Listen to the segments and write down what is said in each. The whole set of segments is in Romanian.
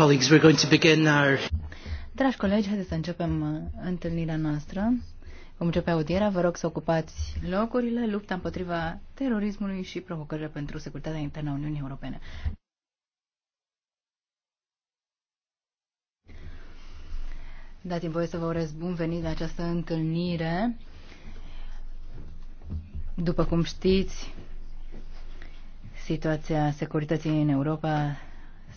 colleagues, we're going to begin our... Dragi colegi, haideți să începem uh, întâlnirea noastră. Vom începe audierea, vă rog să ocupați locurile, lupta împotriva terorismului și provocările pentru securitatea internă a Uniunii Europene. Dați-mi voie să vă urez bun venit la această întâlnire. După cum știți, situația securității în Europa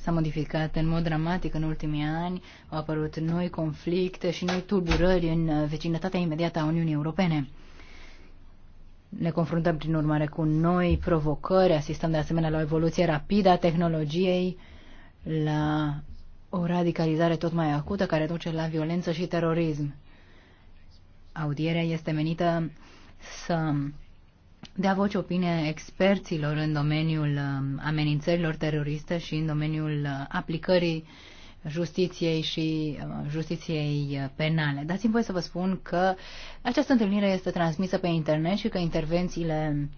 s-a modificat în mod dramatic în ultimii ani, au apărut noi conflicte și noi tulburări în vecinătatea imediată a Uniunii Europene. Ne confruntăm, prin urmare, cu noi provocări, asistăm de asemenea la o evoluție rapidă a tehnologiei, la o radicalizare tot mai acută care duce la violență și terorism. Audierea este menită să de a voce opinie experților în domeniul um, amenințărilor teroriste și în domeniul uh, aplicării justiției și uh, justiției uh, penale. Dați-mi voie să vă spun că această întâlnire este transmisă pe internet și că intervențiile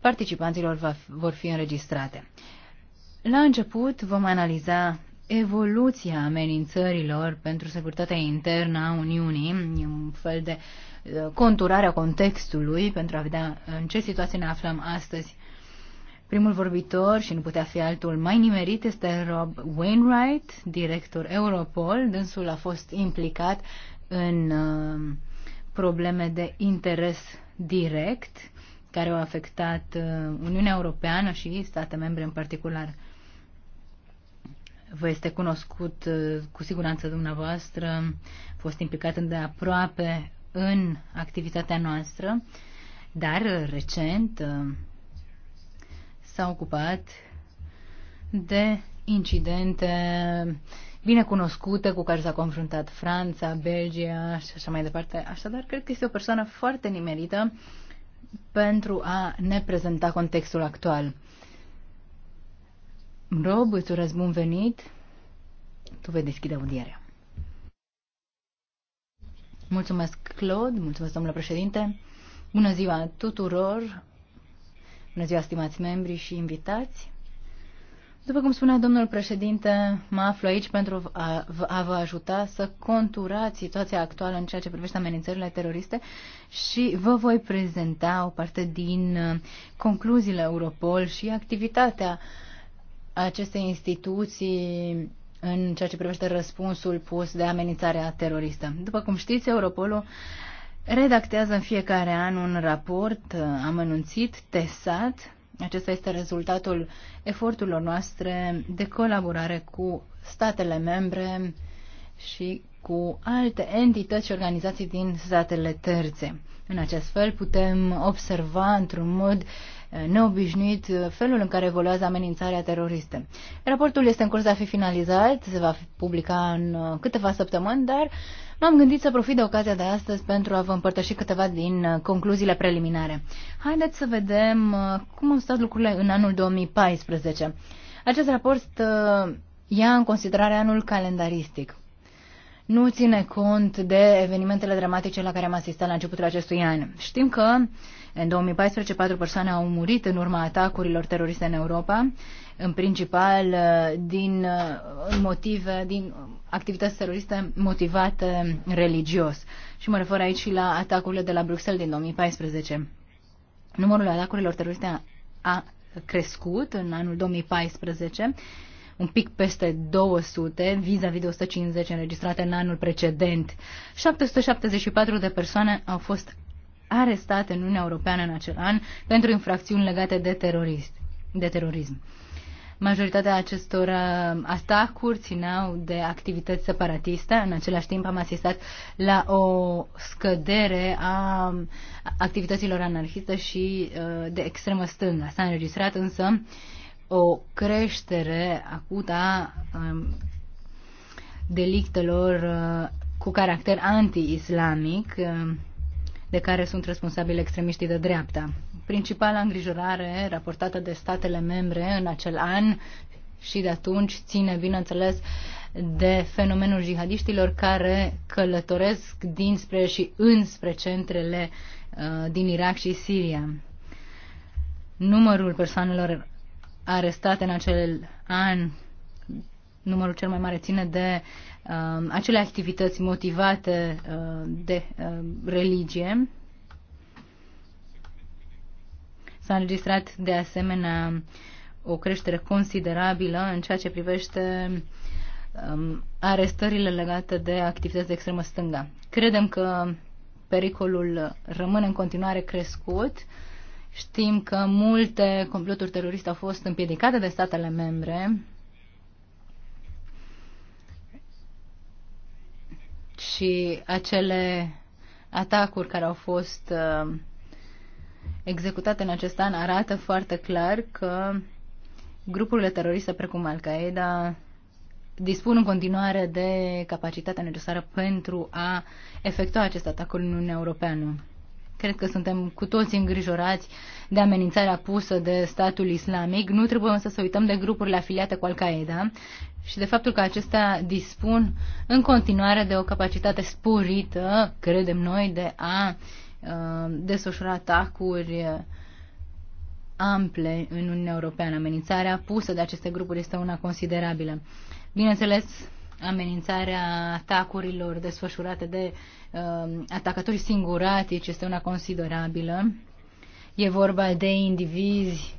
participanților va, vor fi înregistrate. La început vom analiza evoluția amenințărilor pentru securitatea internă a Uniunii, un fel de uh, conturarea contextului pentru a vedea în ce situație ne aflăm astăzi. Primul vorbitor, și nu putea fi altul mai nimerit, este Rob Wainwright, director Europol. Dânsul a fost implicat în uh, probleme de interes direct care au afectat uh, Uniunea Europeană și state membre în particular. Vă este cunoscut uh, cu siguranță dumneavoastră, a fost implicat îndeaproape în activitatea noastră, dar recent uh, s-a ocupat de incidente binecunoscute cu care s-a confruntat Franța, Belgia și așa mai departe. Așadar, cred că este o persoană foarte nimerită pentru a ne prezenta contextul actual. Rob, îți urez bun venit. Tu vei deschide audierea. Mulțumesc, Claude. Mulțumesc, domnule președinte. Bună ziua tuturor. Bună ziua, stimați membri și invitați. După cum spunea domnul președinte, mă aflu aici pentru a, vă ajuta să conturați situația actuală în ceea ce privește amenințările teroriste și vă voi prezenta o parte din uh, concluziile Europol și activitatea acestei instituții în ceea ce privește răspunsul pus de amenințarea teroristă. După cum știți, Europolul redactează în fiecare an un raport uh, amănunțit, testat. Acesta este rezultatul eforturilor noastre de colaborare cu statele membre și cu alte entități și organizații din statele terțe. În acest fel putem observa într-un mod neobișnuit felul în care evoluează amenințarea teroristă. Raportul este în curs de a fi finalizat, se va publica în uh, câteva săptămâni, dar m-am gândit să profit de ocazia de astăzi pentru a vă împărtăși câteva din uh, concluziile preliminare. Haideți să vedem uh, cum au stat lucrurile în anul 2014. Acest raport ia în considerare anul calendaristic nu ține cont de evenimentele dramatice la care am asistat la începutul acestui an. Știm că în 2014, patru persoane au murit în urma atacurilor teroriste în Europa, în principal uh, din uh, motive, din activități teroriste motivate religios. Și mă refer aici și la atacurile de la Bruxelles din 2014. Numărul atacurilor teroriste a crescut în anul 2014 un pic peste 200 vis-a-vis -vis de 150 înregistrate în anul precedent. 774 de persoane au fost arestat în Uniunea Europeană în acel an pentru infracțiuni legate de, terorist, de terorism. Majoritatea acestor uh, atacuri țineau de activități separatiste. În același timp am asistat la o scădere a activităților anarhiste și uh, de extremă stângă. S-a înregistrat însă o creștere acută a um, delictelor uh, cu caracter anti-islamic de care sunt responsabili extremiștii de dreapta. Principala îngrijorare raportată de statele membre în acel an și de atunci ține, bineînțeles, de fenomenul jihadiștilor care călătoresc dinspre și înspre centrele uh, din Irak și Siria. Numărul persoanelor arestate în acel an, numărul cel mai mare ține de Um, acele activități motivate uh, de uh, religie. S-a înregistrat de asemenea o creștere considerabilă în ceea ce privește um, arestările legate de activități de extremă stânga. Credem că pericolul rămâne în continuare crescut. Știm că multe comploturi teroriste au fost împiedicate de statele membre, și acele atacuri care au fost uh, executate în acest an arată foarte clar că grupurile teroriste precum Al-Qaeda dispun în continuare de capacitatea necesară pentru a efectua acest atacuri în Uniunea Europeană. Cred că suntem cu toți îngrijorați de amenințarea pusă de statul islamic. Nu trebuie însă să uităm de grupurile afiliate cu Al-Qaeda și de faptul că acestea dispun în continuare de o capacitate sporită, credem noi, de a uh, desfășura atacuri uh, ample în Uniunea Europeană. Amenințarea pusă de aceste grupuri este una considerabilă. Bineînțeles, amenințarea atacurilor desfășurate de uh, um, atacatori singuratici este una considerabilă. E vorba de indivizi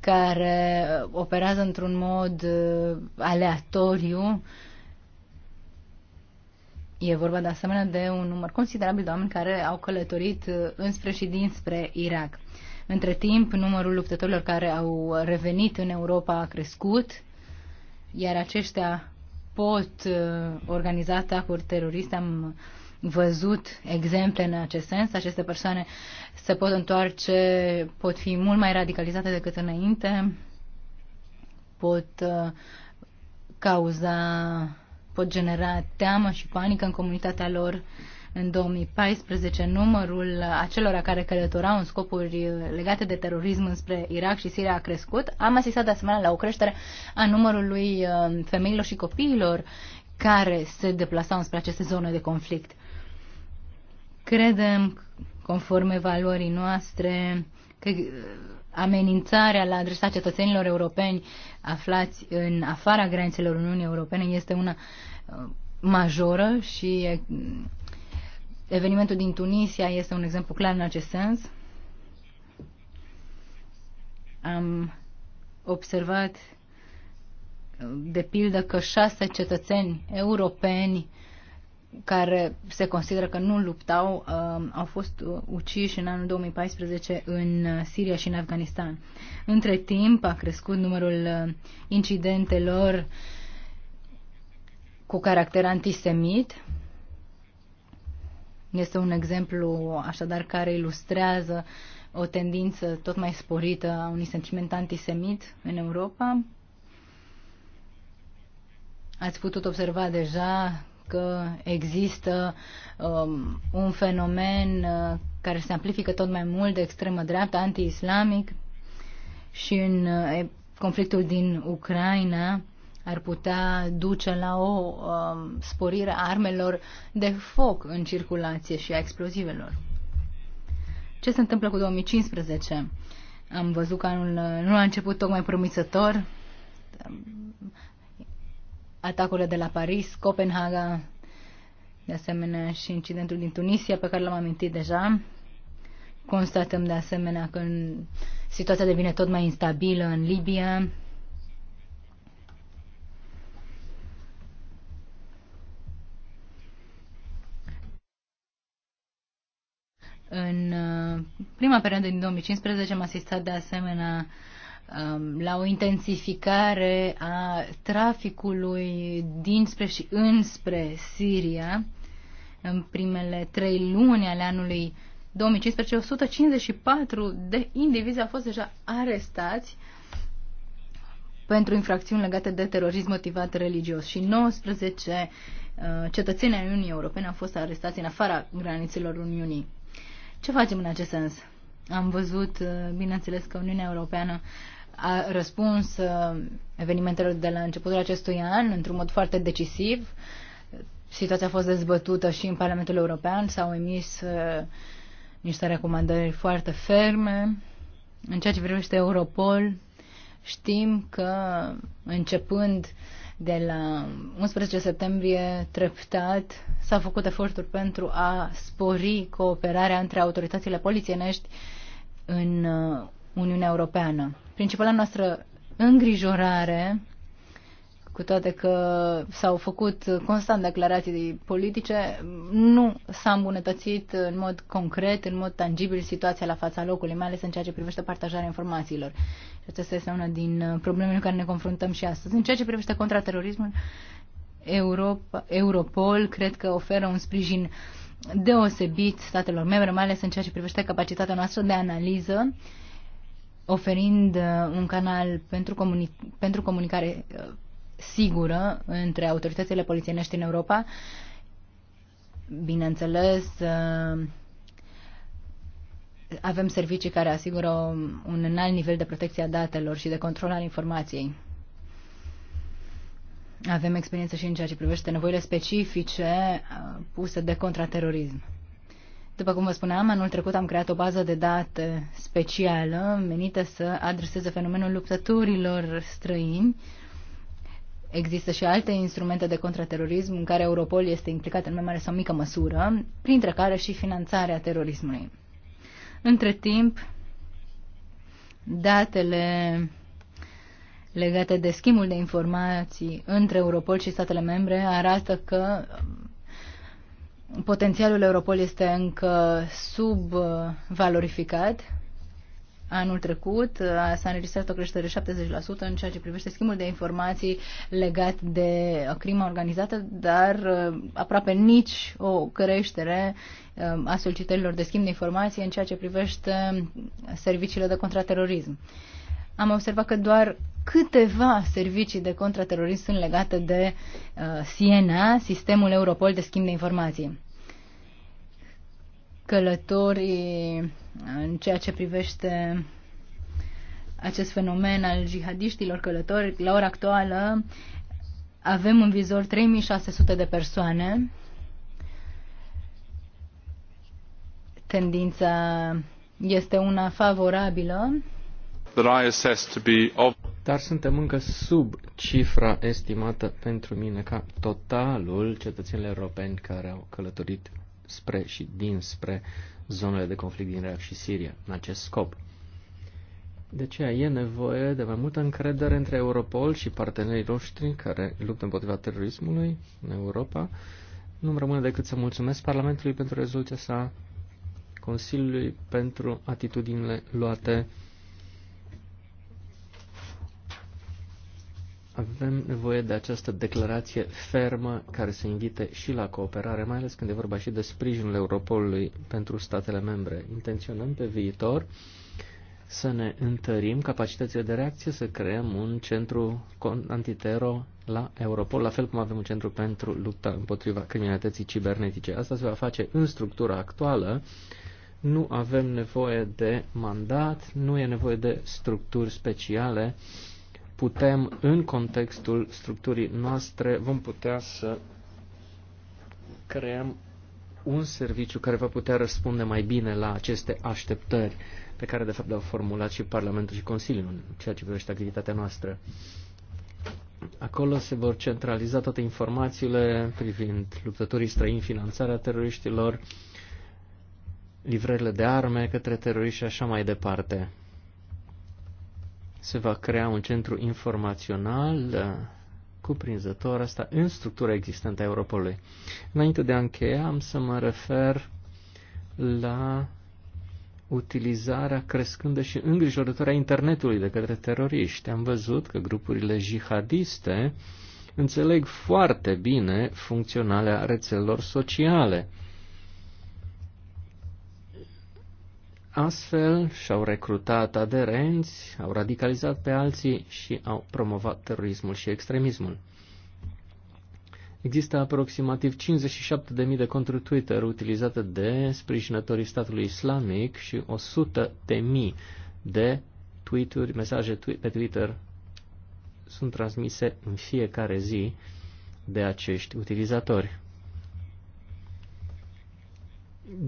care uh, operează într-un mod uh, aleatoriu. E vorba de asemenea de un număr considerabil de oameni care au călătorit uh, înspre și dinspre Irak. Între timp, numărul luptătorilor care au revenit în Europa a crescut, iar aceștia pot uh, organiza atacuri teroriste. Am văzut exemple în acest sens. Aceste persoane se pot întoarce, pot fi mult mai radicalizate decât înainte, pot uh, cauza, pot genera teamă și panică în comunitatea lor în 2014 numărul acelora care călătorau în scopuri legate de terorism înspre Irak și Siria a crescut, am asistat de asemenea la o creștere a numărului uh, femeilor și copiilor care se deplasau înspre aceste zone de conflict. Credem, conform evaluării noastre, că uh, amenințarea la adresa cetățenilor europeni aflați în afara granițelor Uniunii Europene este una uh, majoră și Evenimentul din Tunisia este un exemplu clar în acest sens. Am observat, de pildă, că șase cetățeni europeni care se consideră că nu luptau um, au fost uciși în anul 2014 în Siria și în Afganistan. Între timp a crescut numărul uh, incidentelor cu caracter antisemit este un exemplu, așadar, care ilustrează o tendință tot mai sporită a unui sentiment antisemit în Europa. Ați putut observa deja că există um, un fenomen uh, care se amplifică tot mai mult de extremă dreaptă, anti-islamic, și în uh, conflictul din Ucraina ar putea duce la o um, sporire a armelor de foc în circulație și a explozivelor. Ce se întâmplă cu 2015? Am văzut că anul uh, nu a început tocmai promițător. Um, atacurile de la Paris, Copenhaga, de asemenea și incidentul din Tunisia pe care l-am amintit deja. Constatăm de asemenea că situația devine tot mai instabilă în Libia, În uh, prima perioadă din 2015 am asistat de asemenea um, la o intensificare a traficului dinspre și înspre Siria. În primele trei luni ale anului 2015, 154 de indivizi au fost deja arestați pentru infracțiuni legate de terorism motivat religios și 19 cetățeni ai Uniunii Europene au fost arestați în afara granițelor Uniunii. Ce facem în acest sens? Am văzut, uh, bineînțeles, că Uniunea Europeană a răspuns uh, evenimentelor de la începutul acestui an într-un mod foarte decisiv. Situația a fost dezbătută și în Parlamentul European, s-au emis uh, niște recomandări foarte ferme. În ceea ce privește Europol, știm că începând uh, de la 11 septembrie treptat s a făcut eforturi pentru a spori cooperarea între autoritățile polițienești în uh, Uniunea Europeană. Principala noastră îngrijorare cu toate că s-au făcut constant declarații politice, nu s-a îmbunătățit în mod concret, în mod tangibil situația la fața locului, mai ales în ceea ce privește partajarea informațiilor. Și aceasta este una din problemele cu care ne confruntăm și astăzi. În ceea ce privește contraterorismul, Europa, Europol cred că oferă un sprijin deosebit statelor membre, mai ales în ceea ce privește capacitatea noastră de analiză oferind uh, un canal pentru, comuni- pentru comunicare uh, sigură între autoritățile polițienești în Europa. Bineînțeles, uh, avem servicii care asigură un înalt nivel de protecție a datelor și de control al informației. Avem experiență și în ceea ce privește nevoile specifice uh, puse de contraterorism. După cum vă spuneam, anul trecut am creat o bază de date specială menită să adreseze fenomenul luptătorilor străini, Există și alte instrumente de contraterorism în care Europol este implicat în mai mare sau mică măsură, printre care și finanțarea terorismului. Între timp, datele legate de schimbul de informații între Europol și statele membre arată că um, potențialul Europol este încă subvalorificat Anul trecut s-a înregistrat o creștere de 70% în ceea ce privește schimbul de informații legat de crima organizată, dar aproape nici o creștere a solicitărilor de schimb de informații în ceea ce privește serviciile de contraterorism. Am observat că doar câteva servicii de contraterorism sunt legate de uh, SIENA, Sistemul Europol de Schimb de Informații călătorii eh, în ceea ce privește acest fenomen al jihadiștilor călători. La ora actuală avem în vizor 3600 de persoane. Tendința este una favorabilă. Dar suntem încă sub cifra estimată pentru mine ca totalul cetățenilor europeni care au călătorit spre și dinspre zonele de conflict din Irak și Siria, în acest scop. De aceea e nevoie de mai multă încredere între Europol și partenerii noștri care luptă împotriva terorismului în Europa. Nu-mi rămâne decât să mulțumesc Parlamentului pentru rezoluția sa, Consiliului pentru atitudinile luate Avem nevoie de această declarație fermă care să invite și la cooperare, mai ales când e vorba și de sprijinul Europolului pentru statele membre. Intenționăm pe viitor să ne întărim capacitățile de reacție, să creăm un centru antitero la Europol, la fel cum avem un centru pentru lupta împotriva criminalității cibernetice. Asta se va face în structura actuală. Nu avem nevoie de mandat, nu e nevoie de structuri speciale putem, în contextul structurii noastre, vom putea să creăm un serviciu care va putea răspunde mai bine la aceste așteptări pe care, de fapt, le-au formulat și Parlamentul și Consiliul în ceea ce privește activitatea noastră. Acolo se vor centraliza toate informațiile privind luptătorii străini, finanțarea teroriștilor, livrările de arme către teroriști și așa mai departe. Se va crea un centru informațional uh, cuprinzător, asta în structura existentă a Europolului. Înainte de a încheia, am să mă refer la utilizarea crescândă și îngrijorătoare a internetului de către teroriști. Am văzut că grupurile jihadiste înțeleg foarte bine funcționarea rețelelor sociale. Astfel și-au recrutat aderenți, au radicalizat pe alții și au promovat terorismul și extremismul. Există aproximativ 57.000 de conturi Twitter utilizate de sprijinătorii statului islamic și 100.000 de tweet mesaje pe Twitter sunt transmise în fiecare zi de acești utilizatori.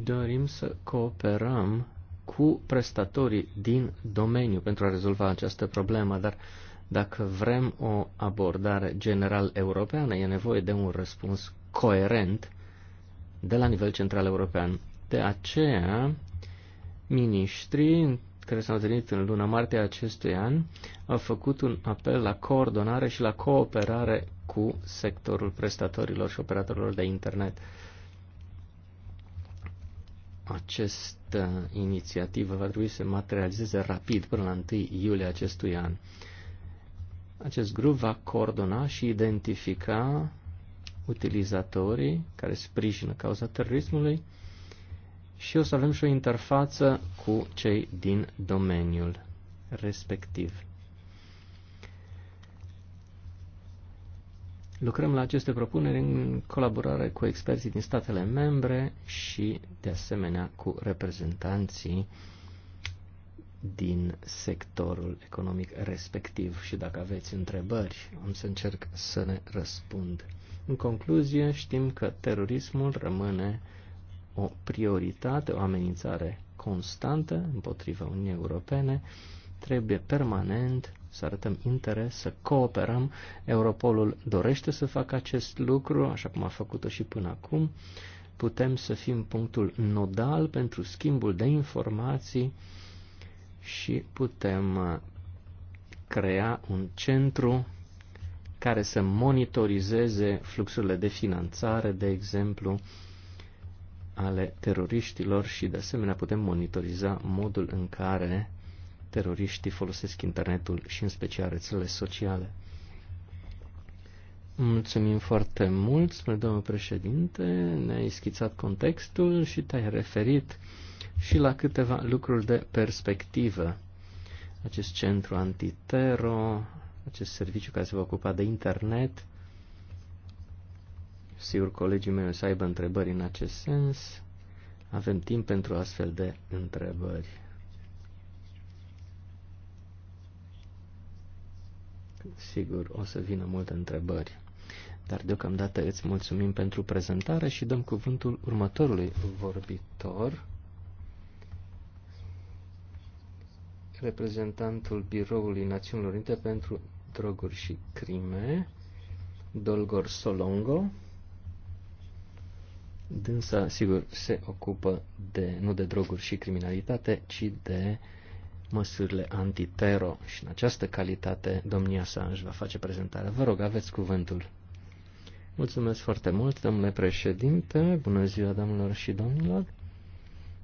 Dorim să cooperăm cu prestatorii din domeniu pentru a rezolva această problemă, dar dacă vrem o abordare general europeană, e nevoie de un răspuns coerent de la nivel central european. De aceea, miniștrii care s-au întâlnit în luna martie acestui an au făcut un apel la coordonare și la cooperare cu sectorul prestatorilor și operatorilor de internet această inițiativă va trebui să se materializeze rapid până la 1 iulie acestui an. Acest grup va coordona și identifica utilizatorii care sprijină cauza terorismului și o să avem și o interfață cu cei din domeniul respectiv. Lucrăm la aceste propuneri în colaborare cu experții din statele membre și, de asemenea, cu reprezentanții din sectorul economic respectiv și dacă aveți întrebări, am să încerc să ne răspund. În concluzie, știm că terorismul rămâne o prioritate, o amenințare constantă împotriva Uniunii Europene, trebuie permanent să arătăm interes, să cooperăm. Europolul dorește să facă acest lucru, așa cum a făcut-o și până acum. Putem să fim punctul nodal pentru schimbul de informații și putem uh, crea un centru care să monitorizeze fluxurile de finanțare, de exemplu, ale teroriștilor și, de asemenea, putem monitoriza modul în care teroriștii folosesc internetul și în special rețelele sociale. Mulțumim foarte mult, spune domnul președinte, ne-ai schițat contextul și te-ai referit și la câteva lucruri de perspectivă. Acest centru antitero, acest serviciu care se va ocupa de internet, sigur colegii mei o să aibă întrebări în acest sens, avem timp pentru astfel de întrebări. Sigur, o să vină multe întrebări. Dar deocamdată îți mulțumim pentru prezentare și dăm cuvântul următorului vorbitor, reprezentantul Biroului Națiunilor Unite pentru Droguri și Crime, Dolgor Solongo. Dânsa, sigur, se ocupă de, nu de droguri și criminalitate, ci de uh, măsurile antitero și în această calitate domnia sa își va face prezentarea. Vă rog, aveți cuvântul. Mulțumesc foarte mult, domnule președinte, bună ziua, domnilor și domnilor.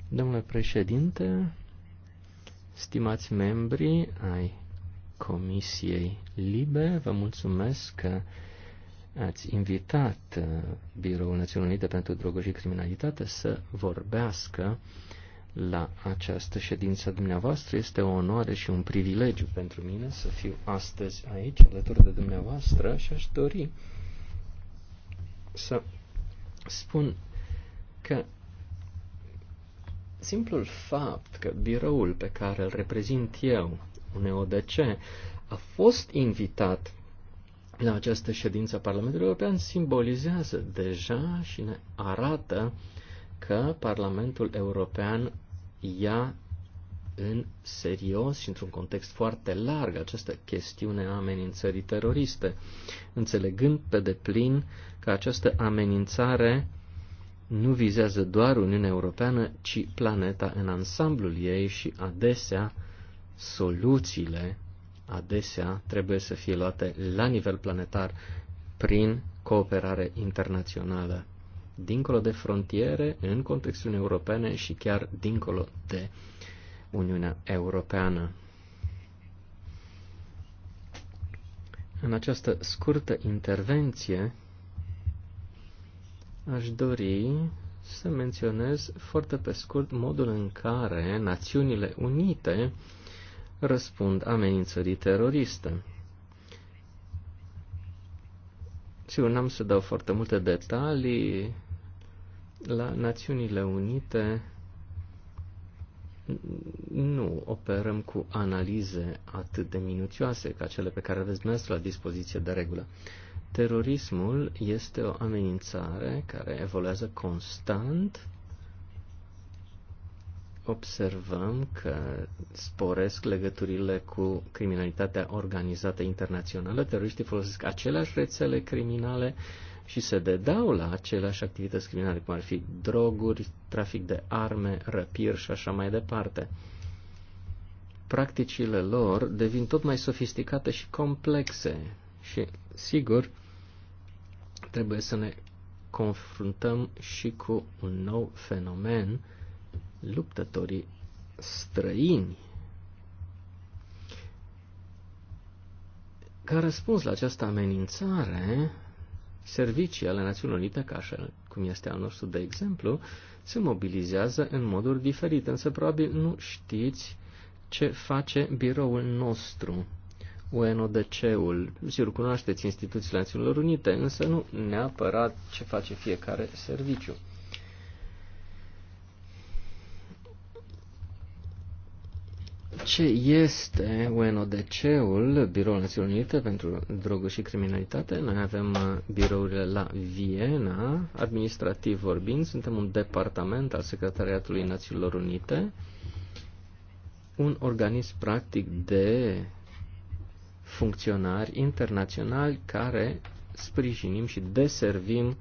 Domnule președinte, stimați membri ai Comisiei Libe, vă mulțumesc că ați invitat uh, Biroul Național Unite pentru Droguri și Criminalitate să vorbească uh, la această ședință dumneavoastră. Este o onoare și un privilegiu pentru mine să fiu astăzi aici, alături de dumneavoastră, și aș dori să spun că simplul fapt că biroul pe care îl reprezint eu, EODC, a fost invitat la această ședință a Parlamentului European simbolizează deja și ne arată uh, că Parlamentul European ia în serios și într-un context foarte larg această chestiune a amenințării teroriste, înțelegând pe deplin că această amenințare nu vizează doar Uniunea Europeană, ci planeta în ansamblul ei și adesea soluțiile adesea trebuie să fie luate la nivel planetar prin cooperare internațională dincolo de frontiere, în contextul europene și chiar dincolo de Uniunea Europeană. În această scurtă intervenție aș dori să menționez foarte pe scurt modul în care Națiunile Unite răspund amenințării teroriste. Sigur, n-am să dau foarte multe detalii, la Națiunile Unite nu operăm cu analize atât de minuțioase ca cele pe care aveți dumneavoastră la dispoziție de regulă. Terorismul este o amenințare care evoluează constant. Observăm că sporesc legăturile cu criminalitatea organizată internațională. Teroriștii folosesc aceleași rețele criminale uh, și se dedau la aceleași activități criminale, cum ar fi droguri, trafic de arme, răpiri și așa mai departe. Practicile lor devin tot mai sofisticate și complexe și, sigur, trebuie să ne confruntăm și cu un nou fenomen, luptătorii străini. Ca răspuns la această amenințare, servicii ale Națiunilor Unite, ca așa cum este al nostru de exemplu, se mobilizează în moduri diferite, însă probabil nu știți ce face biroul nostru, UNODC-ul. Sigur, cunoașteți instituțiile Națiunilor Unite, însă nu neapărat ce face fiecare serviciu. ce este UNODC-ul, Biroul Națiunilor Unite pentru Droguri și Criminalitate. Noi avem uh, birourile la Viena, administrativ vorbind, suntem un departament al Secretariatului Națiunilor Unite, un organism practic de funcționari internaționali care sprijinim și deservim uh,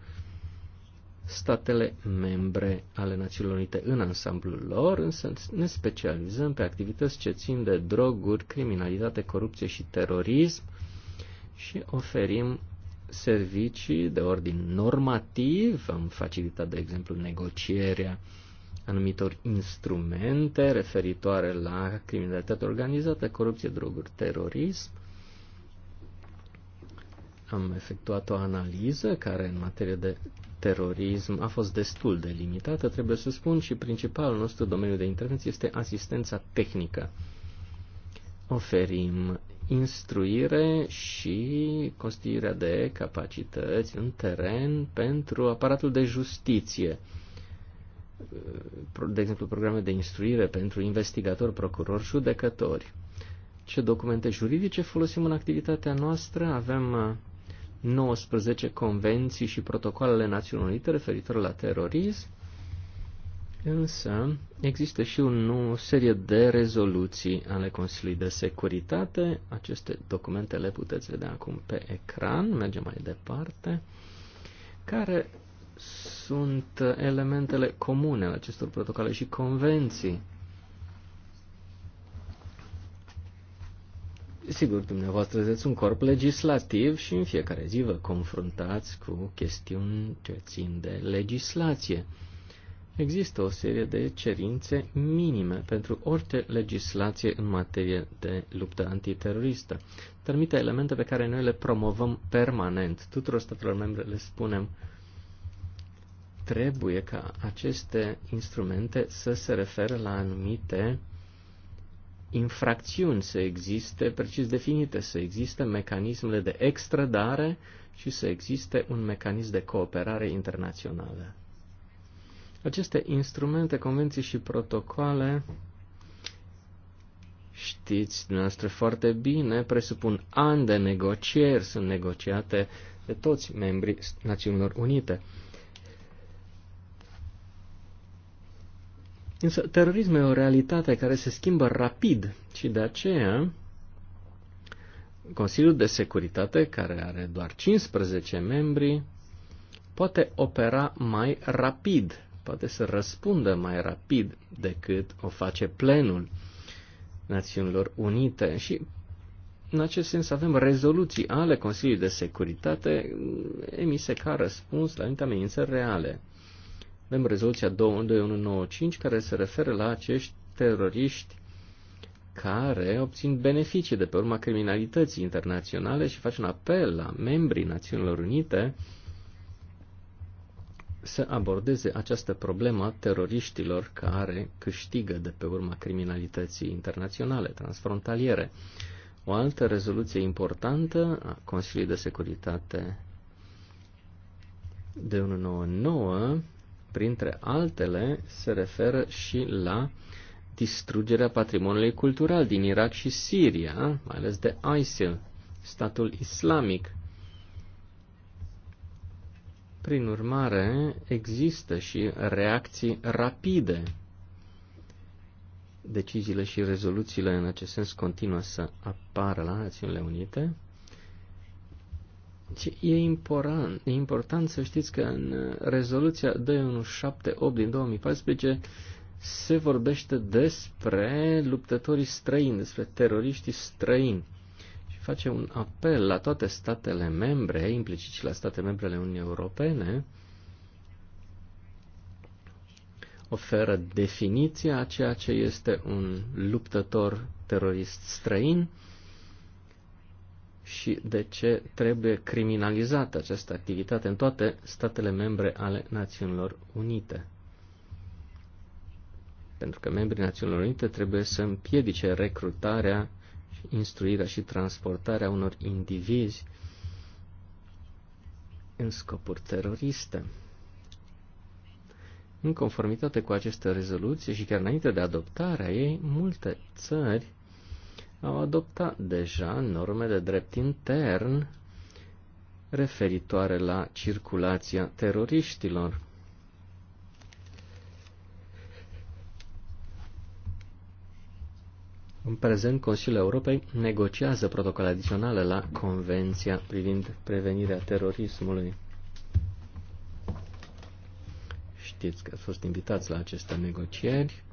statele membre ale Națiunilor Unite în ansamblul lor, însă ne specializăm pe activități ce țin de droguri, criminalitate, corupție și terorism și oferim servicii de ordin normativ. Am facilitat, de exemplu, negocierea anumitor instrumente referitoare la criminalitate organizată, corupție, droguri, terorism. Am efectuat o analiză care în materie de terorism a fost destul de limitată, trebuie să spun, și principalul nostru domeniu de intervenție este asistența tehnică. Oferim instruire și construirea de capacități în teren pentru aparatul de justiție. De exemplu, programe de instruire pentru investigatori, procurori, judecători. Ce documente juridice folosim în activitatea noastră? Avem uh, 19 convenții și protocoalele Națiunilor Unite referitor la terorism, însă există și o nouă serie de rezoluții ale Consiliului de Securitate. Aceste documente le puteți vedea acum pe ecran, mergem mai departe, care sunt elementele comune ale acestor protocole și convenții Sigur, dumneavoastră sunteți un corp legislativ și în fiecare zi vă confruntați cu chestiuni ce țin de legislație. Există o serie de cerințe minime pentru orice legislație în materie de luptă antiteroristă. Termite elemente pe care noi le promovăm permanent. Tuturor statelor membre le spunem trebuie ca aceste instrumente să se referă la anumite infracțiuni, să existe precis definite, să existe mecanismele de extradare și să existe un mecanism de cooperare internațională. Aceste instrumente, convenții și protocoale, știți dumneavoastră foarte bine, presupun ani de negocieri, sunt negociate de toți membrii Națiunilor Unite. Însă terorismul e o realitate care se schimbă rapid și de aceea Consiliul de Securitate, care are doar 15 membri, poate opera mai rapid, poate să răspundă mai rapid decât o face plenul Națiunilor Unite și în acest sens avem rezoluții ale Consiliului de Securitate emise ca răspuns la anumite amenințări reale. Avem rezoluția 2195 care se referă la acești teroriști care obțin beneficii de pe urma criminalității internaționale și face un apel la membrii Națiunilor Unite să abordeze această problemă a teroriștilor care câștigă de pe urma criminalității internaționale, transfrontaliere. O altă rezoluție importantă a Consiliului de Securitate de 199 printre altele, se referă și la distrugerea patrimoniului cultural din Irak și Siria, mai ales de ISIL, statul islamic. Prin urmare, există și reacții rapide. Deciziile și rezoluțiile în acest sens continuă să apară la Națiunile Unite ce deci, e important, e important să știți că în uh, rezoluția 2178 din 2014 se vorbește despre luptătorii străini, despre teroriștii străini și face un apel la toate statele membre, implicit și la statele membre ale Uniunii Europene, oferă definiția a ceea ce este un luptător terorist străin și de ce trebuie criminalizată această activitate în toate statele membre ale Națiunilor Unite. Pentru că membrii Națiunilor Unite trebuie să împiedice recrutarea, instruirea și transportarea unor indivizi în scopuri teroriste. În conformitate cu aceste rezoluții și chiar înainte de adoptarea ei, multe țări au adoptat deja norme de drept intern referitoare la circulația teroriștilor. În prezent, Consiliul Europei negociază protocol adiționale la Convenția privind prevenirea terorismului. Știți că ați fost invitați la aceste negocieri.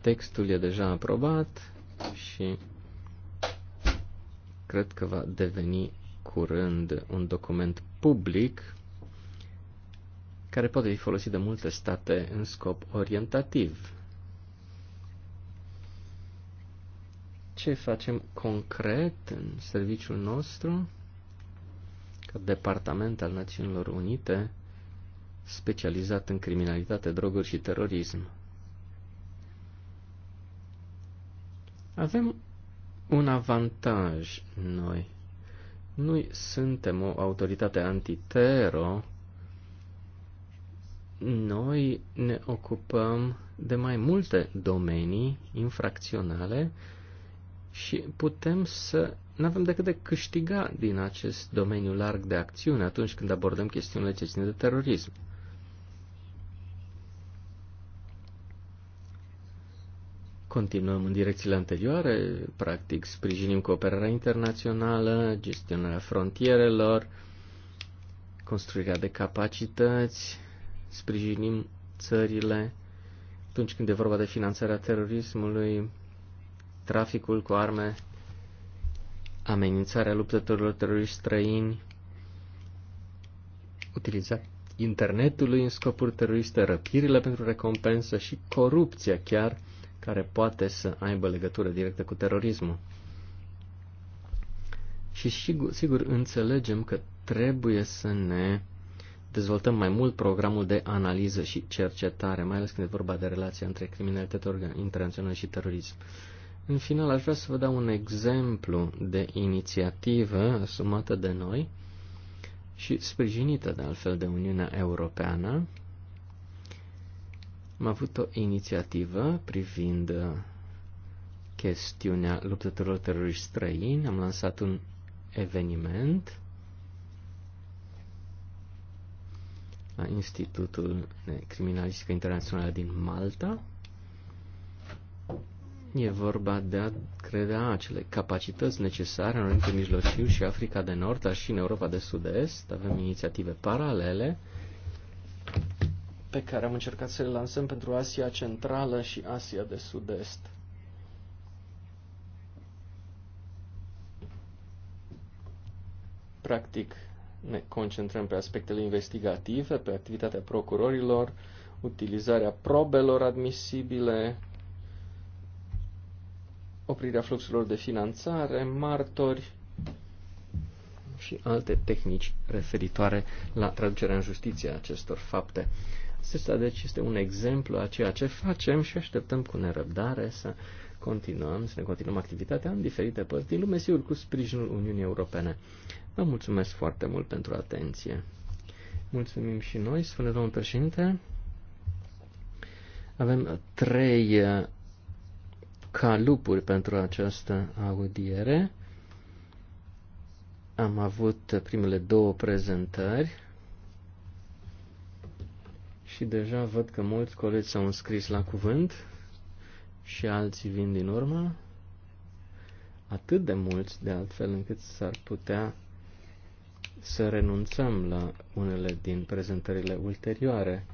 Textul e deja aprobat și cred că va deveni curând un document public care poate fi folosit de multe state în scop orientativ. Ce facem concret în serviciul nostru? Ca departament al Națiunilor Unite, specializat în criminalitate, droguri și terorism. Avem un avantaj noi. Noi suntem o autoritate antitero, noi ne ocupăm de mai multe domenii infracționale și putem să nu avem decât de câștiga din acest domeniu larg de acțiune atunci când abordăm chestiunile ce țin de terorism. Continuăm în direcțiile anterioare, practic sprijinim cooperarea internațională, gestionarea frontierelor, construirea de capacități, sprijinim țările atunci când e vorba de finanțarea terorismului, traficul cu arme, amenințarea luptătorilor teroriști străini, utilizarea internetului în scopuri teroriste, răpirile pentru recompensă și corupția chiar – care poate să aibă legătură directă cu terorismul. Și sigur, sigur înțelegem că trebuie să ne dezvoltăm mai mult programul de analiză și cercetare, mai ales când e vorba de relația între criminalitate internațională și terorism. În final, aș vrea să vă dau un exemplu de inițiativă asumată de noi și sprijinită de altfel de Uniunea Europeană, am avut o inițiativă privind uh, chestiunea luptătorilor teroriști străini. Am lansat un eveniment la Institutul de Criminalistică Internațională din Malta. E vorba de a credea acele capacități necesare în Orientul Mijlociu și Africa de Nord, dar și în Europa de Sud-Est. Avem inițiative paralele pe care am încercat să le lansăm pentru Asia Centrală și Asia de Sud-Est. Practic, ne concentrăm pe aspectele investigative, pe activitatea procurorilor, utilizarea probelor admisibile, oprirea fluxurilor de finanțare, martori și alte tehnici referitoare la traducerea în justiție a acestor fapte. Acesta deci este un exemplu a ceea ce facem și așteptăm cu nerăbdare să continuăm, să ne continuăm activitatea în diferite părți din lume, sigur, cu sprijinul Uniunii Europene. Vă mulțumesc foarte mult pentru atenție. Mulțumim și noi, spune domnul președinte. Avem trei uh, calupuri pentru această audiere. Am avut primele două prezentări și deja văd că mulți colegi s-au înscris la cuvânt și alții vin din urmă. Atât de mulți, de altfel, încât s-ar putea să renunțăm la unele din prezentările ulterioare.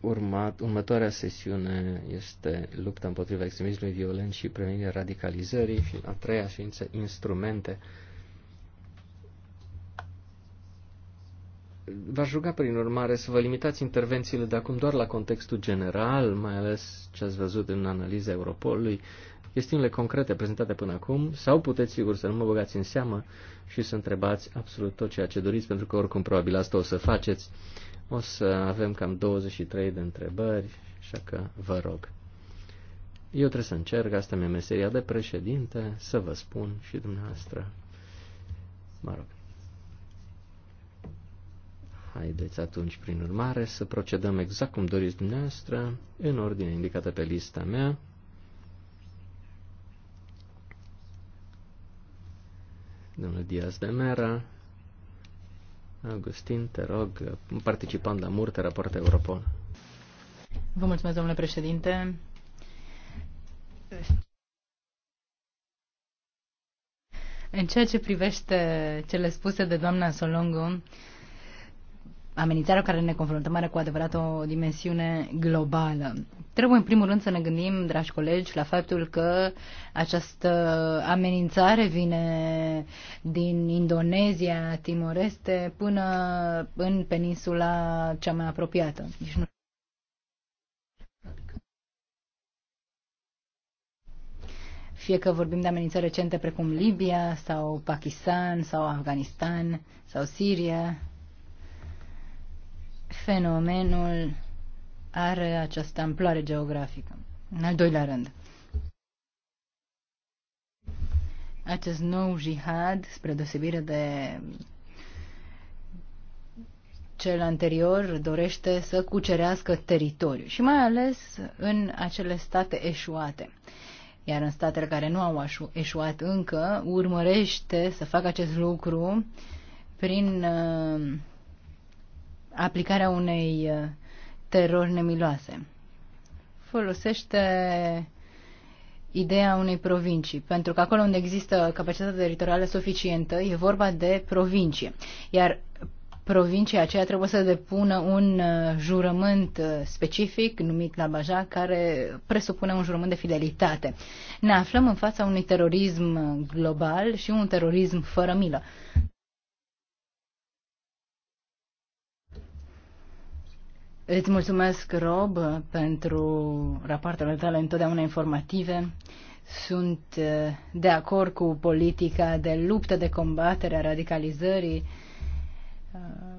Urmat, următoarea sesiune este lupta împotriva extremismului violent și prevenirea radicalizării și a treia ființă instrumente V-aș ruga, prin urmare, să vă limitați intervențiile de acum doar la contextul general, mai ales ce ați văzut în analiza Europolului, chestiunile concrete prezentate până acum, sau puteți, sigur, să nu mă băgați în seamă și să întrebați absolut tot ceea ce doriți, pentru că oricum probabil asta o să faceți. O să avem cam 23 de întrebări, așa că vă rog. Eu trebuie să încerc, asta mi-e meseria de președinte, să vă spun și dumneavoastră. Mă rog. Haideți atunci, prin urmare, să procedăm exact cum doriți dumneavoastră, în ordine indicată pe lista mea. Domnul Diaz de Mera, Augustin, te rog, participant la multe rapoarte Europol. Vă mulțumesc, domnule președinte. În ceea ce privește cele spuse de doamna Solongo, amenințarea care ne confruntăm are cu adevărat o dimensiune globală. Trebuie în primul rând să ne gândim, dragi colegi, la faptul că această amenințare vine din Indonezia, Timoreste, până în peninsula cea mai apropiată. Deci nu... fie că vorbim de amenințări recente precum Libia sau Pakistan sau Afganistan sau Siria, fenomenul are această amploare geografică. În al doilea rând, acest nou jihad, spre deosebire de cel anterior, dorește să cucerească teritoriu și mai ales în acele state eșuate. Iar în statele care nu au eșuat încă, urmărește să facă acest lucru prin uh, aplicarea unei uh, terori nemiloase. Folosește ideea unei provincii, pentru că acolo unde există capacitatea teritorială suficientă, e vorba de provincie. Iar provincia aceea trebuie să depună un uh, jurământ uh, specific numit la Baja, care presupune un jurământ de fidelitate. Ne aflăm în fața unui terorism global și un terorism fără milă. Îți mulțumesc, Rob, pentru rapoartele tale întotdeauna informative. Sunt eh, de acord cu politica de luptă, de combatere a radicalizării, eh,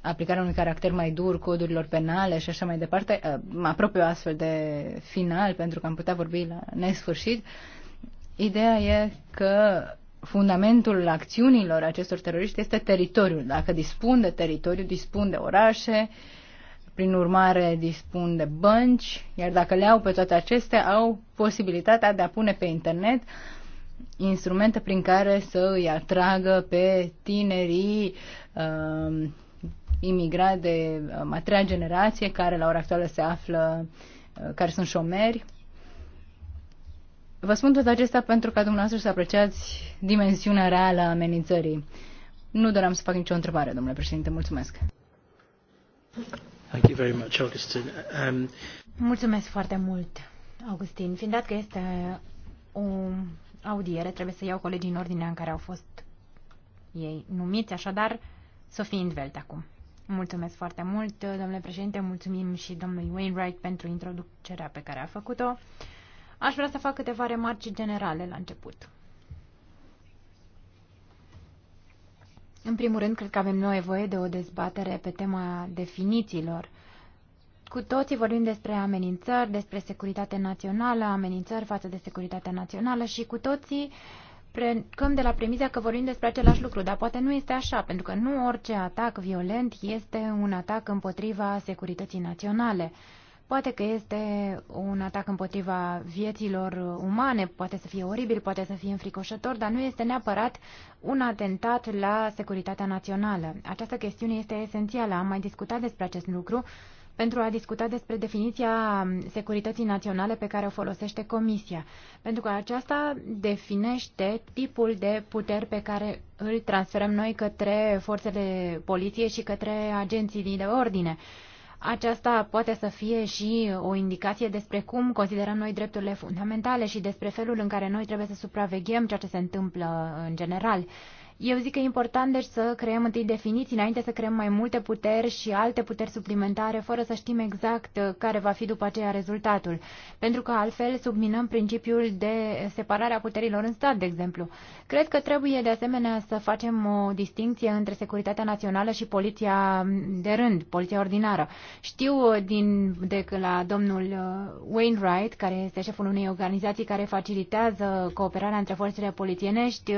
aplicarea unui caracter mai dur codurilor penale și așa mai departe. Eh, mă apropiu astfel de final pentru că am putea vorbi la nesfârșit. Ideea e că fundamentul acțiunilor acestor teroriști este teritoriul. Dacă dispun de teritoriu, dispun de orașe, prin urmare dispun de bănci, iar dacă le au pe toate acestea, au posibilitatea de a pune pe internet instrumente prin care să îi atragă pe tinerii um, uh, imigrați de a treia generație care la ora actuală se află, uh, care sunt șomeri, Vă spun tot acesta pentru ca dumneavoastră să apreciați dimensiunea reală a amenințării. Nu doream să fac nicio întrebare, domnule președinte. Mulțumesc. Thank you very much, Augustin. Um... Mulțumesc foarte mult, Augustin. Fiind dat că este o audiere, trebuie să iau colegii în ordinea în care au fost ei numiți, așadar, Sofie Indvelt acum. Mulțumesc foarte mult, domnule președinte, mulțumim și domnului Wainwright pentru introducerea pe care a făcut-o. Aș vrea să fac câteva remarci generale la început. În primul rând, cred că avem nevoie de o dezbatere pe tema definițiilor. Cu toții vorbim despre amenințări, despre securitate națională, amenințări față de securitatea națională și cu toții plecăm de la premiza că vorbim despre același lucru, dar poate nu este așa, pentru că nu orice atac violent este un atac împotriva securității naționale. Poate că este un atac împotriva vieților umane, poate să fie oribil, poate să fie înfricoșător, dar nu este neapărat un atentat la securitatea națională. Această chestiune este esențială. Am mai discutat despre acest lucru pentru a discuta despre definiția securității naționale pe care o folosește Comisia, pentru că aceasta definește tipul de puteri pe care îl transferăm noi către forțele poliției și către agenții de ordine. Aceasta poate să fie și o indicație despre cum considerăm noi drepturile fundamentale și despre felul în care noi trebuie să supraveghem ceea ce se întâmplă în general. Eu zic că e important deci să creăm întâi definiții înainte să creăm mai multe puteri și alte puteri suplimentare fără să știm exact uh, care va fi după aceea rezultatul. Pentru că altfel subminăm principiul de separare a puterilor în stat, de exemplu. Cred că trebuie de asemenea să facem o distinție între securitatea națională și poliția de rând, poliția ordinară. Știu uh, din, de la domnul uh, Wainwright, care este șeful unei organizații care facilitează cooperarea între forțele polițienești,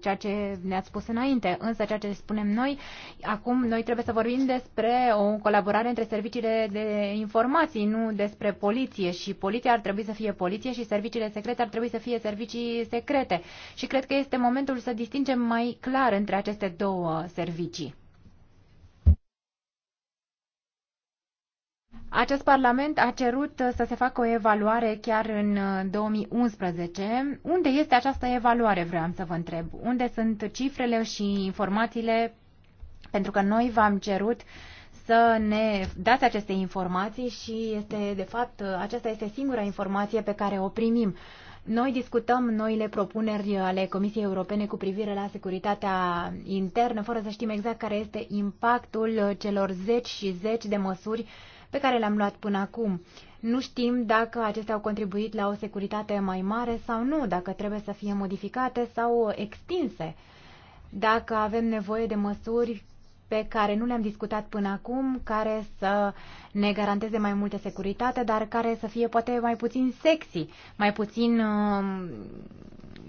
ceea ce ne ne-ați spus înainte. Însă ceea ce spunem noi, acum noi trebuie să vorbim despre o colaborare între serviciile de informații, nu despre poliție. Și poliția ar trebui să fie poliție și serviciile secrete ar trebui să fie servicii secrete. Și cred că este momentul să distingem mai clar între aceste două servicii. Acest Parlament a cerut uh, să se facă o evaluare chiar în 2011. Uh, Unde este această evaluare, vreau să vă întreb? Unde sunt cifrele și informațiile? Pentru că noi v-am cerut să ne dați aceste informații și este, de fapt, uh, aceasta este singura informație pe care o primim. Noi discutăm noile propuneri ale Comisiei Europene cu privire la securitatea internă, fără să știm exact care este impactul celor zeci și zeci de măsuri uh, pe care le-am luat până acum. Nu știm dacă acestea au contribuit la o securitate mai mare sau nu, dacă trebuie să fie modificate sau extinse, dacă avem nevoie de măsuri pe care nu le-am discutat până acum, care să ne garanteze mai multă securitate, dar care să fie poate mai puțin sexy, mai puțin uh,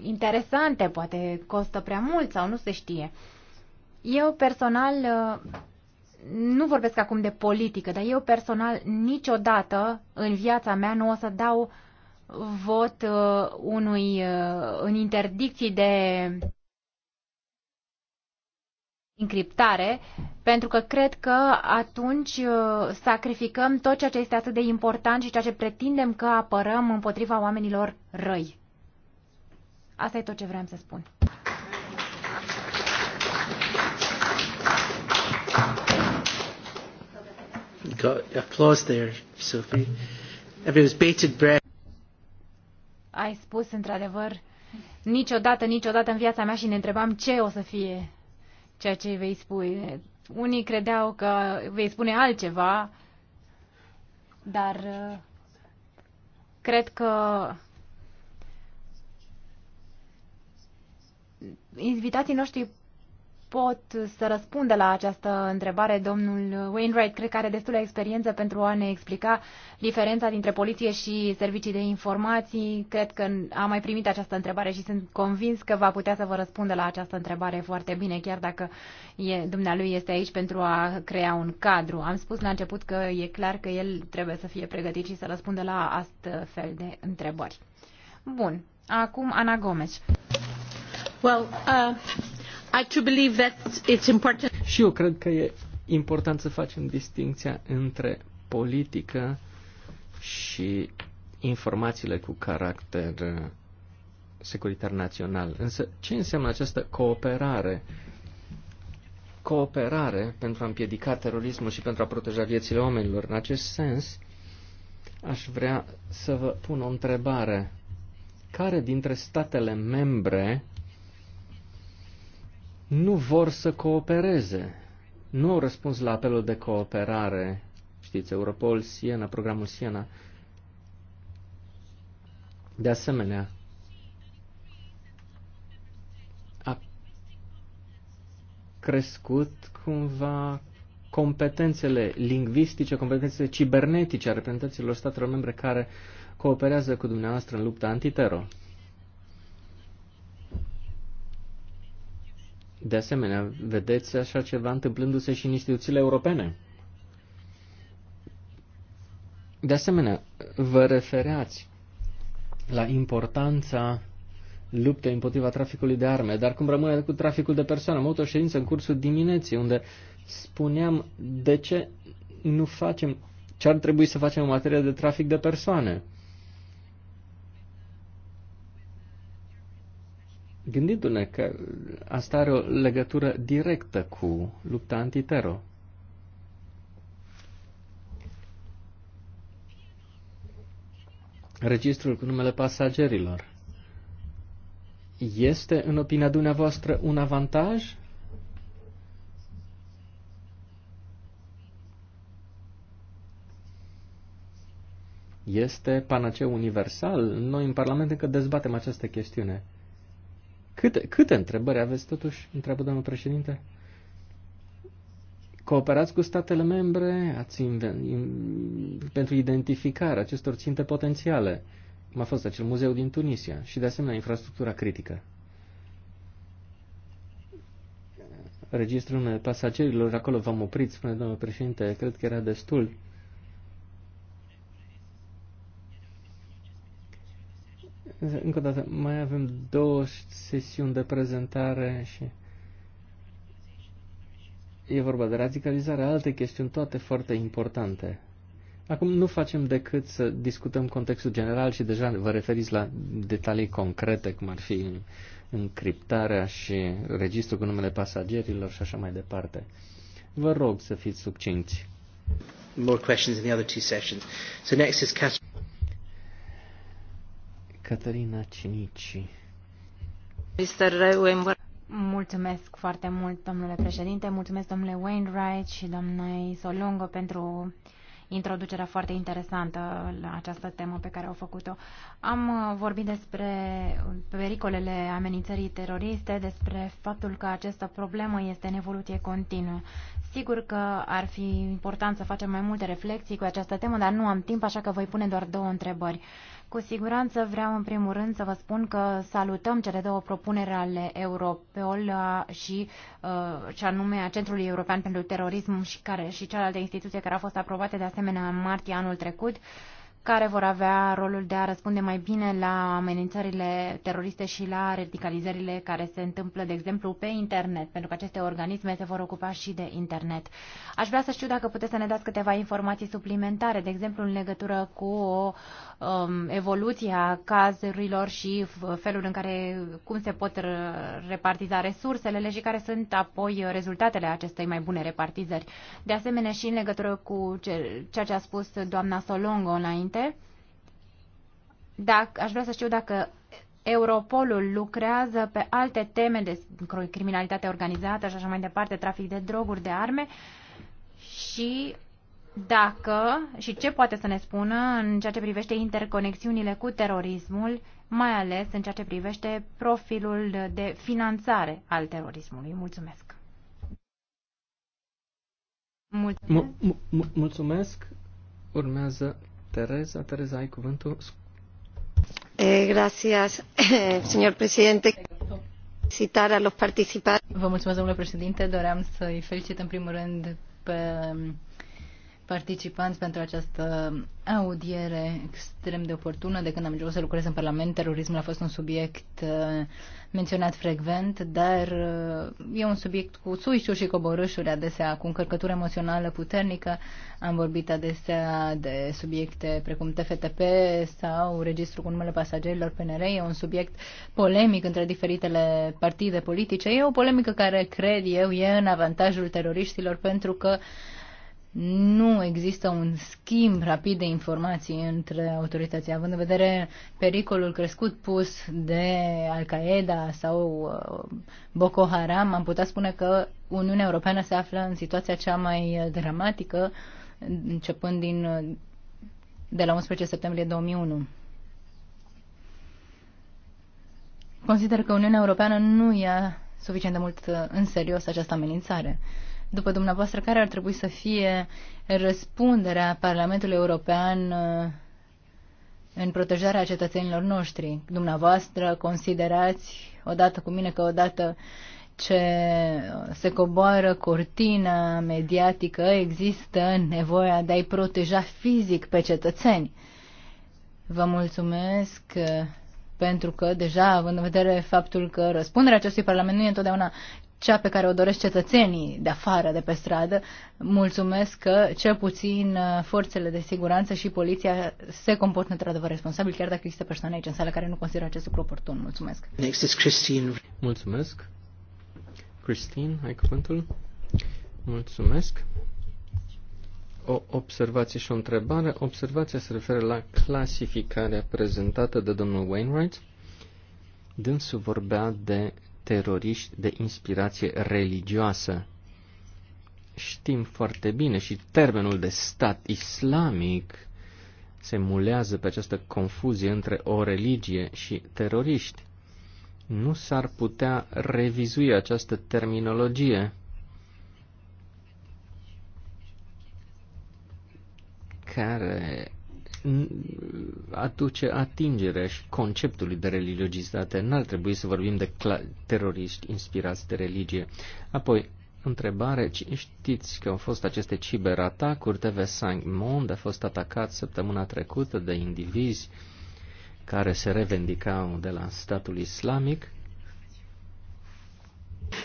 interesante, poate costă prea mult sau nu se știe. Eu personal uh, nu vorbesc acum de politică, dar eu personal niciodată în viața mea nu o să dau vot uh, unui uh, în interdicții de încriptare, pentru că cred că atunci uh, sacrificăm tot ceea ce este atât de important și ceea ce pretindem că apărăm împotriva oamenilor răi. Asta e tot ce vreau să spun. got applause there, Sophie. If it was bated breath. Ai spus într-adevăr niciodată, niciodată în viața mea și ne întrebam ce o să fie ceea ce vei spune. Unii credeau că vei spune altceva, dar uh, cred că invitații noștri pot să răspundă la această întrebare. Domnul Wainwright cred că are destulă experiență pentru a ne explica diferența dintre poliție și servicii de informații. Cred că am mai primit această întrebare și sunt convins că va putea să vă răspundă la această întrebare foarte bine, chiar dacă e, dumnealui este aici pentru a crea un cadru. Am spus la început că e clar că el trebuie să fie pregătit și să răspundă la astfel de întrebări. Bun. Acum Ana Gomes. Well, uh, și eu cred că e important să facem distinția între politică și informațiile cu caracter uh, securitar național. Însă, ce înseamnă această cooperare? Cooperare pentru a împiedica terorismul și pentru a proteja viețile oamenilor. În acest sens, aș vrea să vă pun o întrebare. Care dintre statele membre nu vor să coopereze. Nu au răspuns la apelul de cooperare, știți, Europol, Siena, programul Siena. De asemenea, a crescut cumva competențele lingvistice, competențele cibernetice a reprezentanților statelor membre care cooperează cu dumneavoastră în lupta antitero. De asemenea, vedeți așa ceva întâmplându-se și în instituțiile europene. De asemenea, vă refereați la importanța luptei împotriva traficului de arme, dar cum rămâne cu traficul de persoane? Am avut o ședință în cursul dimineții unde spuneam de ce nu facem ce ar trebui să facem în materie de trafic de persoane. gândindu-ne că asta are o legătură directă cu lupta antitero. Registrul cu numele pasagerilor. Este, în opinia dumneavoastră, un avantaj? Este panaceu universal? Noi în Parlament încă dezbatem această chestiune. Câte, câte întrebări aveți totuși? Întreabă domnul președinte. Cooperați cu statele membre ați inven, in, pentru identificarea acestor ținte potențiale, cum a fost acel muzeu din Tunisia, și de asemenea infrastructura critică. Registrul pasagerilor, acolo v-am oprit, spune domnul președinte, cred că era destul. Încă o dată, mai avem două sesiuni de prezentare și e vorba de radicalizare, alte chestiuni, toate foarte importante. Acum nu facem decât să discutăm contextul general și deja vă referiți la detalii concrete, cum ar fi încriptarea și registrul cu numele pasagerilor și așa mai departe. Vă rog să fiți succinți. More questions in the other two sessions. So next is Catherine. Caterina Cinici. Mulțumesc foarte mult, domnule președinte, mulțumesc domnule Wainwright și domnului Solongo pentru introducerea foarte interesantă la această temă pe care au făcut-o. Am uh, vorbit despre pericolele amenințării teroriste, despre faptul că această problemă este în evoluție continuă. Sigur că ar fi important să facem mai multe reflexii cu această temă, dar nu am timp, așa că voi pune doar două întrebări. Cu siguranță vreau în primul rând să vă spun că salutăm cele două propuneri ale Europeol uh, și ce uh, anume a Centrului European pentru Terorism și, care, și cealaltă instituție care a fost aprobată de asemenea în martie anul trecut care vor avea rolul de a răspunde mai bine la amenințările teroriste și la radicalizările care se întâmplă, de exemplu, pe internet, pentru că aceste organisme se vor ocupa și de internet. Aș vrea să știu dacă puteți să ne dați câteva informații suplimentare, de exemplu, în legătură cu o um, evoluție a cazurilor și felul în care, cum se pot repartiza resursele și care sunt apoi rezultatele acestei mai bune repartizări. De asemenea, și în legătură cu ceea ce a spus doamna Solongo înainte, președinte. Dacă, aș vrea să știu dacă Europolul lucrează pe alte teme de criminalitate organizată și așa mai departe, trafic de droguri, de arme și dacă și ce poate să ne spună în ceea ce privește interconexiunile cu terorismul, mai ales în ceea ce privește profilul de finanțare al terorismului. Mulțumesc! Mulțumesc! Mulțumesc. Urmează Teresa, Teresa, ai cuvântul. Eh, gracias, eh, señor presidente. Citar a los participantes. Vă mulțumesc, domnule președinte. Doream să-i felicit în primul rând pe participanți pentru această audiere extrem de oportună. De când am început să lucrez în Parlament, terorismul a fost un subiect uh, menționat frecvent, dar uh, e un subiect cu suișuri și coborâșuri adesea, cu încărcătură emoțională puternică. Am vorbit adesea de subiecte precum TFTP sau Registrul cu numele pasagerilor PNR. E un subiect polemic între diferitele partide politice. E o polemică care, cred eu, e în avantajul teroriștilor pentru că uh, nu există un schimb rapid de informații între autorități, având în vedere pericolul crescut pus de Al-Qaeda sau uh, Boko Haram, am putea spune că Uniunea Europeană se află în situația cea mai uh, dramatică începând din, uh, de la 11 septembrie 2001. Consider că Uniunea Europeană nu ia suficient de mult în serios această amenințare după dumneavoastră, care ar trebui să fie răspunderea Parlamentului European uh, în protejarea cetățenilor noștri? Dumneavoastră considerați, odată cu mine, că odată ce se coboară cortina mediatică, există nevoia de a-i proteja fizic pe cetățeni. Vă mulțumesc uh, pentru că deja, având în vedere faptul că răspunderea acestui Parlament nu e întotdeauna cea pe care o doresc cetățenii de afară, de pe stradă. Mulțumesc că cel puțin forțele de siguranță și poliția se comportă într-adevăr responsabil, chiar dacă există persoane aici în sală care nu consideră acest lucru oportun. Mulțumesc. Next is Christine. Mulțumesc. Christine, ai cuvântul? Mulțumesc. O observație și o întrebare. Observația se referă la clasificarea prezentată de domnul Wainwright. Dânsul vorbea de teroriști de inspirație religioasă. Știm foarte bine și termenul de stat islamic se mulează pe această confuzie între o religie și teroriști. Nu s-ar putea revizui această terminologie. care aduce atingerea și conceptului de religiozitate. N-ar trebui să vorbim de teroriști inspirați de religie. Apoi, întrebare, știți că au fost aceste ciberatacuri? TV Saint Monde a fost atacat săptămâna trecută de indivizi care se revendicau de la statul islamic.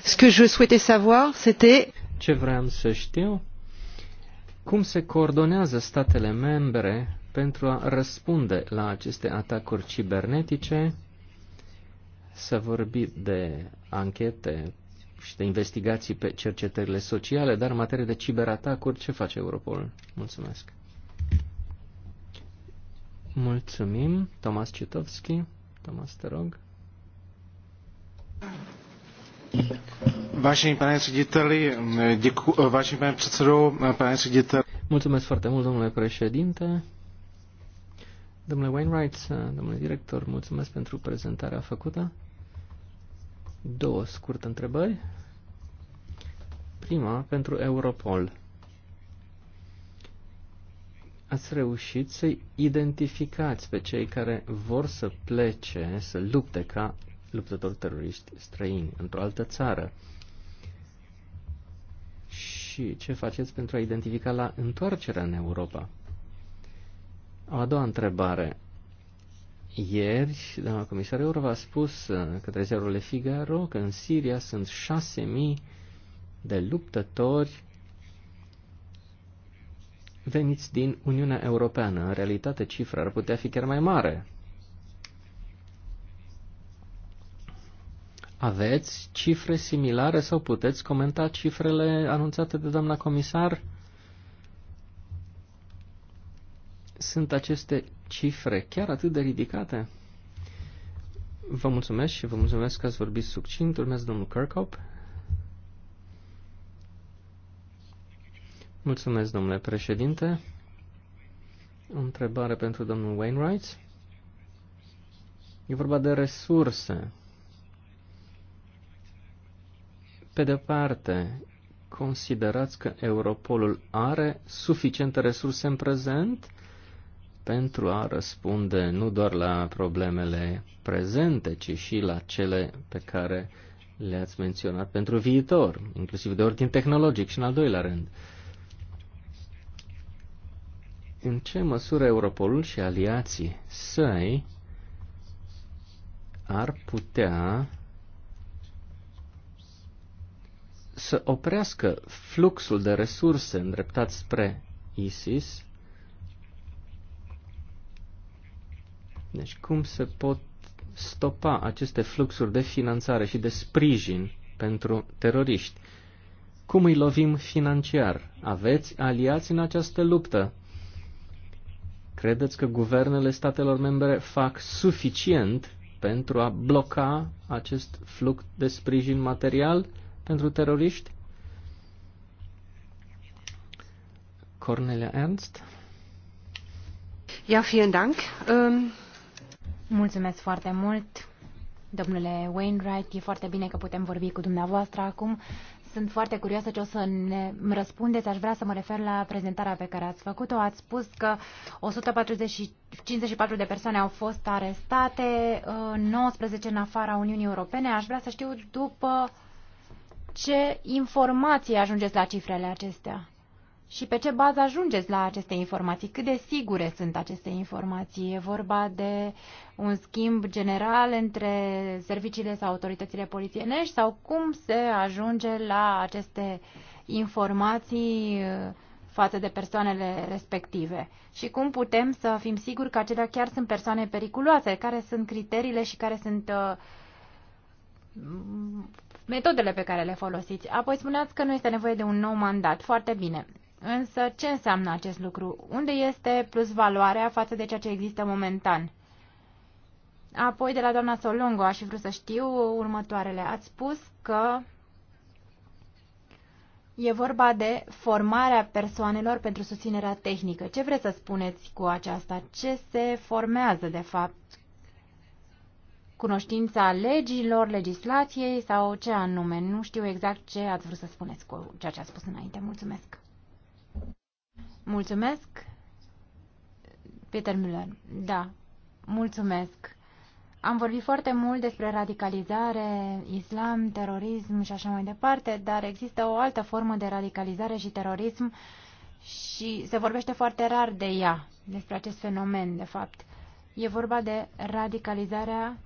Ce que je souhaitais savoir, c'était... Ce vreau să știu? Cum se coordonează statele membre pentru a răspunde la aceste atacuri cibernetice. să vorbi de anchete și de investigații pe cercetările sociale, dar în materie de ciberatacuri, ce face Europol? Mulțumesc! Mulțumim, Tomas Cetovski. Tomas, te rog. Vážený pane řediteli, děku, vážený pane předsedo, pane řediteli. Mulțumesc foarte mult, domnule președinte. Domnule Wainwright, uh, domnule director, mulțumesc pentru prezentarea făcută. Două scurte întrebări. Prima, pentru Europol. Ați reușit să identificați pe cei care vor să plece, să lupte ca luptători teroriști străini într-o altă țară. Și ce faceți pentru a identifica la întoarcerea în Europa? O a doua întrebare. Ieri, doamna comisar Eurova a spus uh, către ziarul Le Figaro că în Siria sunt șase mii de luptători veniți din Uniunea Europeană. În realitate, cifra ar putea fi chiar mai mare. Aveți cifre similare sau puteți comenta cifrele anunțate de doamna comisar? sunt aceste cifre chiar atât de ridicate? Vă mulțumesc și vă mulțumesc că ați vorbit succint. Urmează domnul Kirkhope. Mulțumesc, domnule președinte. O întrebare pentru domnul Wainwright. E vorba de resurse. Pe de parte, considerați că Europolul are suficiente resurse în prezent pentru a răspunde nu doar la problemele prezente, ci și la cele pe care le-ați menționat pentru viitor, inclusiv de ordin tehnologic și în al doilea rând. În ce măsură Europolul și aliații săi ar putea să oprească fluxul de resurse îndreptat spre ISIS Deci cum se pot stopa aceste fluxuri de finanțare și de sprijin pentru teroriști? Cum îi lovim financiar? Aveți aliați în această luptă? Credeți că guvernele statelor membre fac suficient pentru a bloca acest flux de sprijin material pentru teroriști? Cornelia Ernst? Ja, vielen Dank. Um... Mulțumesc foarte mult, domnule Wainwright. E foarte bine că putem vorbi cu dumneavoastră acum. Sunt foarte curioasă ce o să ne răspundeți. Aș vrea să mă refer la prezentarea pe care ați făcut-o. Ați spus că 154 de persoane au fost arestate, 19 uh, în afara Uniunii Europene. Aș vrea să știu după ce informații ajungeți la cifrele acestea și pe ce bază ajungeți la aceste informații? Cât de sigure sunt aceste informații? E vorba de un schimb general între serviciile sau autoritățile polițienești sau cum se ajunge la aceste informații uh, față de persoanele respective? Și cum putem să fim siguri că acelea chiar sunt persoane periculoase? Care sunt criteriile și care sunt uh, metodele pe care le folosiți. Apoi spuneați că nu este nevoie de un nou mandat. Foarte bine. Însă, ce înseamnă acest lucru? Unde este plus valoarea față de ceea ce există momentan? Apoi, de la doamna Solongo, aș fi vrut să știu următoarele. Ați spus că e vorba de formarea persoanelor pentru susținerea tehnică. Ce vreți să spuneți cu aceasta? Ce se formează, de fapt? Cunoștința legilor, legislației sau ce anume? Nu știu exact ce ați vrut să spuneți cu ceea ce ați spus înainte. Mulțumesc! Mulțumesc. Peter Müller. Da, mulțumesc. Am vorbit foarte mult despre radicalizare, islam, terorism și așa mai departe, dar există o altă formă de radicalizare și terorism și se vorbește foarte rar de ea, despre acest fenomen, de fapt. E vorba de radicalizarea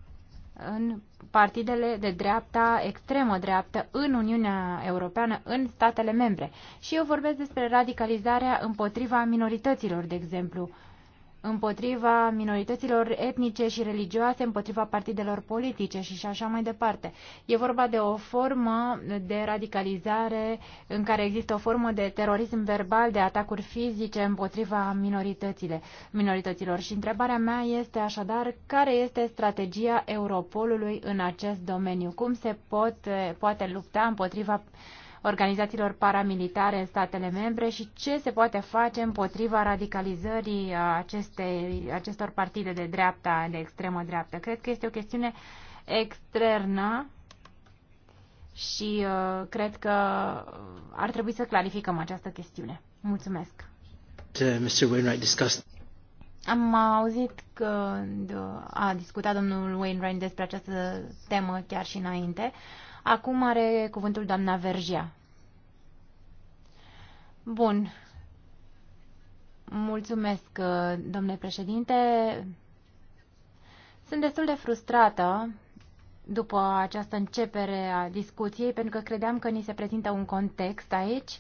în partidele de dreapta, extremă dreaptă, în Uniunea Europeană, în statele membre. Și eu vorbesc despre radicalizarea împotriva minorităților, de exemplu, împotriva minorităților etnice și religioase, împotriva partidelor politice și, și așa mai departe. E vorba de o formă de radicalizare în care există o formă de terorism verbal, de atacuri fizice împotriva minoritățile, minorităților. Și întrebarea mea este așadar, care este strategia Europolului în acest domeniu? Cum se pot, poate lupta împotriva organizațiilor paramilitare în statele membre și ce se poate face împotriva radicalizării acestei, acestor partide de dreapta, de extremă dreaptă. Cred că este o chestiune externă și uh, cred că ar trebui să clarificăm această chestiune. Mulțumesc. Mr. Am auzit că a discutat domnul Wainwright despre această temă chiar și înainte. Acum are cuvântul doamna Vergia. Bun. Mulțumesc, domnule președinte. Sunt destul de frustrată după această începere a discuției, pentru că credeam că ni se prezintă un context aici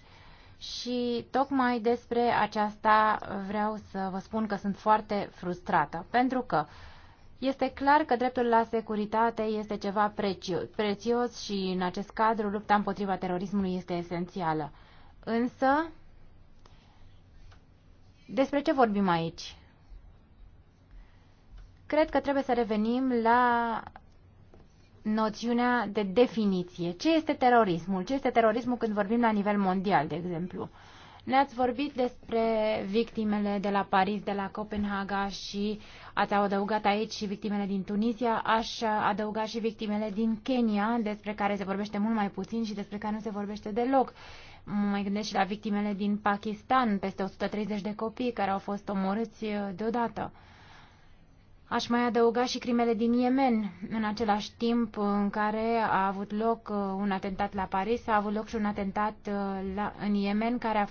și tocmai despre aceasta vreau să vă spun că sunt foarte frustrată, pentru că este clar că dreptul la securitate este ceva prețios și în acest cadru lupta împotriva terorismului este esențială. Însă, despre ce vorbim aici? Cred că trebuie să revenim la noțiunea de definiție. Ce este terorismul? Ce este terorismul când vorbim la nivel mondial, de exemplu? Ne-ați vorbit despre victimele de la Paris, de la Copenhaga și ați adăugat aici și victimele din Tunisia. Aș adăuga și victimele din Kenya, despre care se vorbește mult mai puțin și despre care nu se vorbește deloc mai gândesc și la victimele din Pakistan, peste 130 de copii care au fost omorâți uh, deodată. Aș mai adăuga și crimele din Yemen, în același timp uh, în care a avut loc uh, un atentat la Paris, a avut loc și un atentat la, în Yemen care a,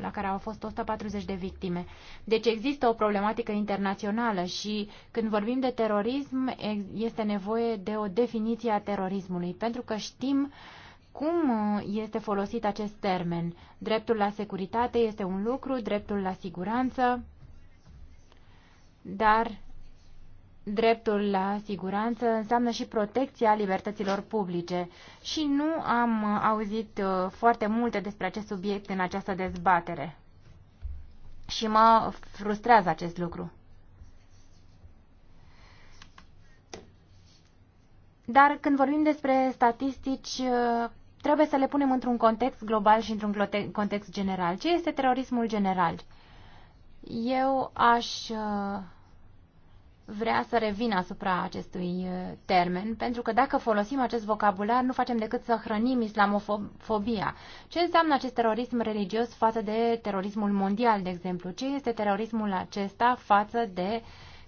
la care au fost 140 de victime. Deci există o problematică internațională și când vorbim de terorism este nevoie de o definiție a terorismului, pentru că știm uh, cum uh, este folosit acest termen? Dreptul la securitate este un lucru, dreptul la siguranță, dar dreptul la siguranță înseamnă și protecția libertăților publice și nu am uh, auzit uh, foarte multe despre acest subiect în această dezbatere. Și mă frustrează acest lucru. Dar când vorbim despre statistici, trebuie să le punem într-un context global și într-un context general. Ce este terorismul general? Eu aș uh, vrea să revin asupra acestui uh, termen, pentru că dacă folosim acest vocabular, nu facem decât să hrănim islamofobia. Ce înseamnă acest terorism religios față de terorismul mondial, de exemplu? Ce este terorismul acesta față de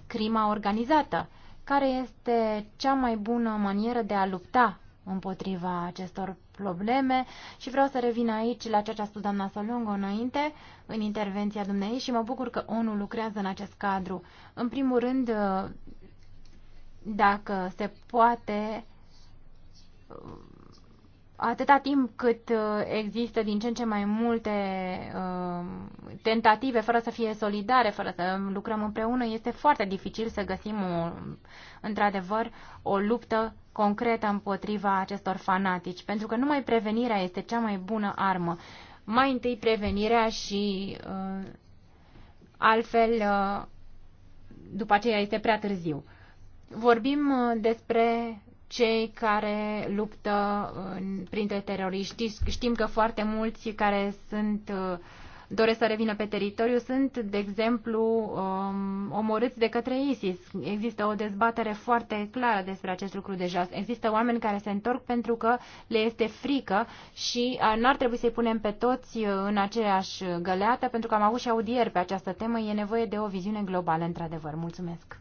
crima organizată? Care este cea mai bună manieră de a lupta împotriva acestor probleme și vreau să revin aici la ceea ce a spus doamna Solungo înainte, în intervenția dumnei și mă bucur că ONU lucrează în acest cadru. În primul rând, dacă se poate, atâta timp cât uh, există din ce în ce mai multe uh, tentative fără să fie solidare, fără să lucrăm împreună, este foarte dificil să găsim, într-adevăr, o luptă concretă împotriva acestor fanatici, pentru că numai prevenirea este cea mai bună armă. Mai întâi prevenirea și uh, altfel uh, după aceea este prea târziu. Vorbim uh, despre cei care luptă uh, printre teroriști. Știm că foarte mulți care sunt uh, doresc să revină pe teritoriu sunt, de exemplu, um, omorâți de către ISIS. Există o dezbatere foarte clară despre acest lucru deja. Există oameni care se întorc pentru că le este frică și uh, n-ar trebui să-i punem pe toți uh, în aceeași găleată, pentru că am avut și audieri pe această temă. E nevoie de o viziune globală, într-adevăr. Mulțumesc.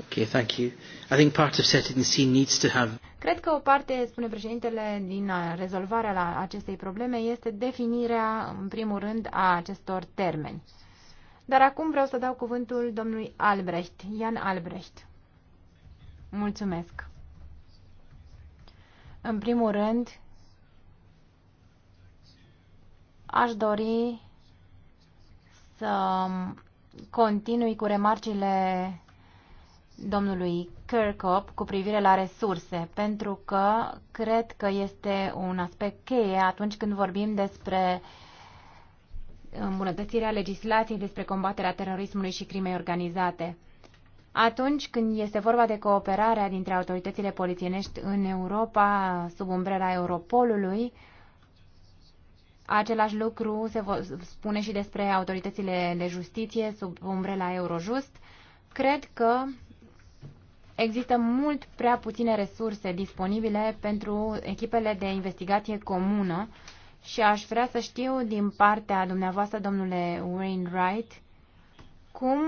Okay, thank you. I think part of setting the scene needs to have Cred că o parte, spune președintele, din uh, rezolvarea la acestei probleme este definirea, în primul rând, a acestor termeni. Dar acum vreau să dau cuvântul domnului Albrecht, Ian Albrecht. Mulțumesc. În primul rând, aș dori să continui cu remarcile domnului Kirkhope cu privire la resurse, pentru că cred că este un aspect cheie atunci când vorbim despre îmbunătățirea legislației despre combaterea terorismului și crimei organizate. Atunci când este vorba de cooperarea dintre autoritățile polițienești în Europa sub umbrela Europolului, Același lucru se spune și despre autoritățile de justiție sub umbrela Eurojust. Cred că există mult prea puține resurse disponibile pentru echipele de investigație comună și aș vrea să știu din partea dumneavoastră, domnule Wainwright, cum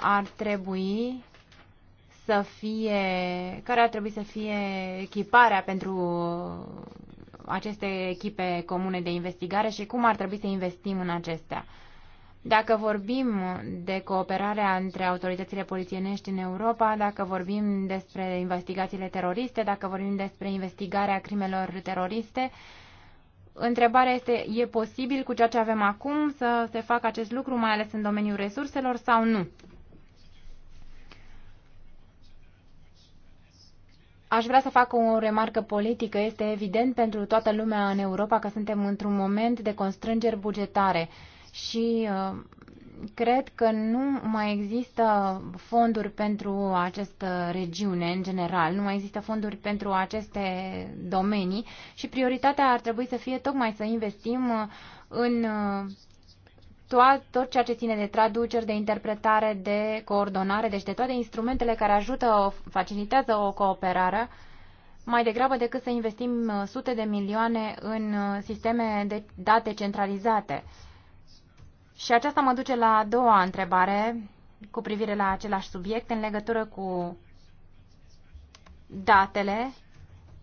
ar trebui să fie, care ar trebui să fie echiparea pentru aceste echipe comune de investigare și cum ar trebui să investim în acestea. Dacă vorbim de cooperarea între autoritățile polițienești în Europa, dacă vorbim despre investigațiile teroriste, dacă vorbim despre investigarea crimelor teroriste, întrebarea este, e posibil cu ceea ce avem acum să se facă acest lucru, mai ales în domeniul resurselor sau nu? Aș vrea să fac o remarcă politică. Este evident pentru toată lumea în Europa că suntem într-un moment de constrângeri bugetare și uh, cred că nu mai există fonduri pentru această regiune în general, nu mai există fonduri pentru aceste domenii și prioritatea ar trebui să fie tocmai să investim uh, în uh, tot, tot ceea ce ține de traduceri, de interpretare, de coordonare, deci de toate instrumentele care ajută, facilitează o cooperare, mai degrabă decât să investim sute de milioane în sisteme de date centralizate. Și aceasta mă duce la a doua întrebare cu privire la același subiect în legătură cu datele.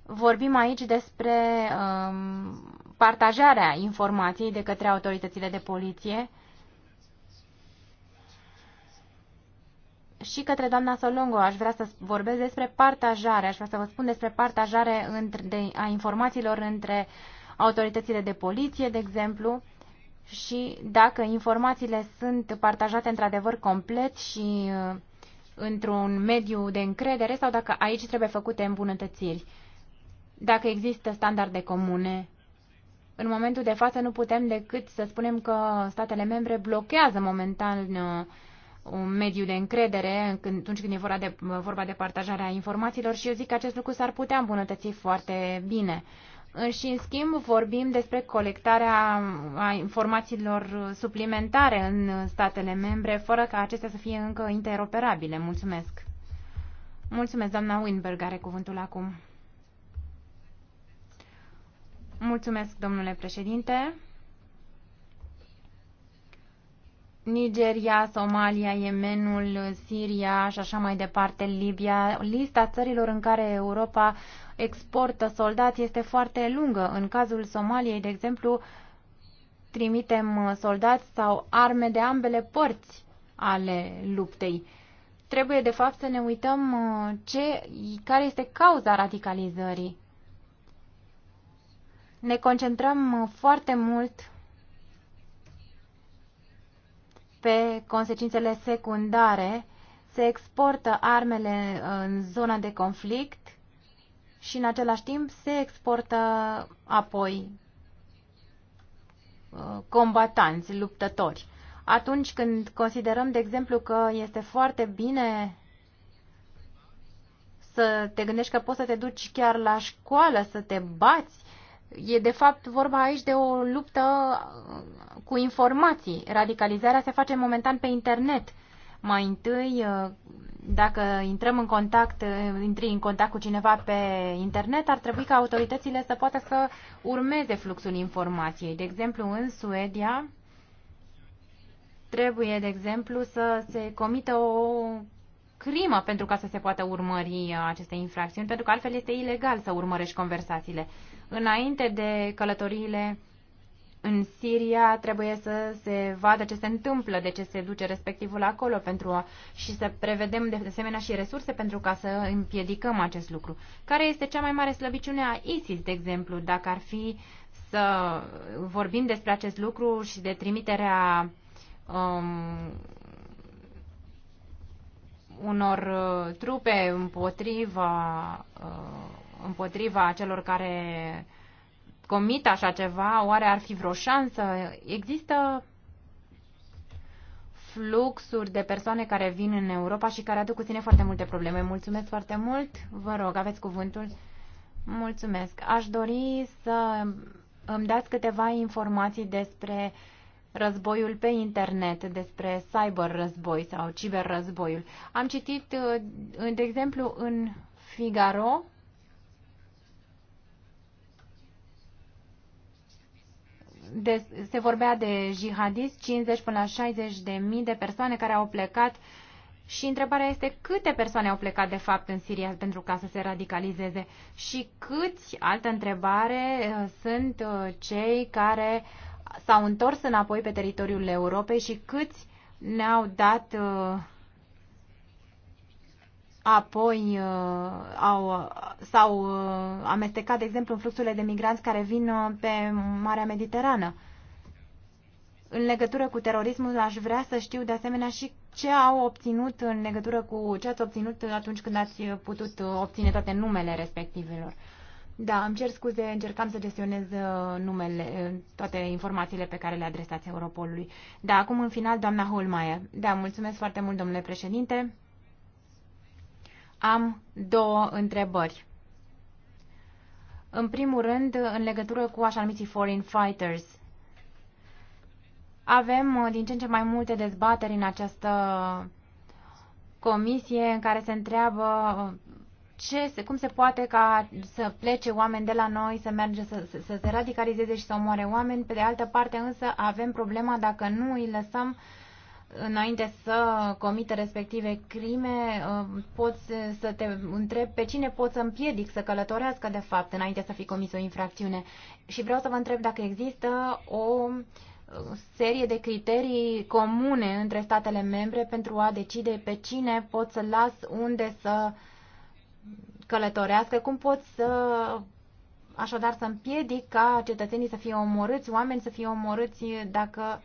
Vorbim aici despre um, partajarea informației de către autoritățile de poliție și către doamna Solongo aș vrea să vorbesc despre partajare, aș vrea să vă spun despre partajare între, de, a informațiilor între autoritățile de poliție, de exemplu, și dacă informațiile sunt partajate într-adevăr complet și uh, într-un mediu de încredere sau dacă aici trebuie făcute îmbunătățiri. Dacă există standarde comune, în momentul de față nu putem decât să spunem că statele membre blochează momentan uh, un mediu de încredere atunci când e vorba de, vorba de partajarea informațiilor și eu zic că acest lucru s-ar putea îmbunătăți foarte bine și în schimb vorbim despre colectarea a informațiilor suplimentare în statele membre, fără ca acestea să fie încă interoperabile. Mulțumesc. Mulțumesc, doamna Winberg are cuvântul acum. Mulțumesc, domnule președinte. Nigeria, Somalia, Yemenul, Siria și așa mai departe, Libia. Lista țărilor în care Europa exportă soldați este foarte lungă. În cazul Somaliei, de exemplu, trimitem soldați sau arme de ambele părți ale luptei. Trebuie, de fapt, să ne uităm uh, ce, care este cauza radicalizării. Ne concentrăm uh, foarte mult pe consecințele secundare, se exportă armele în zona de conflict și în același timp se exportă apoi uh, combatanți, luptători. Atunci când considerăm, de exemplu, că este foarte bine să te gândești că poți să te duci chiar la școală, să te bați E de fapt vorba aici de o luptă cu informații. Radicalizarea se face momentan pe internet. Mai întâi, uh, dacă intrăm în contact, uh, intri în contact cu cineva pe internet, ar trebui ca autoritățile să poată să urmeze fluxul informației. De exemplu, în Suedia trebuie, de exemplu, să se comită o crimă pentru ca să se poată urmări uh, aceste infracțiuni, pentru că altfel este ilegal să urmărești conversațiile. Înainte de călătoriile în Siria trebuie să se vadă ce se întâmplă, de ce se duce respectivul acolo pentru a, și să prevedem de asemenea și resurse pentru ca să împiedicăm acest lucru. Care este cea mai mare slăbiciune a ISIS, de exemplu, dacă ar fi să vorbim despre acest lucru și de trimiterea um, unor uh, trupe împotriva uh, împotriva celor care comit așa ceva, oare ar fi vreo șansă? Există fluxuri de persoane care vin în Europa și care aduc cu sine foarte multe probleme. Mulțumesc foarte mult. Vă rog, aveți cuvântul. Mulțumesc. Aș dori să îmi dați câteva informații despre războiul pe internet, despre cyber război sau ciber războiul. Am citit, de exemplu, în Figaro de, se vorbea de jihadist, 50 până la 60 de mii de persoane care au plecat și întrebarea este câte persoane au plecat de fapt în Siria pentru ca să se radicalizeze și câți, altă întrebare, sunt uh, cei care s-au întors înapoi pe teritoriul Europei și câți ne-au dat uh, apoi uh, au, uh, s-au uh, amestecat, de exemplu, în fluxurile de migranți care vin pe Marea Mediterană. În legătură cu terorismul, aș vrea să știu de asemenea și ce au obținut în legătură cu ce ați obținut atunci când ați putut obține toate numele respectivelor. Da, îmi cer scuze, încercam să gestionez numele, toate informațiile pe care le adresați Europolului. Da, acum în final, doamna Holmaier. Da, mulțumesc foarte mult, domnule președinte. Am două întrebări. În primul rând, în legătură cu așa numiții foreign fighters, avem uh, din ce în ce mai multe dezbateri în această comisie în care se întreabă uh, ce, cum se poate ca să plece oameni de la noi, să, merge, să, să, să se radicalizeze și să omoare oameni. Pe de altă parte însă avem problema dacă nu îi lăsăm uh, înainte să comite respective crime, uh, poți să te întreb pe cine poți să împiedic să călătorească, de fapt, înainte să fi comis o infracțiune. Și vreau să vă întreb dacă există o uh, serie de criterii comune între statele membre pentru a decide pe cine pot să las, unde să călătorească, cum pot să așadar să împiedic ca cetățenii să fie omorâți, oameni să fie omorâți dacă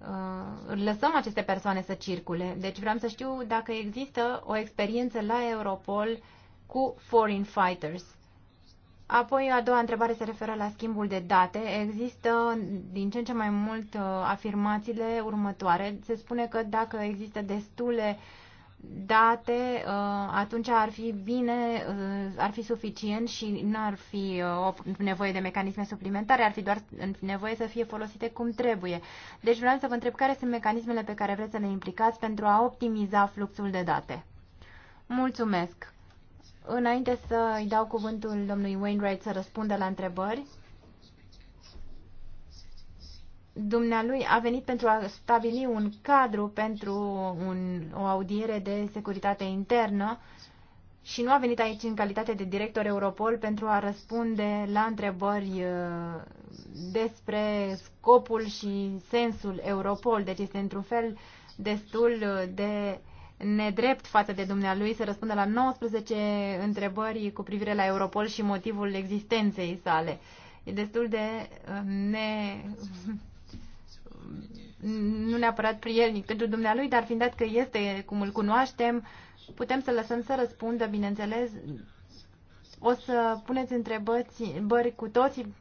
Uh, lăsăm aceste persoane să circule. Deci vreau să știu dacă există o experiență la Europol cu foreign fighters. Apoi, a doua întrebare se referă la schimbul de date. Există din ce în ce mai mult uh, afirmațiile următoare. Se spune că dacă există destule uh, date, uh, atunci ar fi bine, uh, ar fi suficient și nu ar fi uh, nevoie de mecanisme suplimentare, ar fi doar nevoie să fie folosite cum trebuie. Deci vreau să vă întreb care sunt mecanismele pe care vreți să le implicați pentru a optimiza fluxul de date. Mulțumesc! Înainte să îi dau cuvântul domnului Wainwright să răspundă la întrebări, dumnealui a venit pentru a stabili un cadru pentru un, o audiere de securitate internă și nu a venit aici în calitate de director Europol pentru a răspunde la întrebări uh, despre scopul și sensul Europol. Deci este într-un fel destul de nedrept față de dumnealui să răspundă la 19 întrebări cu privire la Europol și motivul existenței sale. E destul de uh, ne nu neapărat prielnic pentru dumnealui, dar fiind dat că este cum îl cunoaștem, putem să lăsăm să răspundă, bineînțeles. O să puneți întrebări cu toții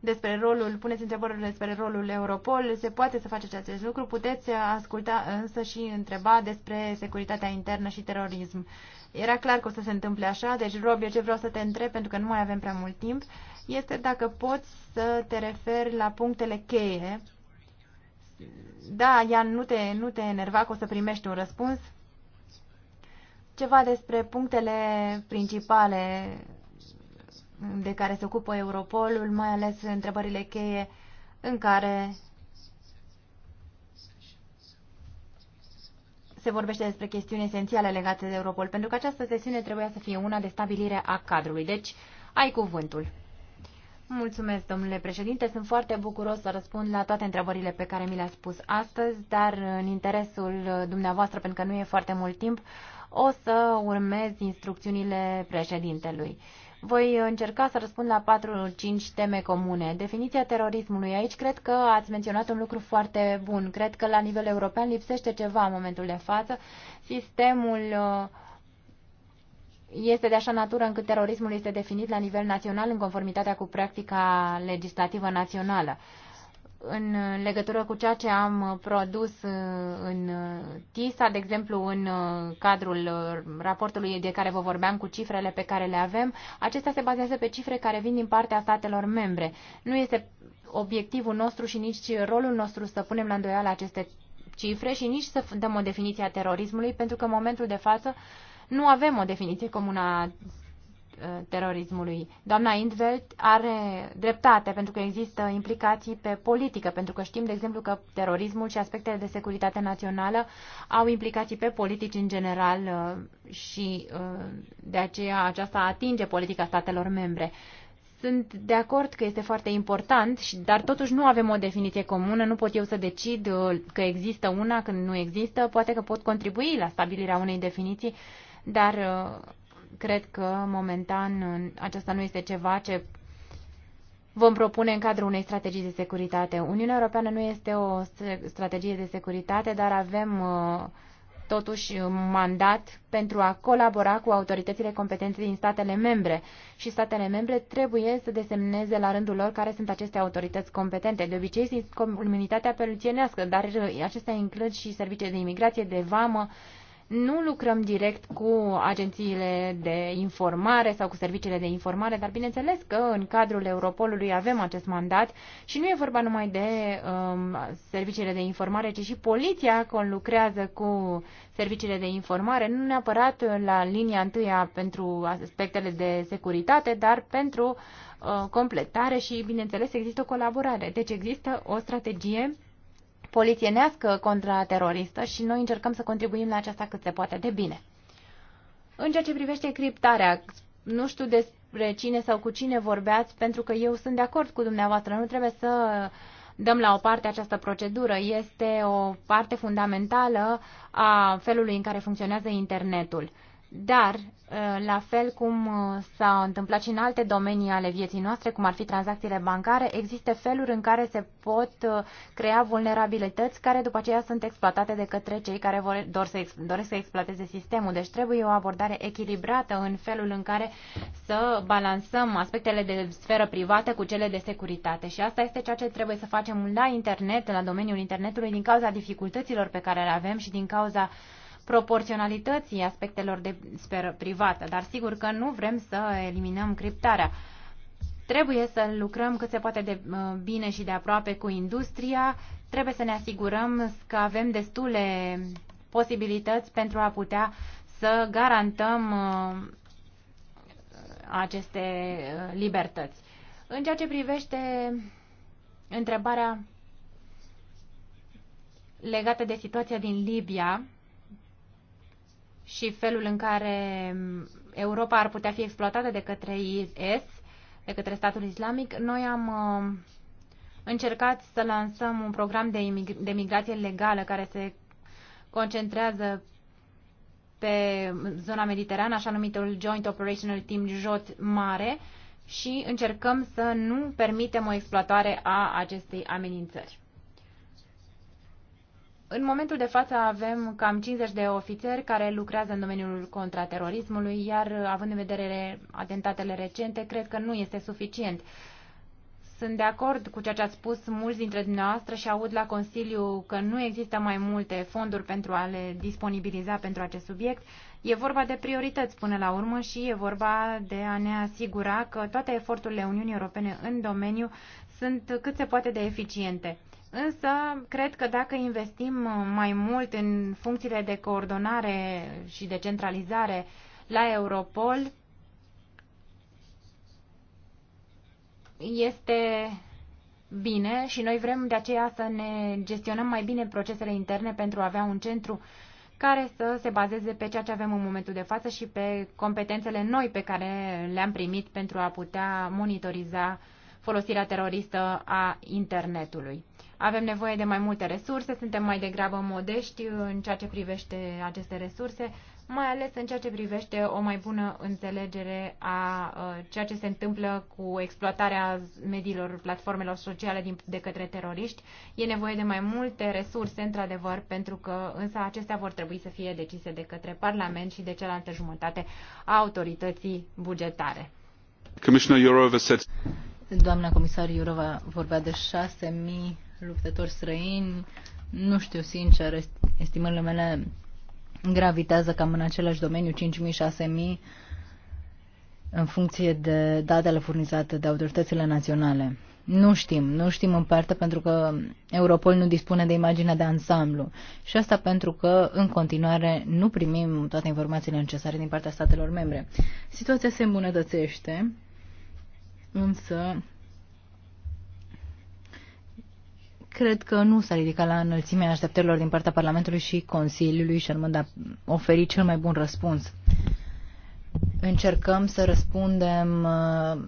despre rolul, puneți întrebări despre rolul Europol, se poate să faceți acest lucru, puteți asculta însă și întreba despre securitatea internă și terorism. Era clar că o să se întâmple așa, deci Rob, eu ce vreau să te întreb, pentru că nu mai avem prea mult timp, este dacă poți să te referi la punctele cheie da, Ian, nu te, nu te enerva că o să primești un răspuns. Ceva despre punctele principale de care se ocupă Europolul, mai ales întrebările cheie în care se vorbește despre chestiuni esențiale legate de Europol, pentru că această sesiune trebuia să fie una de stabilire a cadrului. Deci, ai cuvântul. Mulțumesc, domnule președinte. Sunt foarte bucuros să răspund la toate întrebările pe care mi le-a spus astăzi, dar în interesul dumneavoastră, pentru că nu e foarte mult timp, o să urmez instrucțiunile președintelui. Voi încerca să răspund la 4-5 teme comune. Definiția terorismului. Aici cred că ați menționat un lucru foarte bun. Cred că la nivel european lipsește ceva în momentul de față. Sistemul uh, este de așa natură încât terorismul este definit la nivel național în conformitatea cu practica legislativă națională. În legătură cu ceea ce am produs uh, în uh, TISA, de exemplu, în uh, cadrul raportului de care vă vorbeam cu cifrele pe care le avem, acestea se bazează pe cifre care vin din partea statelor membre. Nu este obiectivul nostru și nici rolul nostru să punem la îndoială aceste cifre și nici să dăm o definiție a terorismului, pentru că în momentul de față nu avem o definiție comună a uh, terorismului. Doamna Indveld are dreptate pentru că există implicații pe politică, pentru că știm, de exemplu, că terorismul și aspectele de securitate națională au implicații pe politici în general uh, și uh, de aceea aceasta atinge politica statelor membre. Sunt de acord că este foarte important, dar totuși nu avem o definiție comună, nu pot eu să decid că există una când nu există, poate că pot contribui la stabilirea unei definiții dar uh, cred că momentan aceasta nu este ceva ce vom propune în cadrul unei strategii de securitate. Uniunea Europeană nu este o strategie de securitate, dar avem uh, totuși mandat pentru a colabora cu autoritățile competente din statele membre și statele membre trebuie să desemneze la rândul lor care sunt aceste autorități competente. De obicei sunt comunitatea peluțienească, dar uh, acestea includ și servicii de imigrație, de vamă, nu lucrăm direct cu agențiile de informare sau cu serviciile de informare, dar bineînțeles că în cadrul Europolului avem acest mandat și nu e vorba numai de um, serviciile de informare, ci și poliția conlucrează cu serviciile de informare, nu neapărat la linia întâia pentru aspectele de securitate, dar pentru uh, completare și, bineînțeles, există o colaborare. Deci există o strategie polițienească contrateroristă și noi încercăm să contribuim la aceasta cât se poate de bine. În ceea ce privește criptarea, nu știu despre cine sau cu cine vorbeați, pentru că eu sunt de acord cu dumneavoastră. Nu trebuie să dăm la o parte această procedură. Este o parte fundamentală a felului în care funcționează internetul. Dar Eh, la fel cum eh, s-a întâmplat și în alte domenii ale vieții noastre, cum ar fi tranzacțiile bancare, există feluri în care se pot eh, crea vulnerabilități care după aceea sunt exploatate de către cei care vor, dor să, doresc să exploateze sistemul. Deci trebuie o abordare echilibrată în felul în care să balansăm aspectele de sferă privată cu cele de securitate. Și asta este ceea ce trebuie să facem la internet, la domeniul internetului, din cauza dificultăților pe care le avem și din cauza uh, proporționalității aspectelor de sferă privată, dar sigur că nu vrem să eliminăm criptarea. Trebuie să lucrăm cât se poate de uh, bine și de aproape cu industria, trebuie să ne asigurăm că avem destule posibilități pentru a putea să garantăm uh, aceste uh, libertăți. În ceea ce privește întrebarea legată de situația din Libia, și felul în care Europa ar putea fi exploatată de către IS, de către statul islamic, noi am uh, încercat să lansăm un program de, imig- de migrație legală care se concentrează pe zona mediterană, așa numitul Joint Operational Team JOT mare și încercăm să nu permitem o exploatare a acestei amenințări. În momentul de față avem cam 50 de ofițeri care lucrează în domeniul contraterorismului, iar având în vedere atentatele recente, cred că nu este suficient. Sunt de acord cu ceea ce ați spus mulți dintre dumneavoastră și aud la Consiliu că nu există mai multe fonduri pentru a le disponibiliza pentru acest subiect. E vorba de priorități până la urmă și e vorba de a ne asigura că toate eforturile Uniunii Europene în domeniu sunt cât se poate de eficiente. Însă, cred că dacă investim uh, mai mult în funcțiile de coordonare și de centralizare la Europol, este bine și noi vrem de aceea să ne gestionăm mai bine procesele interne pentru a avea un centru care să se bazeze pe ceea ce avem în momentul de față și pe competențele noi pe care le-am primit pentru a putea monitoriza folosirea teroristă a internetului. Avem nevoie de mai multe resurse, suntem mai degrabă modești în ceea ce privește aceste resurse, mai ales în ceea ce privește o mai bună înțelegere a uh, ceea ce se întâmplă cu exploatarea mediilor, platformelor sociale din, de către teroriști. E nevoie de mai multe resurse, într-adevăr, pentru că însă acestea vor trebui să fie decise de către Parlament și de cealaltă jumătate a autorității bugetare. Doamna comisar Iurova vorbea de 6.000 luptători străini. Nu știu, sincer, estimările mele gravitează cam în același domeniu, 5.000-6.000, în funcție de datele furnizate de autoritățile naționale. Nu știm, nu știm în parte pentru că Europol nu dispune de imaginea de ansamblu și asta pentru că în continuare nu primim toate informațiile necesare din partea statelor membre. Situația se îmbunătățește, însă cred că nu s-a ridicat la înălțimea așteptărilor din partea Parlamentului și Consiliului și anumând a oferi cel mai bun răspuns. Încercăm să răspundem uh,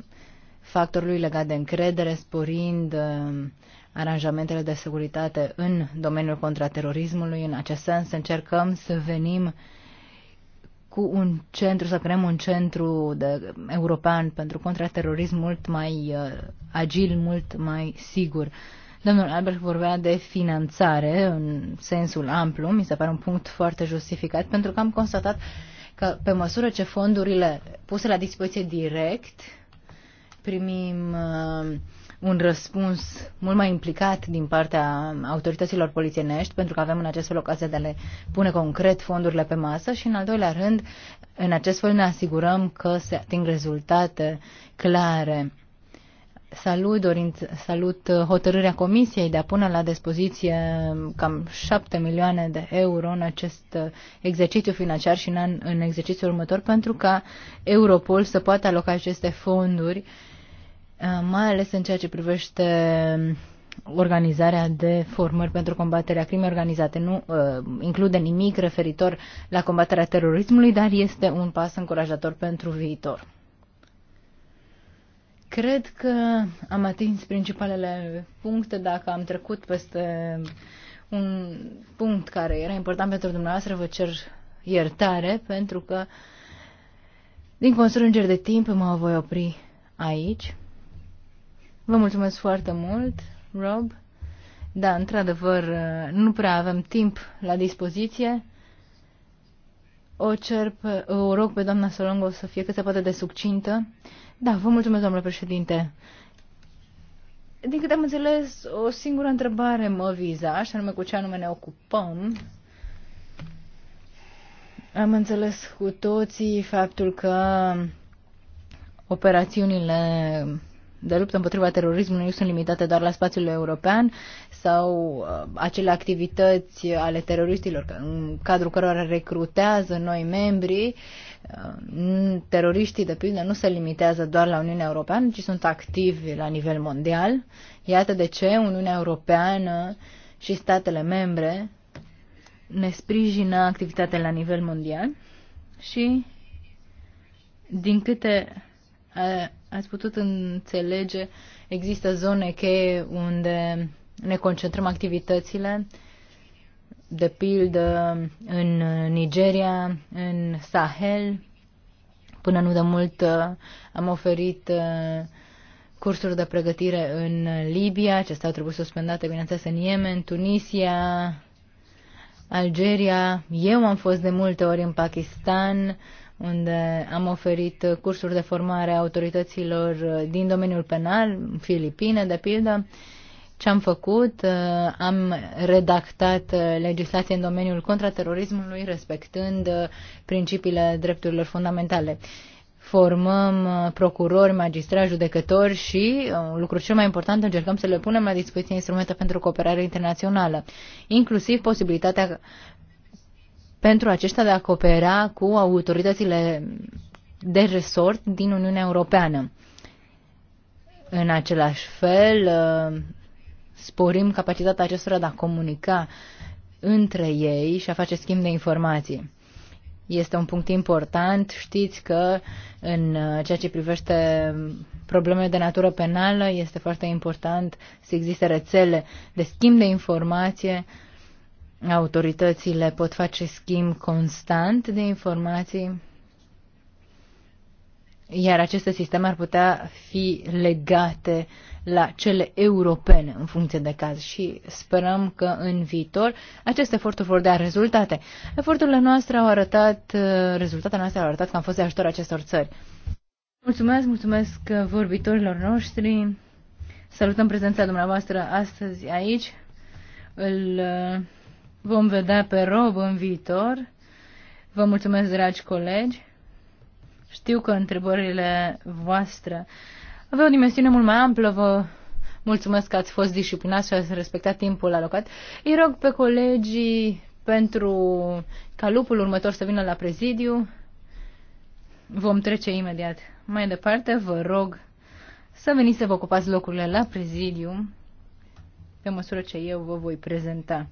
factorului legat de încredere, sporind uh, aranjamentele de securitate în domeniul contraterorismului. În acest sens încercăm să venim cu un centru, să creăm un centru de, european pentru contraterorism mult mai uh, agil, mult mai sigur. Uh, Domnul Albrecht vorbea de finanțare în sensul amplu, mi se pare un punct foarte justificat, pentru că am constatat că pe măsură ce fondurile puse la dispoziție direct, primim uh, un răspuns mult mai implicat din partea autorităților polițienești, pentru că avem în acest fel ocazia de a le pune concret fondurile pe masă și, în al doilea rând, în acest fel ne asigurăm că se ating rezultate clare Salut, dorinț, salut uh, hotărârea Comisiei de a pune la dispoziție um, cam 7 milioane de euro în acest uh, exercițiu financiar și în, an, în exercițiul următor pentru ca Europol să poată aloca aceste fonduri, uh, mai ales în ceea ce privește um, organizarea de formări pentru combaterea crimei organizate. Nu uh, include nimic referitor la combaterea terorismului, dar este un pas încurajator pentru viitor. Cred că am atins principalele puncte dacă am trecut peste un punct care era important pentru dumneavoastră, vă cer iertare pentru că din constrângeri de timp mă voi opri aici. Vă mulțumesc foarte mult, Rob. Da, într-adevăr, nu prea avem timp la dispoziție. O, cer pe, o rog pe doamna Solongo să fie cât se poate de succintă. Da, vă mulțumesc, domnule președinte. Din câte am înțeles, o singură întrebare mă viza, așa anume cu ce anume ne ocupăm. Am înțeles cu toții faptul că operațiunile de luptă împotriva terorismului nu sunt limitate doar la spațiul european sau uh, acele activități ale teroristilor în cadrul cărora recrutează noi membrii Uh, teroriștii, de pildă, nu se limitează doar la Uniunea Europeană, ci sunt activi la nivel mondial. Iată de ce Uniunea Europeană și statele membre ne sprijină activitatea la nivel mondial și, din câte ați putut înțelege, există zone cheie unde ne concentrăm activitățile uh, de pildă în Nigeria, în Sahel. Până nu de mult uh, am oferit uh, cursuri de pregătire în Libia, acestea au trebuit suspendate, bineînțeles, în Yemen, Tunisia, Algeria. Eu am fost de multe ori în Pakistan, unde am oferit cursuri de formare a autorităților uh, din domeniul penal, Filipine, de pildă ce am făcut, uh, am redactat uh, legislație în domeniul contraterorismului, respectând uh, principiile drepturilor fundamentale. Formăm procurori, magistrați, judecători și, un lucru cel mai important, încercăm să le punem la dispoziție instrumente pentru cooperare internațională, inclusiv posibilitatea pentru aceștia de a coopera cu autoritățile de resort din Uniunea Europeană. În același fel, sporim capacitatea acestora de a comunica între ei și a face schimb de informații. Este un punct important. Știți că în ceea ce privește probleme de natură penală este foarte important să existe rețele de schimb de informație. Autoritățile pot face schimb constant de informații iar aceste sisteme ar putea fi legate la cele europene în funcție de caz și sperăm că în viitor aceste eforturi vor da rezultate. Eforturile noastre au arătat, rezultatele noastre au arătat că am fost de ajutor acestor țări. Mulțumesc, mulțumesc vorbitorilor noștri. Salutăm prezența dumneavoastră astăzi aici. Îl uh, vom vedea pe Rob în viitor. Vă mulțumesc, dragi colegi. Știu că întrebările voastre aveau o dimensiune mult mai amplă, vă mulțumesc că ați fost disciplinați și ați respectat timpul alocat. Îi rog pe colegii pentru ca lupul următor să vină la prezidiu. Vom trece imediat. Mai departe, vă rog să veniți să vă ocupați locurile la prezidiu pe măsură ce eu vă voi prezenta.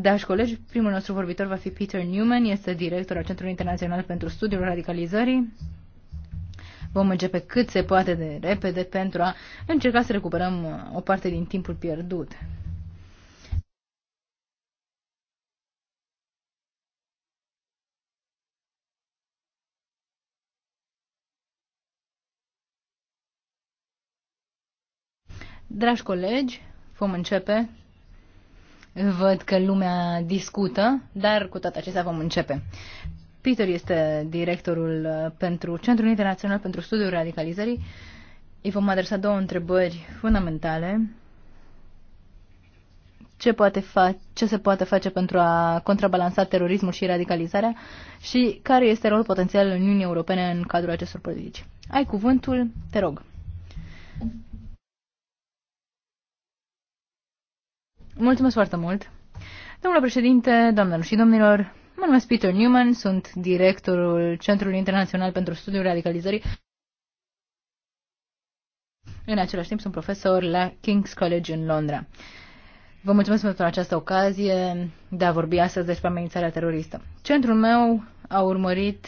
Dragi colegi, primul nostru vorbitor va fi Peter Newman, este director al Centrului Internațional pentru Studiul Radicalizării. Vom începe cât se poate de repede pentru a încerca să recuperăm uh, o parte din timpul pierdut. Dragi colegi, vom începe Văd că lumea discută, dar cu toate acestea vom începe. Peter este directorul uh, pentru Centrul Internațional pentru Studiul Radicalizării. Îi vom adresa două întrebări fundamentale. Ce, poate fa- ce se poate face pentru a contrabalansa terorismul și radicalizarea și care este rolul potențial în Uniunii Europene în cadrul acestor politici. Ai cuvântul, te rog. Mulțumesc foarte mult. Domnule președinte, doamnelor și domnilor, mă numesc Peter Newman, sunt directorul Centrului Internațional pentru Studiul Radicalizării. În același timp sunt profesor la King's College în Londra. Vă mulțumesc pentru această ocazie de a vorbi astăzi despre amenințarea teroristă. Centrul meu a urmărit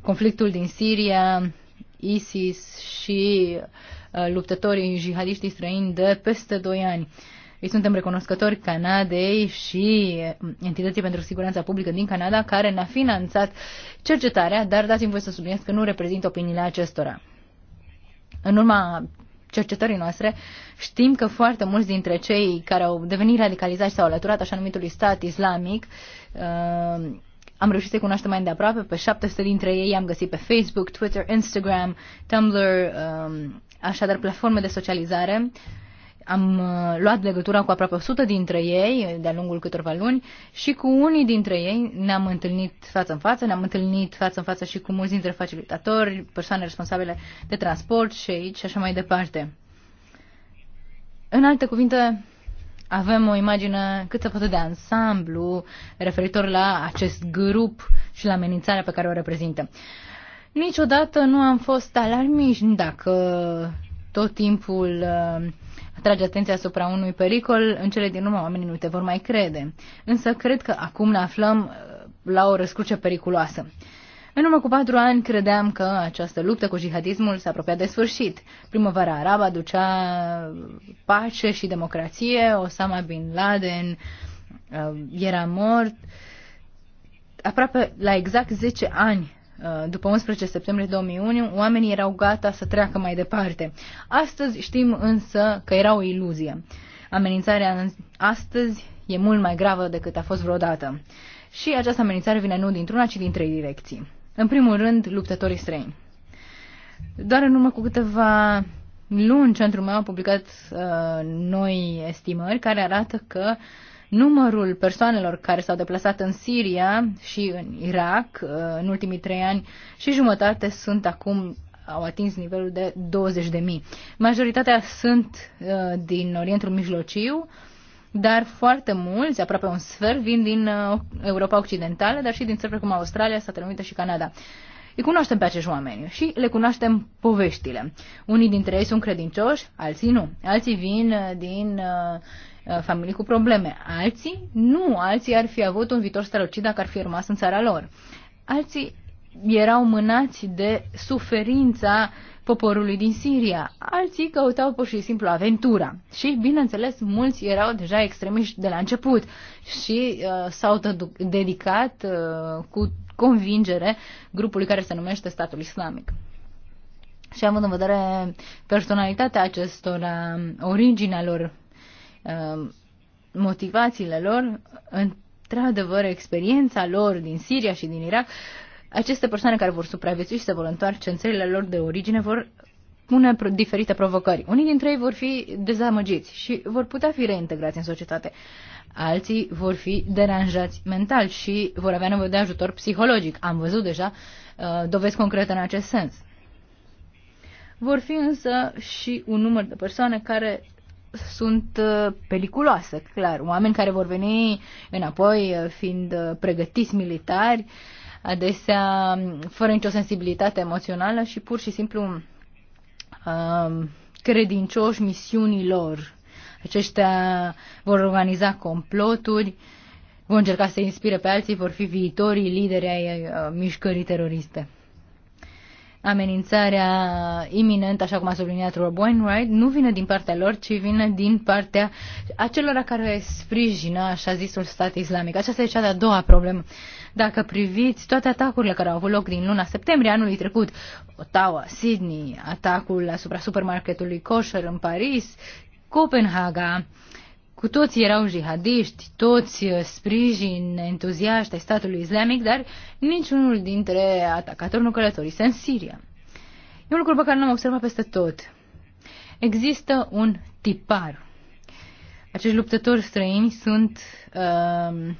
conflictul din Siria, ISIS și uh, luptătorii jihadiștii străini de peste 2 ani. Uh, îi suntem recunoscători Canadei și eh, Entității pentru Siguranța Publică din Canada, care ne-a finanțat cercetarea, dar dați-mi voi să subliniez că nu reprezintă opiniile acestora. În urma cercetării noastre, știm că foarte mulți dintre cei care au devenit radicalizați sau alăturat așa numitului stat islamic, uh, am reușit să-i cunoaștem mai îndeaproape. Pe 700 dintre ei am găsit pe Facebook, Twitter, Instagram, Tumblr, um, așadar platforme de socializare. Am uh, luat legătura cu aproape 100 dintre ei de-a lungul câtorva luni și cu unii dintre ei ne-am întâlnit față în față, ne-am întâlnit față în față și cu mulți dintre facilitatori, persoane responsabile de transport și aici și așa mai departe. În alte cuvinte, avem o imagine cât se poate de ansamblu referitor la acest grup și la amenințarea pe care o reprezintă. Niciodată nu am fost alarmiști dacă tot timpul uh, atrage atenția asupra unui pericol, în cele din urmă oamenii nu te vor mai crede. Însă cred că acum ne aflăm uh, la o răscruce periculoasă. În urmă cu patru ani credeam că această luptă cu jihadismul s-a apropiat de sfârșit. Primăvara arabă aducea pace și democrație, Osama Bin Laden uh, era mort. Aproape la exact 10 ani Uh, după 11 septembrie 2001, oamenii erau gata să treacă mai departe. Astăzi știm însă că era o iluzie. Amenințarea astăzi e mult mai gravă decât a fost vreodată. Și această amenințare vine nu dintr-una, ci din trei direcții. În primul rând, luptătorii străini. Doar în urmă cu câteva luni, centrul meu a publicat uh, noi estimări care arată că uh, Numărul persoanelor care s-au deplasat în Siria și în Irak uh, în ultimii trei ani și jumătate sunt acum au atins nivelul de 20.000. Majoritatea sunt uh, din Orientul Mijlociu, dar foarte mulți, aproape un sfert, vin din uh, Europa Occidentală, dar și din țări precum Australia, Statele Unite și Canada. Îi cunoaștem pe acești oameni și le cunoaștem poveștile. Unii dintre ei sunt credincioși, alții nu. Alții vin din Uh, familii cu probleme. Alții nu, alții ar fi avut un viitor strălucit dacă ar fi rămas în țara lor. Alții erau mânați de suferința poporului din Siria, alții căutau pur și simplu aventura. Și, bineînțeles, mulți erau deja extremiști de la început și uh, s-au dedicat uh, cu convingere grupului care se numește statul islamic. Și având în vedere personalitatea acestora, originea lor Um, motivațiile lor, într-adevăr experiența lor din Siria și din Irak, aceste persoane care vor supraviețui și se vor întoarce în țările lor de origine vor pune diferite provocări. Unii dintre ei vor fi dezamăgiți și vor putea fi reintegrați în societate. Alții vor fi deranjați mental și vor avea nevoie de ajutor psihologic. Am văzut deja uh, dovezi concrete în acest sens. Vor fi însă și un număr de persoane care sunt uh, periculoase, clar. Oameni care vor veni înapoi uh, fiind uh, pregătiți militari, adesea um, fără nicio sensibilitate emoțională și pur și simplu um, credincioși misiunilor. Aceștia vor organiza comploturi, vor încerca să inspire pe alții, vor fi viitorii lideri ai mișcării teroriste amenințarea iminentă, așa cum a subliniat Rob Wainwright, nu vine din partea lor, ci vine din partea acelora care sprijină, așa zisul, stat islamic. Aceasta e cea de-a doua problemă. Dacă priviți toate atacurile care au avut loc din luna septembrie anului trecut, Ottawa, Sydney, atacul asupra supermarketului Kosher în Paris, Copenhaga, cu toți erau jihadiști, toți uh, sprijin entuziaști ai statului islamic, dar niciunul dintre atacatori nu călătorise în Siria. E un lucru pe care l-am observat peste tot. Există un tipar. Acești luptători străini sunt uh,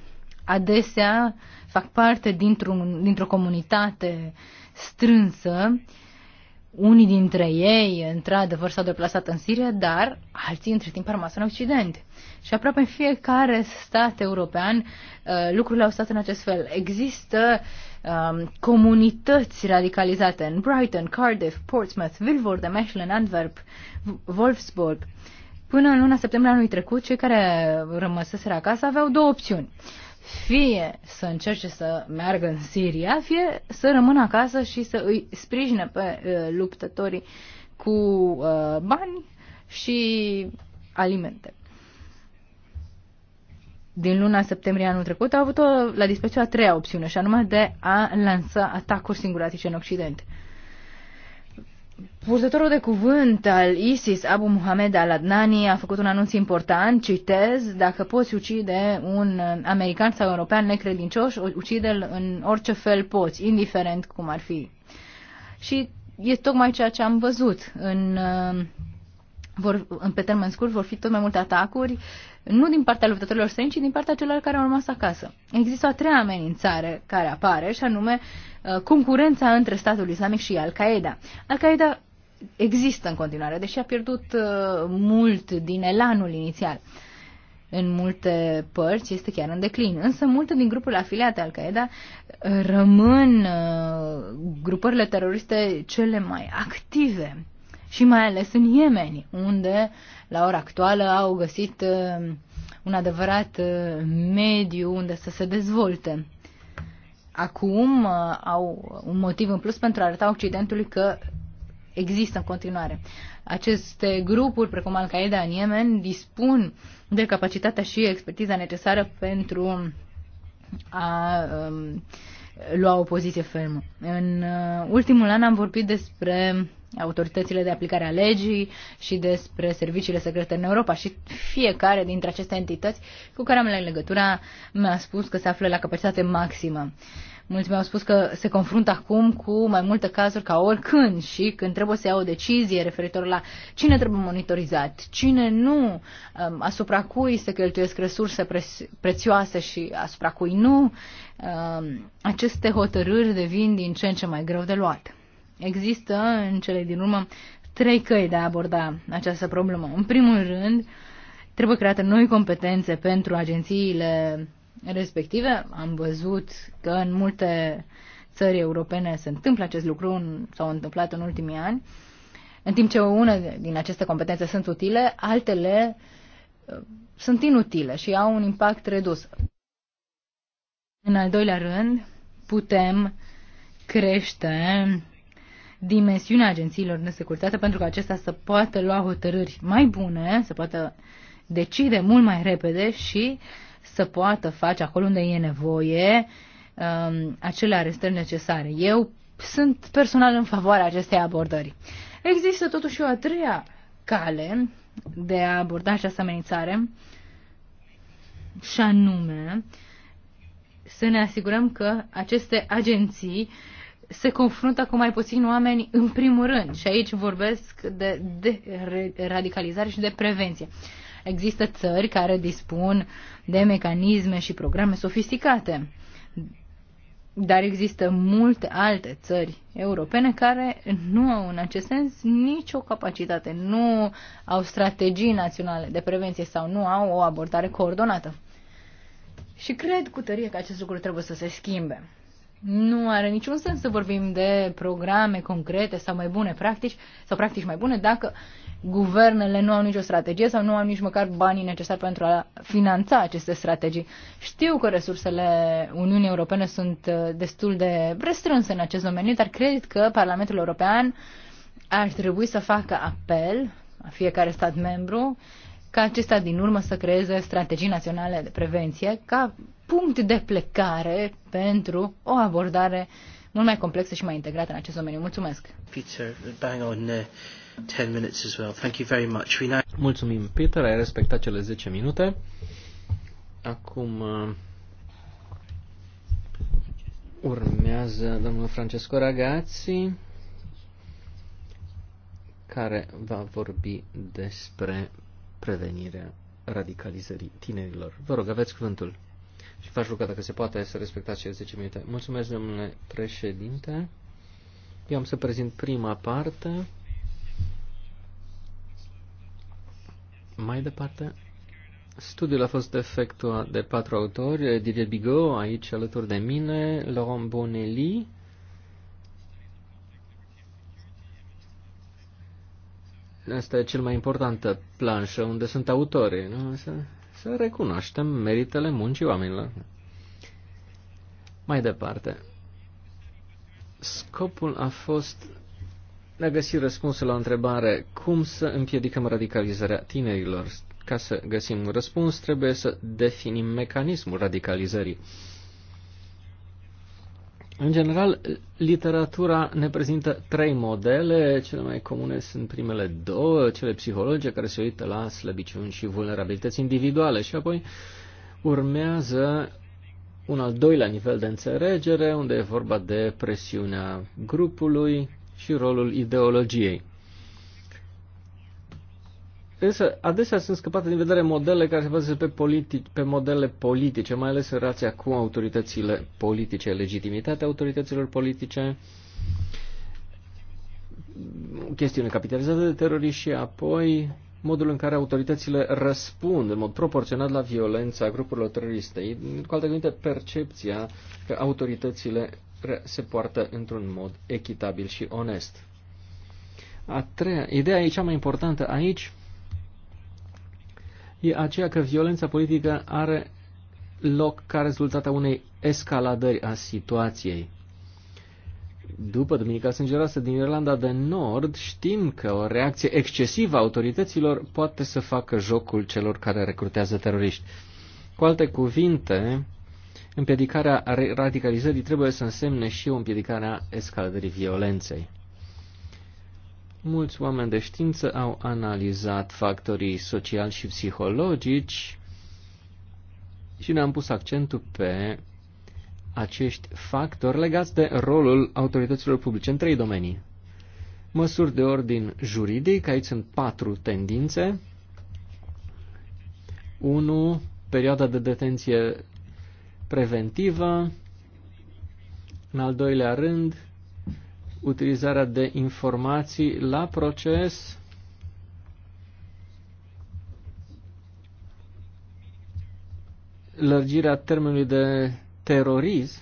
adesea, fac parte dintr-o dintr comunitate strânsă unii dintre ei, într-adevăr, s-au deplasat în Siria, dar alții, între timp, au rămas în Occident. Și aproape în fiecare stat european uh, lucrurile au stat în acest fel. Există um, comunități radicalizate în Brighton, Cardiff, Portsmouth, Vilvoorde, Mechelen, Antwerp, Wolfsburg. Până în luna septembrie anului trecut, cei care rămăseseră acasă aveau două opțiuni fie să încerce să meargă în Siria, fie să rămână acasă și să îi sprijine pe uh, luptătorii cu uh, bani și alimente. Din luna septembrie anul trecut a avut o, la dispoziție a treia opțiune, și anume de a lansa atacuri singuratice în Occident. Purtătorul de cuvânt al ISIS, Abu Muhammad al-Adnani, a făcut un anunț important, citez, dacă poți ucide un uh, american sau european necredincioș, ucide-l în orice fel poți, indiferent cum ar fi. Și e tocmai ceea ce am văzut în uh, vor, pe termen scurt vor fi tot mai multe atacuri, nu din partea luptătorilor străini, ci din partea celor care au rămas acasă. Există o treia amenințare care apare, și anume uh, concurența între statul islamic și Al-Qaeda. Al-Qaeda există în continuare, deși a pierdut uh, mult din elanul inițial. În multe părți este chiar în declin, însă multe din grupurile afiliate Al-Qaeda uh, rămân grupările teroriste cele mai active și mai ales în Yemen, unde la ora actuală au găsit uh, un adevărat uh, mediu unde să se dezvolte. Acum uh, au un motiv în plus pentru a arăta Occidentului că există în continuare. Aceste grupuri, precum Al-Qaeda în Yemen, dispun de capacitatea și expertiza necesară pentru a um, lua o poziție fermă. În uh, ultimul an am vorbit despre autoritățile de aplicare a legii și despre serviciile secrete în Europa și fiecare dintre aceste entități cu care am legătura mi-a spus că se află la capacitate maximă. Uh, Mulți mi-au spus că se confruntă acum cu mai multe cazuri ca oricând și când trebuie să ia o decizie referitor la cine trebuie monitorizat, cine nu, um, asupra cui se cheltuiesc resurse prețioase și asupra cui nu, um, aceste hotărâri devin din ce în ce mai greu de luat. Există în cele din urmă trei căi de a aborda această problemă. În primul rând, trebuie create noi competențe pentru agențiile respective. Am văzut că în multe țări europene se întâmplă acest lucru, s-au întâmplat în ultimii ani. În timp ce unele din aceste competențe sunt utile, altele uh, sunt inutile și au un impact redus. În al doilea rând, putem crește dimensiunea agențiilor de securitate pentru că acestea să poată lua hotărâri mai bune, să poată decide mult mai repede și uh, să poată face acolo unde e nevoie um, acele arestări necesare. Eu sunt personal în favoarea acestei abordări. Există totuși o a treia cale de a aborda această amenințare și anume să ne asigurăm că aceste agenții se confruntă cu mai puțini oameni în primul rând și aici vorbesc de, de radicalizare și de prevenție. Uh, Există țări care dispun de mecanisme și programe sofisticate, dar există multe alte țări europene care nu au în acest sens nicio capacitate, nu au strategii naționale de prevenție sau nu au o abordare coordonată. Și cred cu tărie că acest lucru trebuie să se schimbe. Nu are niciun sens să vorbim de programe concrete sau mai bune practici, sau practici mai bune, dacă guvernele nu au nicio strategie sau nu au nici măcar banii necesari pentru a finanța aceste strategii. Știu că resursele Uniunii Europene sunt uh, destul de restrânse în acest domeniu, dar cred că Parlamentul European ar trebui să facă apel a fiecare stat membru ca acesta din urmă să creeze strategii naționale de prevenție ca punct de plecare pentru o abordare mult mai complexă și mai integrată în acest domeniu. Mulțumesc! Peter, bang on, uh... 10 minutes as well. Thank you very much. We now... Mulțumim, Peter, ai respectat cele 10 minute. Acum uh, urmează domnul Francesco Ragazzi, care va vorbi despre prevenirea radicalizării tinerilor. Vă rog, aveți cuvântul. Și v-aș ruga, dacă se poate, să respectați cele 10 minute. Mulțumesc, domnule președinte. Eu am să prezint prima parte Mai departe, studiul a fost efectuat de patru autori, Didier Bigot, aici alături de mine, Laurent Bonelli, Asta e cel mai importantă planșă unde sunt autorii, nu? Să, să recunoaștem meritele muncii oamenilor. Mai departe, scopul a fost ne-a găsit răspunsul la întrebare cum să împiedicăm radicalizarea tinerilor. Ca să găsim un răspuns, trebuie să definim mecanismul radicalizării. În general, literatura ne prezintă trei modele. Cele mai comune sunt primele două, cele psihologice, care se uită la slăbiciuni și vulnerabilități individuale și apoi urmează un al doilea nivel de înțelegere, unde e vorba de presiunea grupului, și rolul ideologiei. Însă, adesea sunt scăpate din vedere modele care se bazează pe, pe modele politice, mai ales în relația cu autoritățile politice, legitimitatea autorităților politice, chestiune capitalizată de teroriști și apoi modul în care autoritățile răspund în mod proporționat la violența grupurilor teroriste. Cu alte cuvinte, percepția că autoritățile se poartă într-un mod echitabil și onest. A treia, ideea e cea mai importantă aici, e aceea că violența politică are loc ca rezultat a unei escaladări a situației. După Duminica Sângeroasă din Irlanda de Nord, știm că o reacție excesivă a autorităților poate să facă jocul celor care recrutează teroriști. Cu alte cuvinte, Împiedicarea radicalizării trebuie să însemne și o împiedicare a escaladării violenței. Mulți oameni de știință au analizat factorii sociali și psihologici și ne-am pus accentul pe acești factori legați de rolul autorităților publice în trei domenii. Măsuri de ordin juridic, aici sunt patru tendințe. 1. Perioada de detenție preventivă, în al doilea rând, utilizarea de informații la proces, lărgirea termenului de terorism,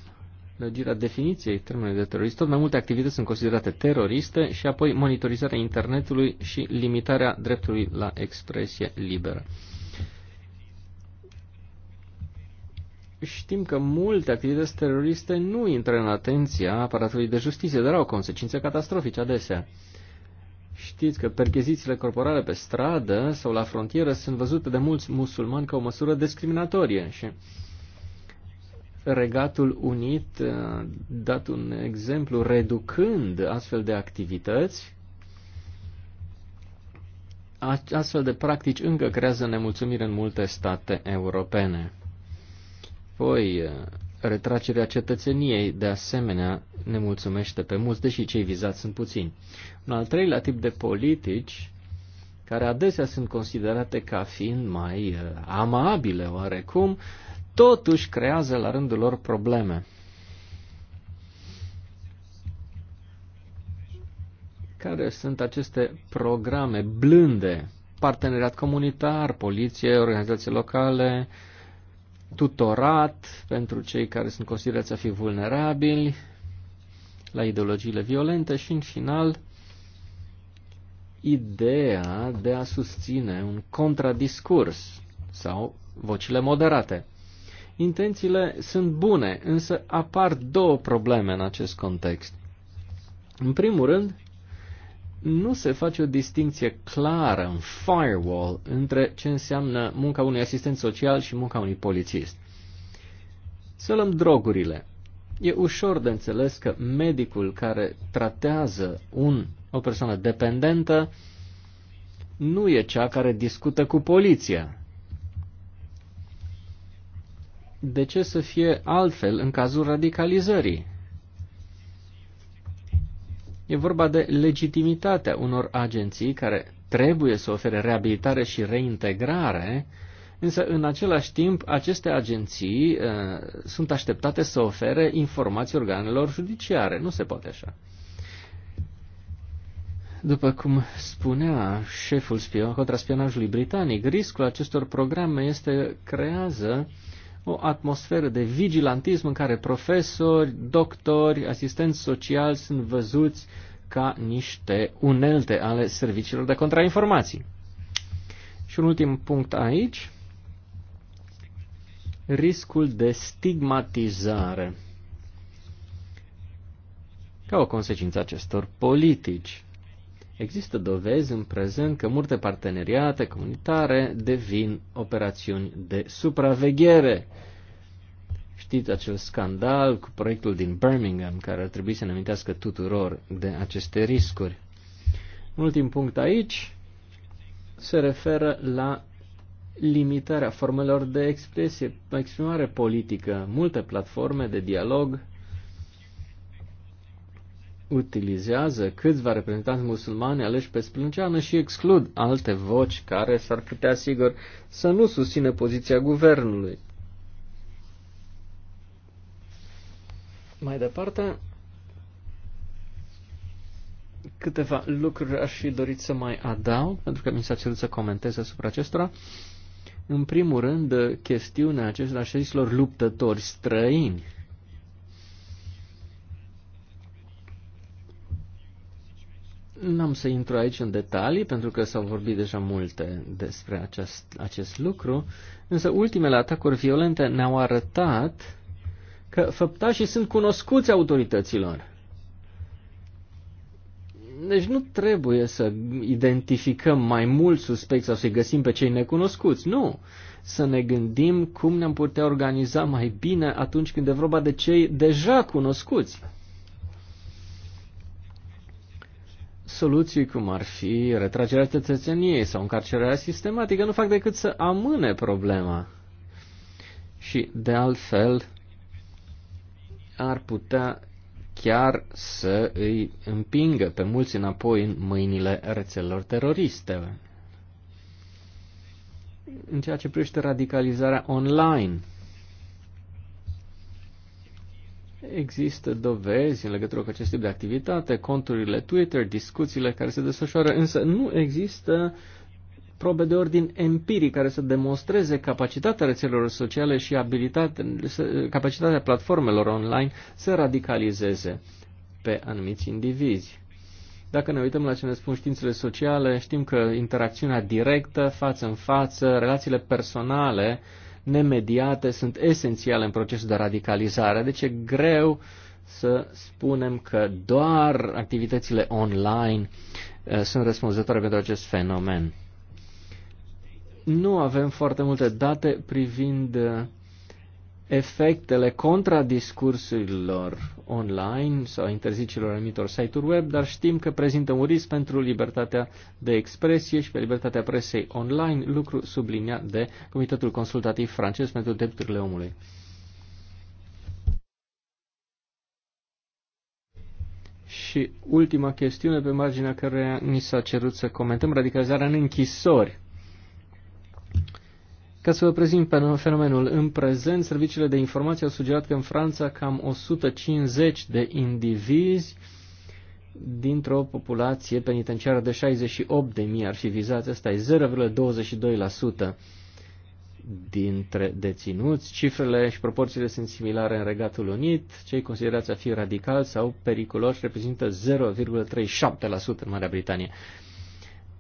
lărgirea definiției termenului de terorist, tot mai multe activități sunt considerate teroriste și apoi monitorizarea internetului și limitarea dreptului la expresie liberă. știm că multe activități teroriste nu intră în atenția aparatului de justiție, dar au consecințe catastrofice adesea. Știți că perchezițiile corporale pe stradă sau la frontieră sunt văzute de mulți musulmani ca o măsură discriminatorie și Regatul Unit a dat un exemplu reducând astfel de activități. Astfel de practici încă creează nemulțumire în multe state europene. Apoi, uh, retragerea cetățeniei, de asemenea, ne mulțumește pe mulți, deși cei vizați sunt puțini. Un al treilea tip de politici, care adesea sunt considerate ca fiind mai uh, amabile oarecum, totuși creează la rândul lor probleme. Care sunt aceste programe blânde? Parteneriat comunitar, poliție, organizații locale, uh, tutorat pentru cei care sunt considerați a fi vulnerabili la ideologiile violente și, în final, ideea de a susține un contradiscurs sau vocile moderate. Intențiile sunt bune, însă apar două probleme în acest context. În primul rând, nu se face o distinție clară, în firewall, între ce înseamnă munca unui asistent social și munca unui polițist. Să luăm drogurile. E ușor de înțeles că medicul care tratează un, o persoană dependentă nu e cea care discută cu poliția. De ce să fie altfel în cazul radicalizării? E vorba de legitimitatea unor agenții care trebuie să ofere reabilitare și reintegrare, însă în același timp aceste agenții uh, sunt așteptate să ofere informații organelor judiciare. Nu se poate așa. După cum spunea șeful spion, contraspionajului britanic, riscul acestor programe este creează o atmosferă de vigilantism în care profesori, doctori, asistenți sociali sunt văzuți ca niște unelte ale serviciilor de contrainformații. Și un ultim punct aici, riscul de stigmatizare. Ca o consecință acestor politici, Există dovezi în prezent că multe parteneriate comunitare devin operațiuni de supraveghere. Știți acel scandal cu proiectul din Birmingham, care ar trebui să ne amintească tuturor de aceste riscuri. Un ultim punct aici se referă la limitarea formelor de expresie, exprimare politică. Multe platforme de dialog utilizează câțiva reprezentanți musulmani aleși pe splânceană și exclud alte voci care s-ar putea, sigur, să nu susțină poziția guvernului. Mai departe, câteva lucruri aș fi dorit să mai adaug, pentru că mi s-a cerut să comentez asupra acestora. În primul rând, chestiunea acestor luptători străini N-am să intru aici în detalii, pentru că s-au vorbit deja multe despre acest, acest lucru, însă ultimele atacuri violente ne-au arătat că făptașii sunt cunoscuți autorităților. Deci nu trebuie să identificăm mai mult suspecți sau să-i găsim pe cei necunoscuți, nu. Să ne gândim cum ne-am putea organiza mai bine atunci când e vorba de cei deja cunoscuți. soluții cum ar fi retragerea cetățeniei sau încarcerarea sistematică nu fac decât să amâne problema. Și de altfel ar putea chiar să îi împingă pe mulți înapoi în mâinile rețelor teroriste. În ceea ce privește radicalizarea online, Există dovezi în legătură cu acest tip de activitate, conturile Twitter, discuțiile care se desfășoară, însă nu există probe de ordin empiric care să demonstreze capacitatea rețelelor sociale și abilitate, capacitatea platformelor online să radicalizeze pe anumiți indivizi. Dacă ne uităm la ce ne spun științele sociale, știm că interacțiunea directă, față în față, relațiile personale, uh, nemediate sunt esențiale în procesul de radicalizare. Deci e greu să spunem că doar activitățile online uh, sunt răspunzătoare pentru acest fenomen. Nu avem foarte multe date privind uh, efectele contradiscursurilor online sau interzicilor anumitor site-uri web, dar știm că prezintă un risc pentru libertatea de expresie și pe libertatea presei online, lucru subliniat de Comitetul Consultativ Francez pentru Drepturile Omului. Și ultima chestiune pe marginea care ni s-a cerut să comentăm, radicalizarea în închisori. Ca să vă prezint fenomenul, în prezent serviciile de informație au sugerat că în Franța cam 150 de indivizi dintr-o populație penitenciară de 68.000 ar fi vizați, asta e 0,22% dintre deținuți. Cifrele și proporțiile sunt similare în Regatul Unit. Cei considerați a fi radicali sau periculoși reprezintă 0,37% în Marea Britanie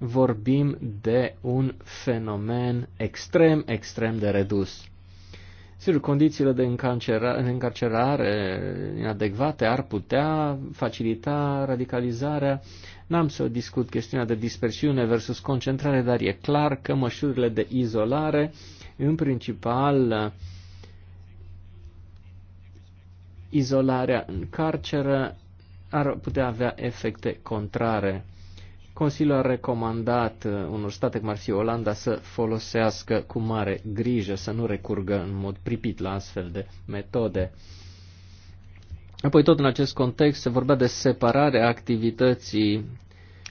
vorbim de un fenomen extrem, extrem de redus. Sigur, condițiile de încarcerare, încarcerare inadecvate ar putea facilita radicalizarea. N-am să discut chestiunea de dispersiune versus concentrare, dar e clar că măsurile de izolare, în principal izolarea în carceră, ar putea avea efecte contrare. Consiliul a recomandat uh, unor state cum ar fi Olanda să folosească cu mare grijă, să nu recurgă în mod pripit la astfel de metode. Apoi, tot în acest context, se vorbea de separarea activității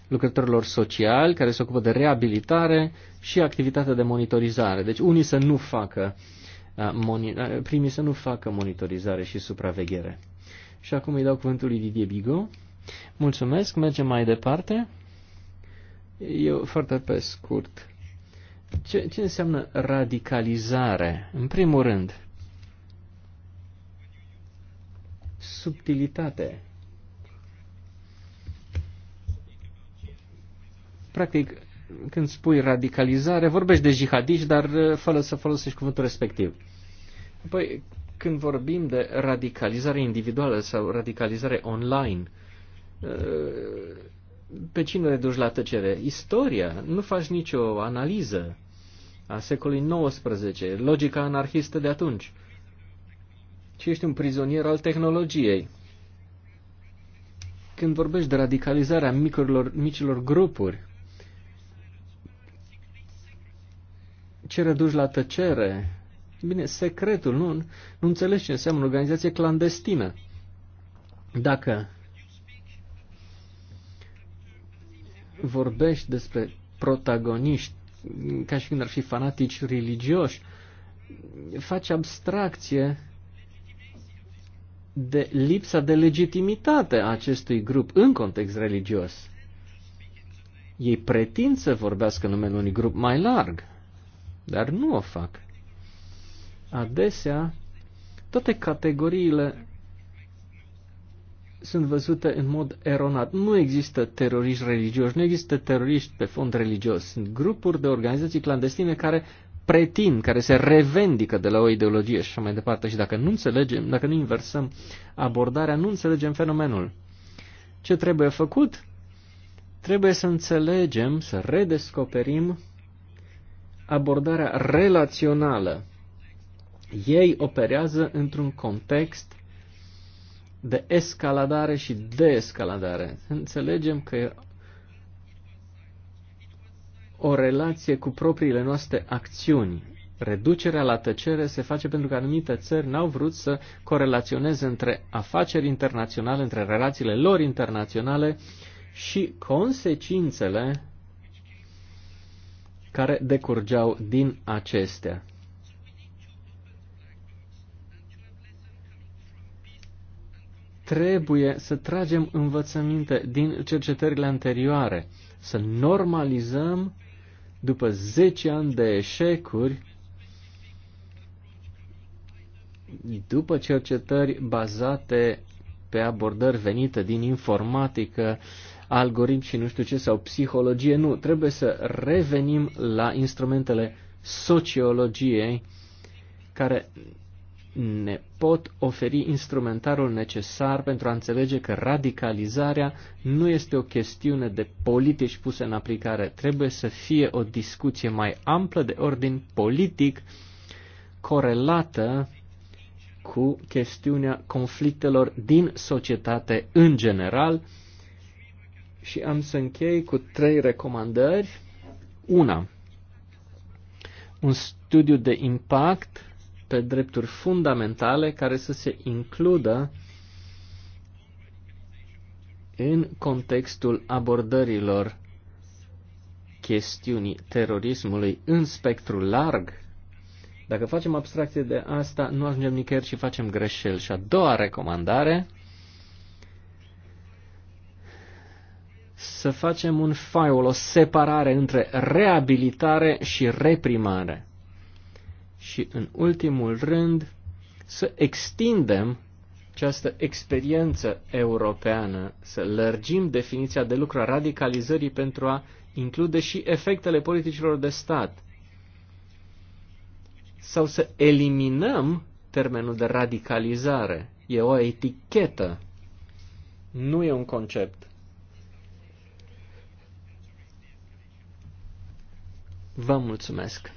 lucrătorilor sociali care se ocupă de reabilitare și activitatea de monitorizare. Deci unii să nu facă, uh, uh, primii să nu facă monitorizare și supraveghere. Și acum îi dau cuvântul lui Didier Bigo. Mulțumesc, mergem mai departe. Eu, foarte pe scurt, ce, ce înseamnă radicalizare? În primul rând, subtilitate. Practic, când spui radicalizare, vorbești de jihadiști, dar uh, fără să folosești cuvântul respectiv. Apoi, când vorbim de radicalizare individuală sau radicalizare online, uh, pe cine le duci la tăcere? Istoria. Nu faci nicio analiză a secolului XIX, logica anarhistă de atunci. Ci ești un prizonier al tehnologiei. Când vorbești de radicalizarea micilor, micilor grupuri, ce reduci la tăcere? Bine, secretul, nu, nu înțelegi ce înseamnă organizație clandestină. Dacă vorbești despre protagoniști ca și când ar fi fanatici religioși, faci abstracție de lipsa de legitimitate a acestui grup în context religios. Ei pretind să vorbească numele unui grup mai larg, dar nu o fac. Adesea, toate categoriile sunt văzute în mod eronat. Nu există teroriști religioși, nu există teroriști pe fond religios. Sunt grupuri de organizații clandestine care pretind, care se revendică de la o ideologie și așa mai departe. Și dacă nu înțelegem, dacă nu inversăm abordarea, nu înțelegem fenomenul. Ce trebuie făcut? Trebuie să înțelegem, să redescoperim abordarea relațională. Ei operează într-un context de escaladare și deescaladare. Înțelegem că o relație cu propriile noastre acțiuni. Reducerea la tăcere se face pentru că anumite țări n-au vrut să corelaționeze între afaceri internaționale, între relațiile lor internaționale și consecințele care decurgeau din acestea. Trebuie să tragem învățăminte din cercetările anterioare, să normalizăm după 10 ani de eșecuri, după cercetări bazate pe abordări venite din informatică, algoritmi și nu știu ce, sau psihologie, nu, trebuie să revenim la instrumentele sociologiei care ne pot oferi instrumentarul necesar pentru a înțelege că radicalizarea nu este o chestiune de politici puse în aplicare. Trebuie să fie o discuție mai amplă de ordin politic corelată cu chestiunea conflictelor din societate în general. Și am să închei cu trei recomandări. Una, un studiu de impact pe drepturi fundamentale care să se includă în contextul abordărilor chestiunii terorismului în spectru larg, dacă facem abstracție de asta, nu ajungem nicăieri și facem greșeli. Și a doua recomandare, să facem un firewall, o separare între reabilitare și reprimare și, în ultimul rând, să extindem această experiență europeană, să lărgim definiția de lucru a radicalizării pentru a include și efectele politicilor de stat. Sau să eliminăm termenul de radicalizare. E o etichetă, nu e un concept. Vă mulțumesc!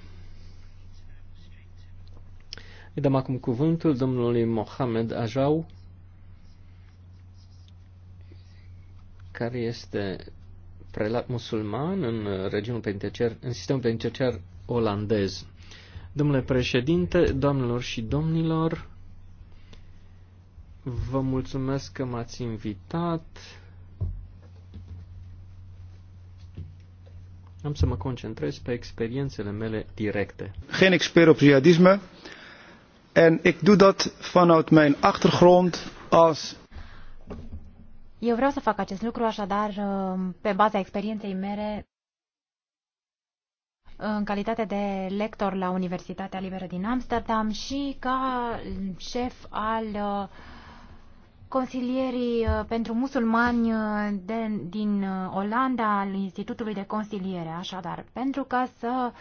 Îi dăm acum cuvântul domnului Mohamed Ajau, care este prelat musulman în regiunul penitenciar, în sistemul penitenciar olandez. Domnule președinte, doamnelor și domnilor, vă mulțumesc că m-ați invitat. Am să mă concentrez pe experiențele mele directe. Geen expert op jihadisme, En ik doe dat vanuit mijn achtergrond als... Eu vreau să fac acest lucru, așadar, um, pe baza experienței mele în calitate de lector la Universitatea Liberă din Amsterdam și ca șef al uh, consilierii uh, pentru musulmani uh, de, din Olanda al Institutului de Consiliere, așadar, pentru ca să uh,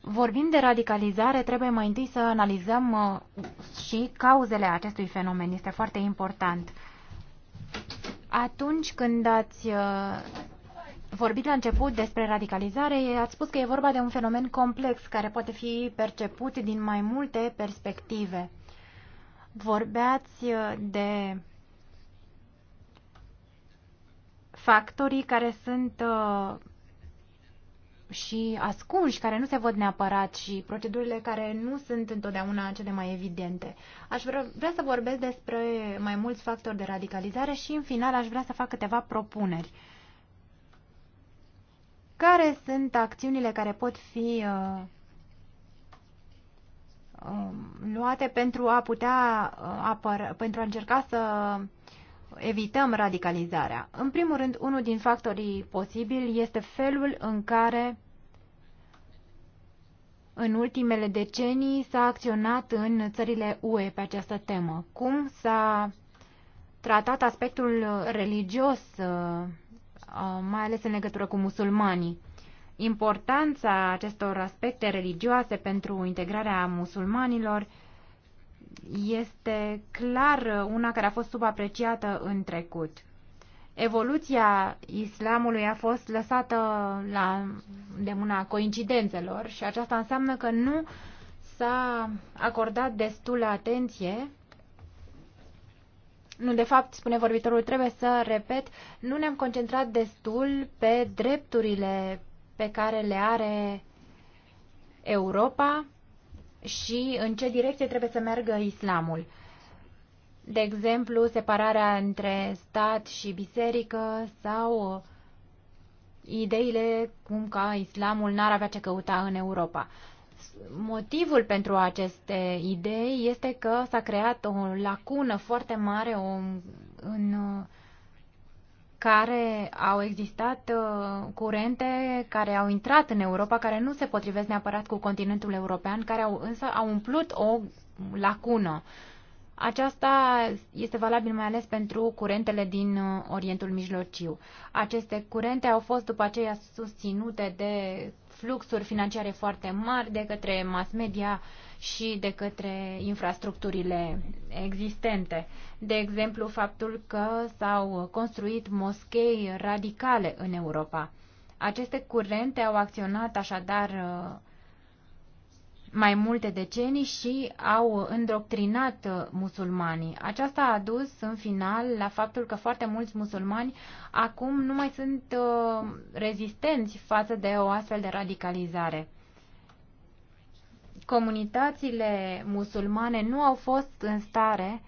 vorbim de radicalizare, trebuie mai întâi să analizăm uh, și cauzele acestui fenomen. Este foarte important. Atunci când ați uh, vorbit la început despre radicalizare, ați spus că e vorba de un fenomen complex care poate fi perceput din mai multe perspective. Vorbeați uh, de factorii care sunt și ascunși, care nu se văd neapărat și procedurile care nu sunt întotdeauna cele mai evidente. Aș vrea, vrea să vorbesc despre mai mulți factori de radicalizare și în final aș vrea să fac câteva propuneri. Care sunt acțiunile care pot fi uh, uh, luate pentru a putea uh, apăra, pentru a încerca să evităm radicalizarea? În primul rând, unul din factorii posibili este felul în care în ultimele decenii s-a acționat în țările UE pe această temă. Cum s-a tratat aspectul religios, uh, uh, mai ales în legătură cu musulmanii. Importanța acestor aspecte religioase pentru integrarea musulmanilor este clar una care a fost subapreciată în trecut. Evoluția islamului a fost lăsată la, de mâna coincidențelor și aceasta înseamnă că nu s-a acordat destulă atenție nu, de fapt, spune vorbitorul, trebuie să repet, nu ne-am concentrat destul pe drepturile pe care le are Europa și în ce direcție trebuie să meargă islamul. De exemplu, separarea între stat și biserică sau ideile cum că islamul n-ar avea ce căuta în Europa. Motivul pentru aceste idei este că s-a creat o lacună foarte mare o, în care au existat uh, curente care au intrat în Europa, care nu se potrivesc neapărat cu continentul european, care au însă au umplut o lacună. Aceasta este valabil mai ales pentru curentele din uh, Orientul Mijlociu. Aceste curente au fost după aceea susținute de fluxuri financiare foarte mari de către mass media uh, și de către infrastructurile existente. De exemplu, faptul că s-au construit moschei radicale în Europa. Aceste curente au acționat așadar mai multe decenii și au îndoctrinat musulmanii. Aceasta a dus în final la faptul că foarte mulți musulmani acum nu mai sunt uh, rezistenți față de o astfel de radicalizare comunitățile musulmane nu au fost în stare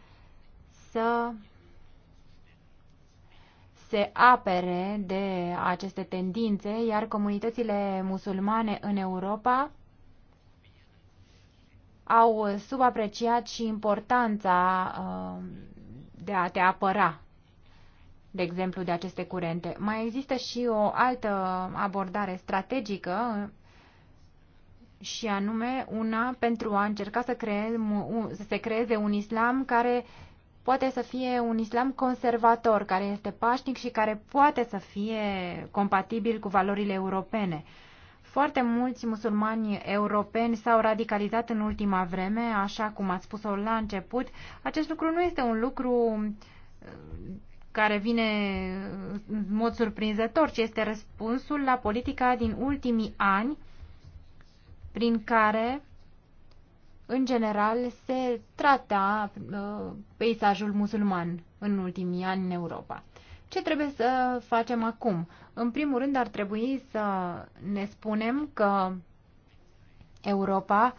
să se apere de aceste tendințe, iar comunitățile musulmane în Europa au subapreciat și importanța um, de a te apăra, de exemplu, de aceste curente. Mai există și o altă abordare strategică și anume una pentru a încerca să, creăm, să se creeze un islam care poate să fie un islam conservator, care este pașnic și care poate să fie compatibil cu valorile europene. Foarte mulți musulmani europeni s-au radicalizat în ultima vreme, așa cum ați spus-o la început. Acest lucru nu este un lucru uh, care vine în mod surprinzător, ci este răspunsul la politica din ultimii ani, prin care, în general, se trata uh, peisajul musulman în ultimii ani în Europa. Ce trebuie să facem acum? În primul rând ar trebui să ne spunem că Europa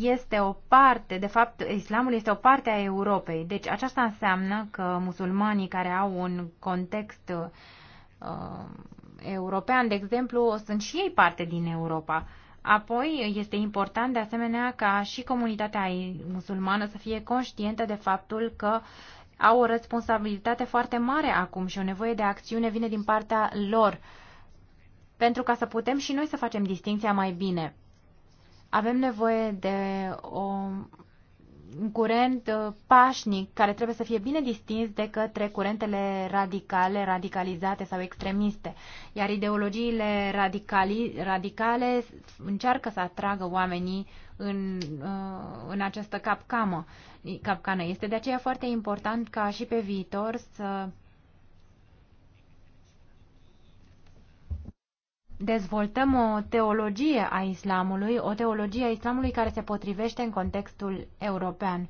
este o parte, de fapt, islamul este o parte a Europei. Deci aceasta înseamnă că musulmanii care au un context uh, european, de exemplu, sunt și ei parte din Europa. Apoi, este important de asemenea ca și comunitatea musulmană să fie conștientă de faptul că au o responsabilitate foarte mare acum și o nevoie de acțiune vine din partea lor, pentru ca să putem și noi să facem distinția mai bine. Avem nevoie de o un curent uh, pașnic care trebuie să fie bine distins de către curentele radicale, radicalizate sau extremiste. Iar ideologiile radicali, radicale încearcă să atragă oamenii în, uh, în această capcamă, capcană. Este de aceea foarte important ca și pe viitor să dezvoltăm o teologie a islamului, o teologie a islamului care se potrivește în contextul european.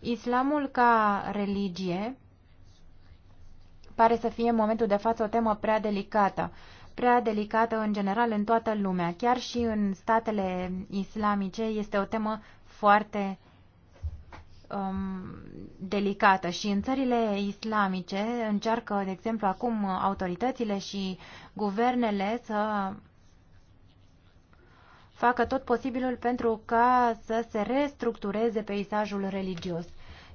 Islamul ca religie pare să fie în momentul de față o temă prea delicată, prea delicată în general în toată lumea. Chiar și în statele islamice este o temă foarte um, delicată și în țările islamice încearcă, de exemplu, acum autoritățile și guvernele să facă tot posibilul pentru ca să se restructureze peisajul religios.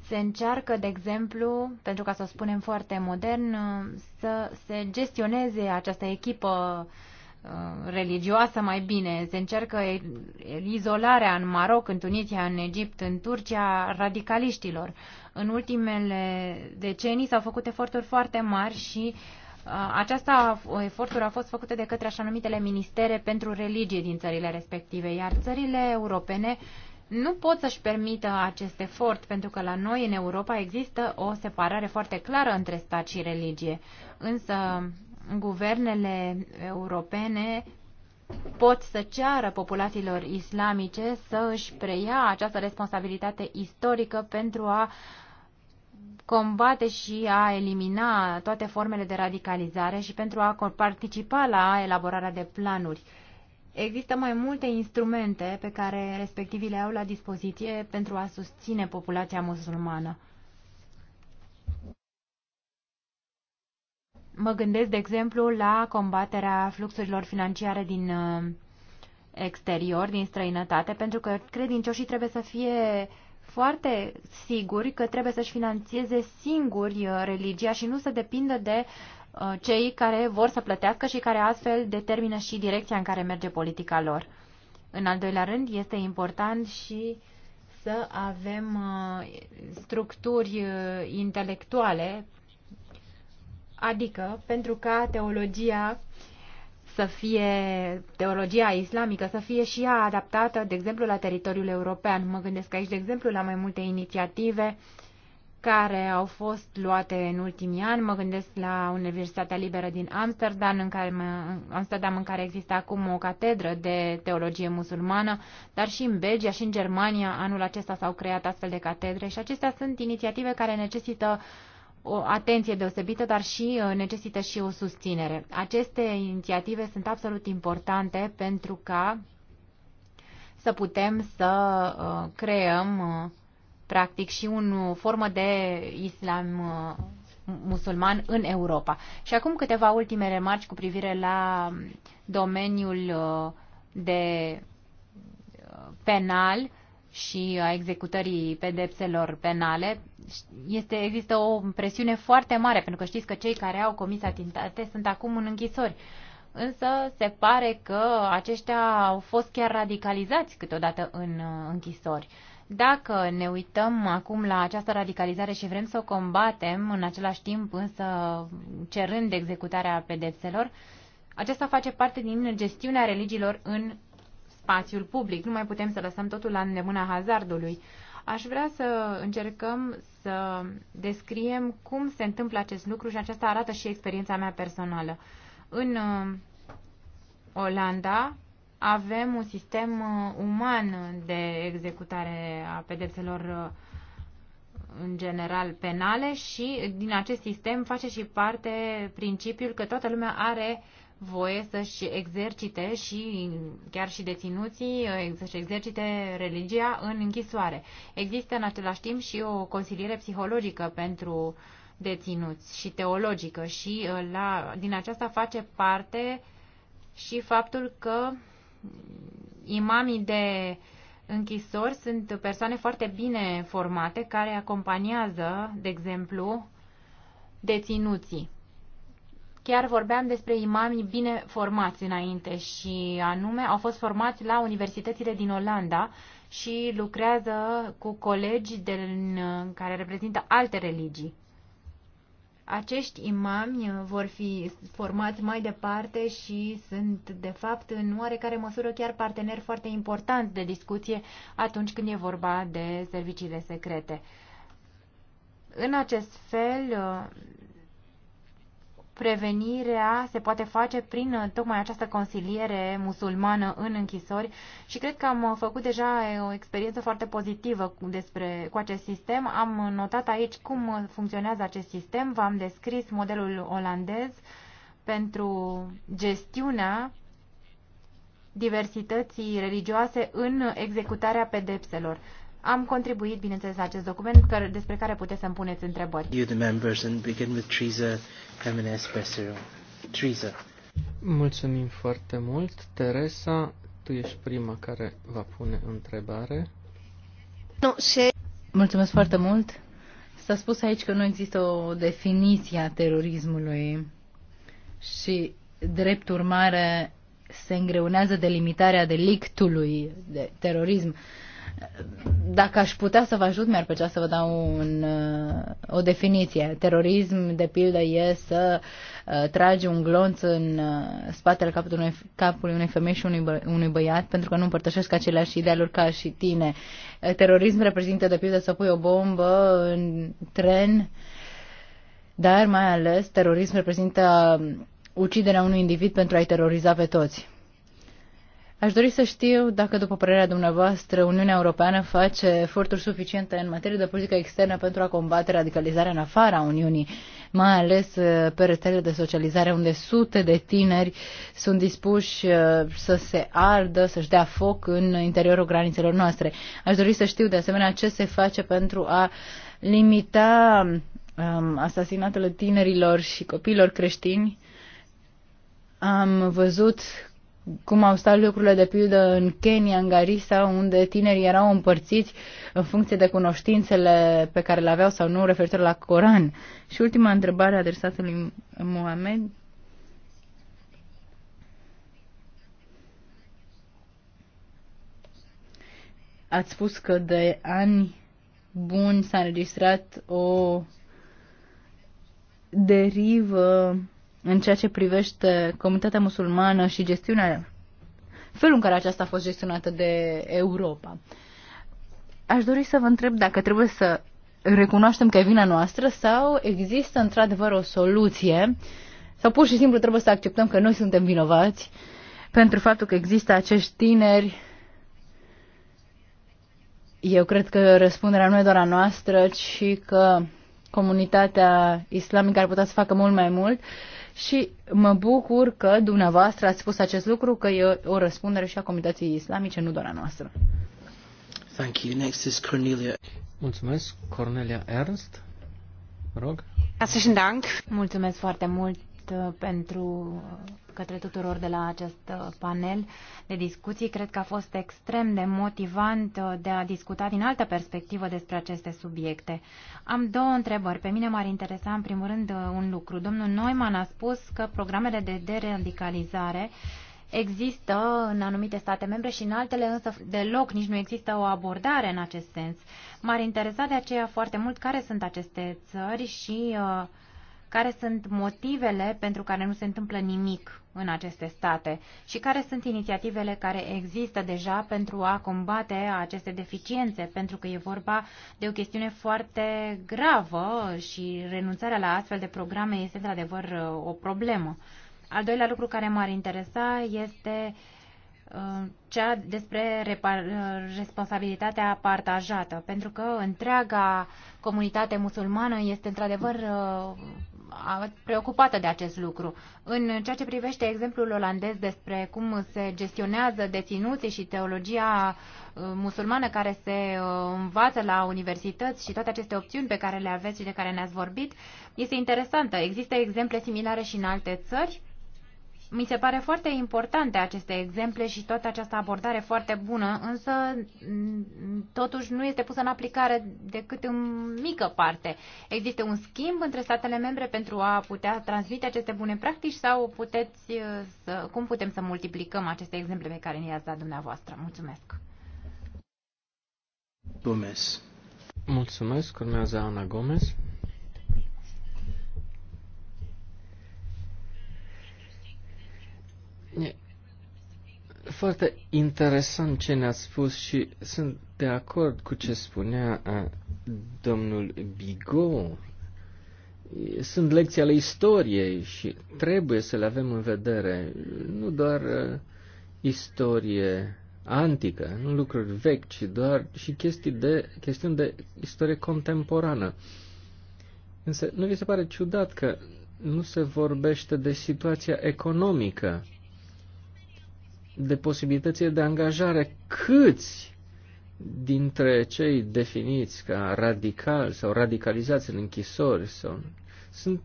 Se încearcă, de exemplu, pentru ca să o spunem foarte modern, să se gestioneze această echipă uh, Uh, religioasă mai bine. Se încercă izolarea în Maroc, în Tunisia, în Egipt, în Turcia radicaliștilor. În ultimele decenii s-au făcut eforturi foarte mari și uh, aceasta eforturi a fost făcute de către așa numitele ministere pentru religie din țările respective, iar țările europene nu pot să-și permită acest efort, pentru că la noi, în Europa, există o separare foarte clară între stat și religie. Însă, guvernele europene pot să ceară populațiilor islamice să își preia această responsabilitate istorică pentru a combate și a elimina toate formele de radicalizare și pentru a participa la elaborarea de planuri. Există mai multe instrumente pe care respectivii le au la dispoziție pentru a susține populația musulmană. Mă gândesc, de exemplu, la combaterea fluxurilor financiare din uh, exterior, din străinătate, pentru că credincioșii trebuie să fie foarte siguri că trebuie să-și financeze singuri uh, religia și nu să depindă de uh, cei care vor să plătească și care astfel determină și direcția în care merge politica lor. În al doilea rând, este important și să avem structuri intelectuale Adică, pentru ca teologia să fie, teologia islamică să fie și ea adaptată, de exemplu, la teritoriul european. Mă gândesc aici, de exemplu, la mai multe inițiative care au fost luate în ultimii ani. Mă gândesc la Universitatea Liberă din Amsterdam în, care, Amsterdam, în care există acum o catedră de teologie musulmană, dar și în Belgia și în Germania anul acesta s-au creat astfel de catedre și acestea sunt inițiative care necesită uh, o atenție deosebită, dar și uh, necesită și o susținere. Aceste inițiative sunt absolut importante pentru ca să putem să uh, creăm uh, practic și o formă de islam musulman în Europa. Și acum câteva ultime remarci cu privire la domeniul de penal și a executării pedepselor penale, este, există o presiune foarte mare, pentru că știți că cei care au comis atentate sunt acum în închisori. Însă se pare că aceștia au fost chiar radicalizați câteodată în uh, închisori. Dacă ne uităm acum la această radicalizare și vrem să o combatem, în același timp însă cerând executarea pedepselor, aceasta face parte din gestiunea religiilor în spațiul public. Nu mai putem să lăsăm totul la îndemâna hazardului. Aș vrea să încercăm să descriem cum se întâmplă acest lucru și aceasta arată și experiența mea personală. În uh, Olanda avem un sistem uh, uman de executare a pedepselor uh, în general penale și din acest sistem face și parte principiul că toată lumea are voie să-și exercite și chiar și deținuții uh, să-și exercite religia în închisoare. Există în același timp și o consiliere psihologică pentru deținuți și teologică și uh, la, din aceasta face parte și faptul că imamii de închisori sunt persoane foarte bine formate care acompaniază, de exemplu, deținuții. Chiar vorbeam despre imami bine formați înainte și anume au fost formați la universitățile din Olanda și lucrează cu colegi din, care reprezintă alte religii. Acești imami vor fi formați mai departe și sunt, de fapt, în oarecare măsură chiar parteneri foarte important de discuție atunci când e vorba de serviciile secrete. În acest fel, prevenirea se poate face prin uh, tocmai această consiliere musulmană în închisori și cred că am uh, făcut deja uh, o experiență foarte pozitivă cu, despre, cu acest sistem. Am notat aici cum funcționează acest sistem, v-am descris modelul olandez pentru gestiunea diversității religioase în executarea pedepselor. Am contribuit, bineînțeles, la acest document despre care puteți să-mi puneți întrebări. You, the members, and begin with Teresa. Jimenez Becerril. Teresa. Mulțumim foarte mult. Teresa, tu ești prima care va pune întrebare. Nu, she... Mulțumesc foarte mult. S-a spus aici că nu există o definiție a terorismului și, drept urmare, se îngreunează delimitarea delictului de terorism. Uh, dacă aș putea să vă ajut, mi-ar plăcea să vă dau un, uh, o definiție. Terorism, de pildă, e să uh, tragi un glonț în uh, spatele capului unei, capului unei femei și unui, bă, unui băiat, pentru că nu împărtășesc aceleași idealuri ca și tine. Terorism reprezintă, de pildă, să pui o bombă în tren, dar mai ales terorism reprezintă um, uciderea unui individ pentru a-i teroriza pe toți Aș dori să știu dacă, după părerea dumneavoastră, Uniunea Europeană face eforturi suficiente în materie de politică externă pentru a combate radicalizarea în afara Uniunii, mai ales uh, pe rețelele de socializare, unde sute de tineri sunt dispuși uh, să se ardă, să-și dea foc în interiorul granițelor noastre. Aș dori să știu, de asemenea, ce se face pentru a limita um, asasinatele tinerilor și copiilor creștini. Am văzut cum au stat lucrurile de pildă în Kenya, în Garissa, unde tinerii erau împărțiți în funcție de cunoștințele pe care le aveau sau nu referitor la Coran. Și ultima întrebare adresată lui Mohamed. Ați spus că de ani buni s-a înregistrat o derivă în ceea ce privește comunitatea musulmană și gestiunea, felul în care aceasta a fost gestionată de Europa. Aș dori să vă întreb dacă trebuie să recunoaștem că e vina noastră sau există într-adevăr o soluție sau pur și simplu trebuie să acceptăm că noi suntem vinovați pentru faptul că există acești tineri. Eu cred că răspunderea nu e doar a noastră, ci că comunitatea islamică ar putea să facă mult mai mult și mă bucur că dumneavoastră ați spus acest lucru, că e o răspundere și a comunității islamice, nu doar a noastră. Thank you. Next is Cornelia. Mulțumesc. Cornelia Ernst, mă rog. Mulțumesc foarte mult, mult uh, pentru uh, către tuturor de la acest uh, panel de discuții. Cred că a fost extrem de motivant de a discuta din altă perspectivă despre aceste subiecte. Am două întrebări. Pe mine m-ar interesa în primul rând un lucru. Domnul Neumann a spus că programele de deradicalizare există în anumite state membre și în altele însă deloc nici nu există o abordare în acest sens. M-ar interesa de aceea foarte mult care sunt aceste țări și uh, care sunt motivele pentru care nu se întâmplă nimic în aceste state și care sunt inițiativele care există deja pentru a combate aceste deficiențe, pentru că e vorba de o chestiune foarte gravă și renunțarea la astfel de programe este într-adevăr uh, o problemă. Al doilea lucru care m-ar interesa este uh, cea despre uh, responsabilitatea partajată, pentru că întreaga comunitate musulmană este într-adevăr preocupată de acest lucru. În ceea ce privește exemplul olandez despre cum se gestionează deținuții și teologia uh, musulmană care se uh, învață la universități și toate aceste opțiuni pe care le aveți și de care ne-ați vorbit, este interesantă. Există exemple similare și în alte țări? Mi se pare foarte importante aceste exemple și toată această abordare foarte bună, însă mm, totuși nu este pusă în aplicare decât în mică parte. Există un schimb între statele membre pentru a putea transmite aceste bune practici sau puteți uh, să, cum putem să multiplicăm aceste exemple pe care ni le-ați dat dumneavoastră? Mulțumesc! Gomez. Mulțumesc, urmează Ana Gomez. foarte interesant ce ne a spus și sunt de acord cu ce spunea domnul Bigot. Sunt lecții ale istoriei și trebuie să le avem în vedere, nu doar istorie antică, nu lucruri vechi, ci doar și chestii de, chestiuni de istorie contemporană. Însă, nu vi se pare ciudat că nu se vorbește de situația economică de posibilitățile de angajare. Câți dintre cei definiți ca radicali sau radicalizați în închisori sau, sunt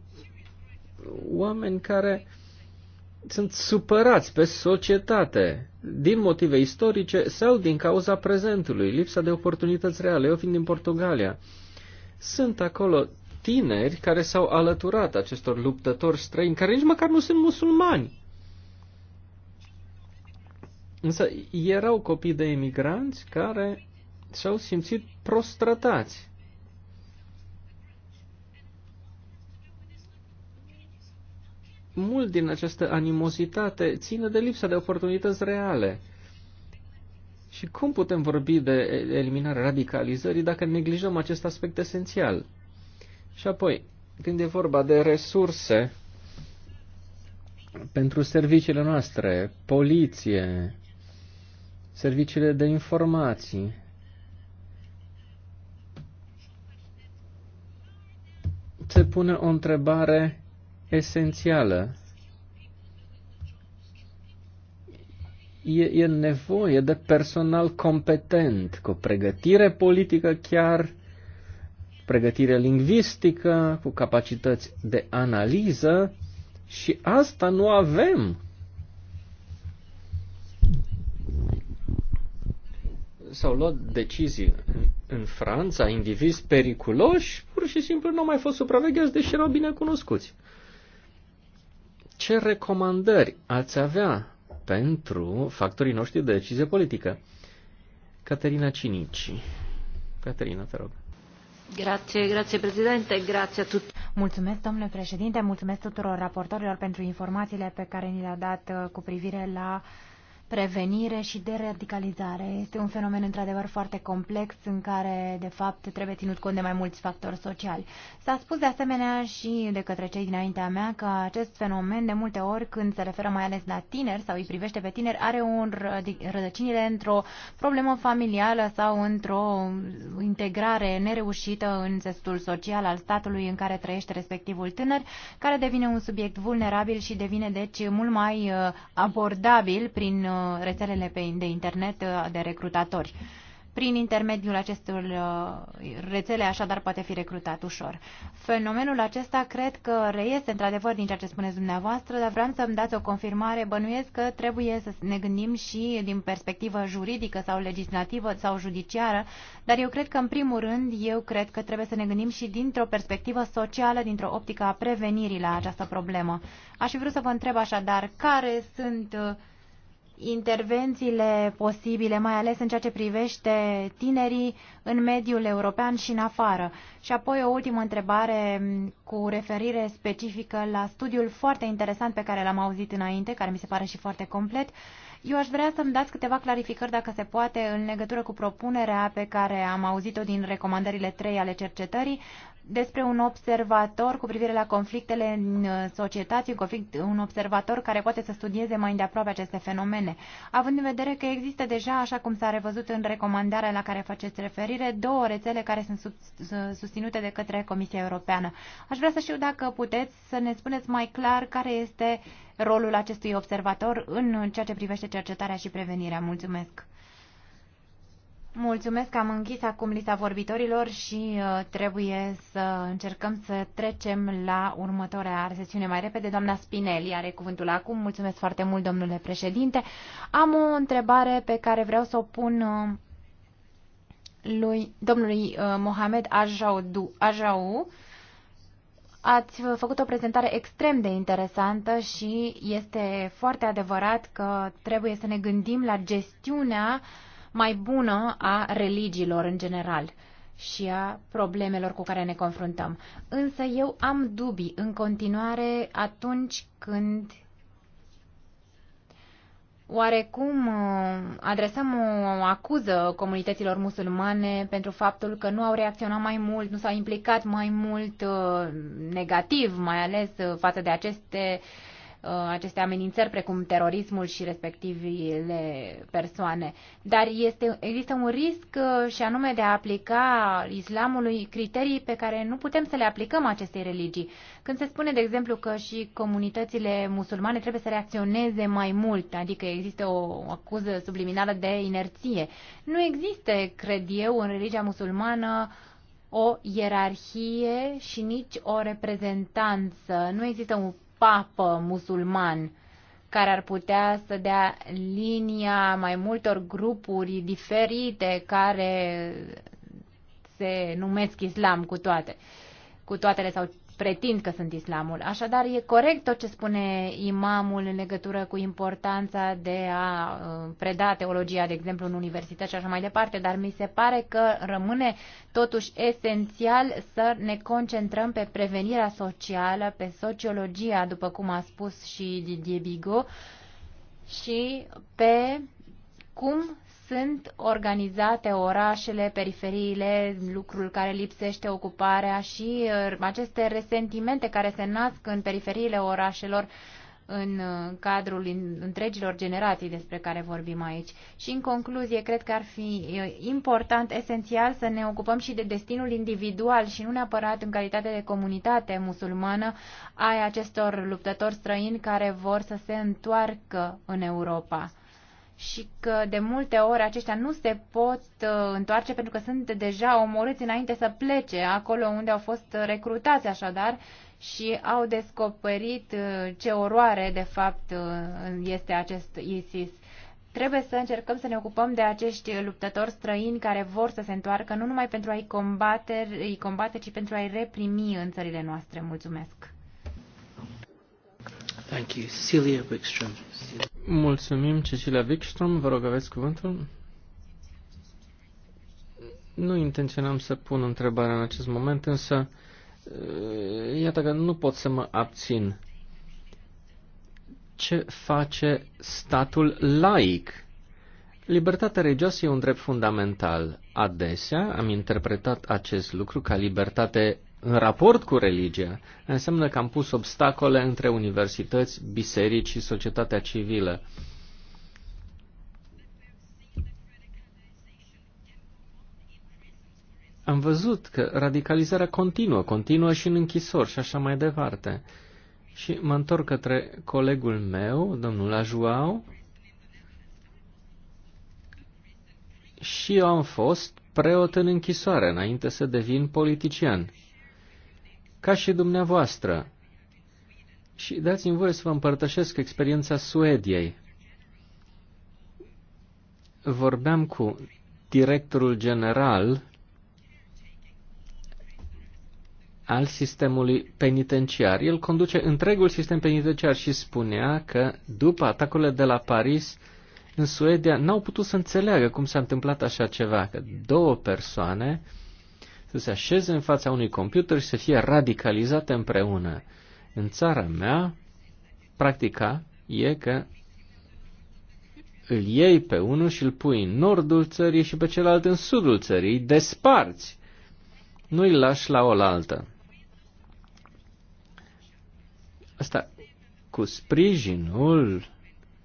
oameni care sunt supărați pe societate din motive istorice sau din cauza prezentului, lipsa de oportunități reale. Eu fiind din Portugalia, sunt acolo tineri care s-au alăturat acestor luptători străini, care nici măcar nu sunt musulmani. Însă erau copii de emigranți care s-au simțit prostrătați. Mult din această animozitate ține de lipsa de oportunități reale. Și cum putem vorbi de eliminarea radicalizării dacă neglijăm acest aspect esențial? Și apoi, când e vorba de resurse pentru serviciile noastre, poliție, serviciile de informații. Se pune o întrebare esențială. E, e nevoie de personal competent, cu pregătire politică chiar, pregătire lingvistică, cu capacități de analiză și asta nu avem s-au luat decizii în Franța, indivizi periculoși, pur și simplu nu au mai fost supravegheați, deși erau bine cunoscuți. Ce recomandări ați avea pentru factorii noștri de decizie politică? Caterina Cinici. Caterina, te rog. Grazie, grazie Presidente, grazie a tutti. Mulțumesc, domnule președinte, mulțumesc tuturor raportorilor pentru informațiile pe care ni le-au dat uh, cu privire la uh, prevenire și de radicalizare. Este un fenomen într-adevăr foarte complex în care, de fapt, trebuie ținut cont de mai mulți factori sociali. S-a spus de asemenea și de către cei dinaintea mea că acest fenomen, de multe ori, când se referă mai ales la tineri sau îi privește pe tineri, are un rădăcinile într-o problemă familială sau într-o integrare nereușită în testul social al statului în care trăiește respectivul tânăr, care devine un subiect vulnerabil și devine, deci, mult mai uh, abordabil prin uh, Uh, rețelele de internet uh, de recrutatori. Prin intermediul acestor uh, rețele, așadar, poate fi recrutat ușor. Fenomenul acesta cred că reiese într-adevăr din ceea ce spuneți dumneavoastră, dar vreau să-mi dați o confirmare. Bănuiesc că trebuie să ne gândim și din perspectivă juridică sau legislativă sau judiciară, dar eu cred că, în primul rând, eu cred că trebuie să ne gândim și dintr-o perspectivă socială, dintr-o optică a prevenirii la această problemă. Aș fi vrut să vă întreb așadar care sunt uh, intervențiile posibile, mai ales în ceea ce privește tinerii în mediul european și în afară. Și apoi o ultimă întrebare cu referire specifică la studiul foarte interesant pe care l-am auzit înainte, care mi se pare și foarte complet, eu aș vrea să-mi dați câteva clarificări, dacă se poate, în legătură cu propunerea pe care am auzit-o din recomandările 3 ale cercetării despre un observator cu privire la conflictele în uh, societate, un, conflict, un observator care poate să studieze mai îndeaproape aceste fenomene. Având în vedere că există deja, așa cum s-a revăzut în recomandarea la care faceți referire, două rețele care sunt susținute de către Comisia Europeană. Aș vrea să știu dacă puteți să ne spuneți mai clar care este uh, rolul acestui observator în ceea ce privește cercetarea și prevenirea. Mulțumesc! Mulțumesc, am închis acum lista vorbitorilor și uh, trebuie să încercăm să trecem la următoarea sesiune mai repede. Doamna Spinelli are cuvântul acum. Mulțumesc foarte mult, domnule președinte. Am o întrebare pe care vreau să o pun uh, lui domnului uh, Mohamed Ajau, Uh, Ați făcut o prezentare extrem de interesantă și este foarte adevărat că trebuie să ne gândim la gestiunea mai bună a religiilor în general și a problemelor cu care ne confruntăm. Însă eu am dubii în continuare atunci când oarecum uh, adresăm o acuză comunităților musulmane pentru faptul că nu au reacționat mai mult, nu s-au implicat mai mult uh, negativ, mai ales uh, față de aceste uh, Uh, aceste amenințări precum terorismul și respectivile persoane. Dar este, există un risc uh, și anume de a aplica islamului criterii pe care nu putem să le aplicăm acestei religii. Când se spune, de exemplu, că și comunitățile musulmane trebuie să reacționeze mai mult, adică există o acuză subliminală de inerție. Nu există, cred eu, în religia musulmană o ierarhie și nici o reprezentanță. Nu există un papă musulman care ar putea să dea linia mai multor grupuri diferite care se numesc islam cu toate, cu toatele sau pretind că sunt islamul. Așadar, e corect tot ce spune imamul în legătură cu importanța de a uh, preda teologia, de exemplu, în universități și așa mai departe, dar mi se pare că rămâne totuși esențial să ne concentrăm pe prevenirea socială, pe sociologia, după cum a spus și Didier Bigot, și pe cum sunt organizate orașele, periferiile, lucrul care lipsește ocuparea și uh, aceste resentimente care se nasc în periferiile orașelor în uh, cadrul întregilor generații despre care vorbim aici. Și în concluzie, cred că ar fi uh, important, esențial, să ne ocupăm și de destinul individual și nu neapărat în calitate de comunitate musulmană ai acestor luptători străini care vor să se întoarcă în Europa și că de multe ori aceștia nu se pot uh, întoarce pentru că sunt deja omorâți înainte să plece acolo unde au fost recrutați așadar și au descoperit uh, ce oroare de fapt uh, este acest ISIS. Trebuie să încercăm să ne ocupăm de acești luptători străini care vor să se întoarcă, nu numai pentru a-i combate, îi combate, ci pentru a-i reprimi în țările noastre. Mulțumesc! Thank you. Celia Wickstrom. Mulțumim, Cecilia Wickstrom. Vă rog, aveți cuvântul. Nu intenționam să pun întrebarea în acest moment, însă eh, iată că nu pot să mă abțin. Ce face statul laic? Libertatea religioasă e un drept fundamental. Adesea am interpretat acest lucru ca libertate în raport cu religia, înseamnă că am pus obstacole între universități, biserici și societatea civilă. Am văzut că radicalizarea continuă, continuă și în închisori și așa mai departe. Și mă întorc către colegul meu, domnul Ajuau. Și eu am fost preot în închisoare înainte să devin politician ca și dumneavoastră. Și dați-mi voie să vă împărtășesc experiența Suediei. Vorbeam cu directorul general al sistemului penitenciar. El conduce întregul sistem penitenciar și spunea că după atacurile de la Paris, în Suedia n-au putut să înțeleagă cum s-a întâmplat așa ceva, că două persoane să se așeze în fața unui computer și să fie radicalizate împreună. În țara mea, practica e că îl iei pe unul și îl pui în nordul țării și pe celălalt în sudul țării, îi desparți, nu îi lași la oaltă. Asta cu sprijinul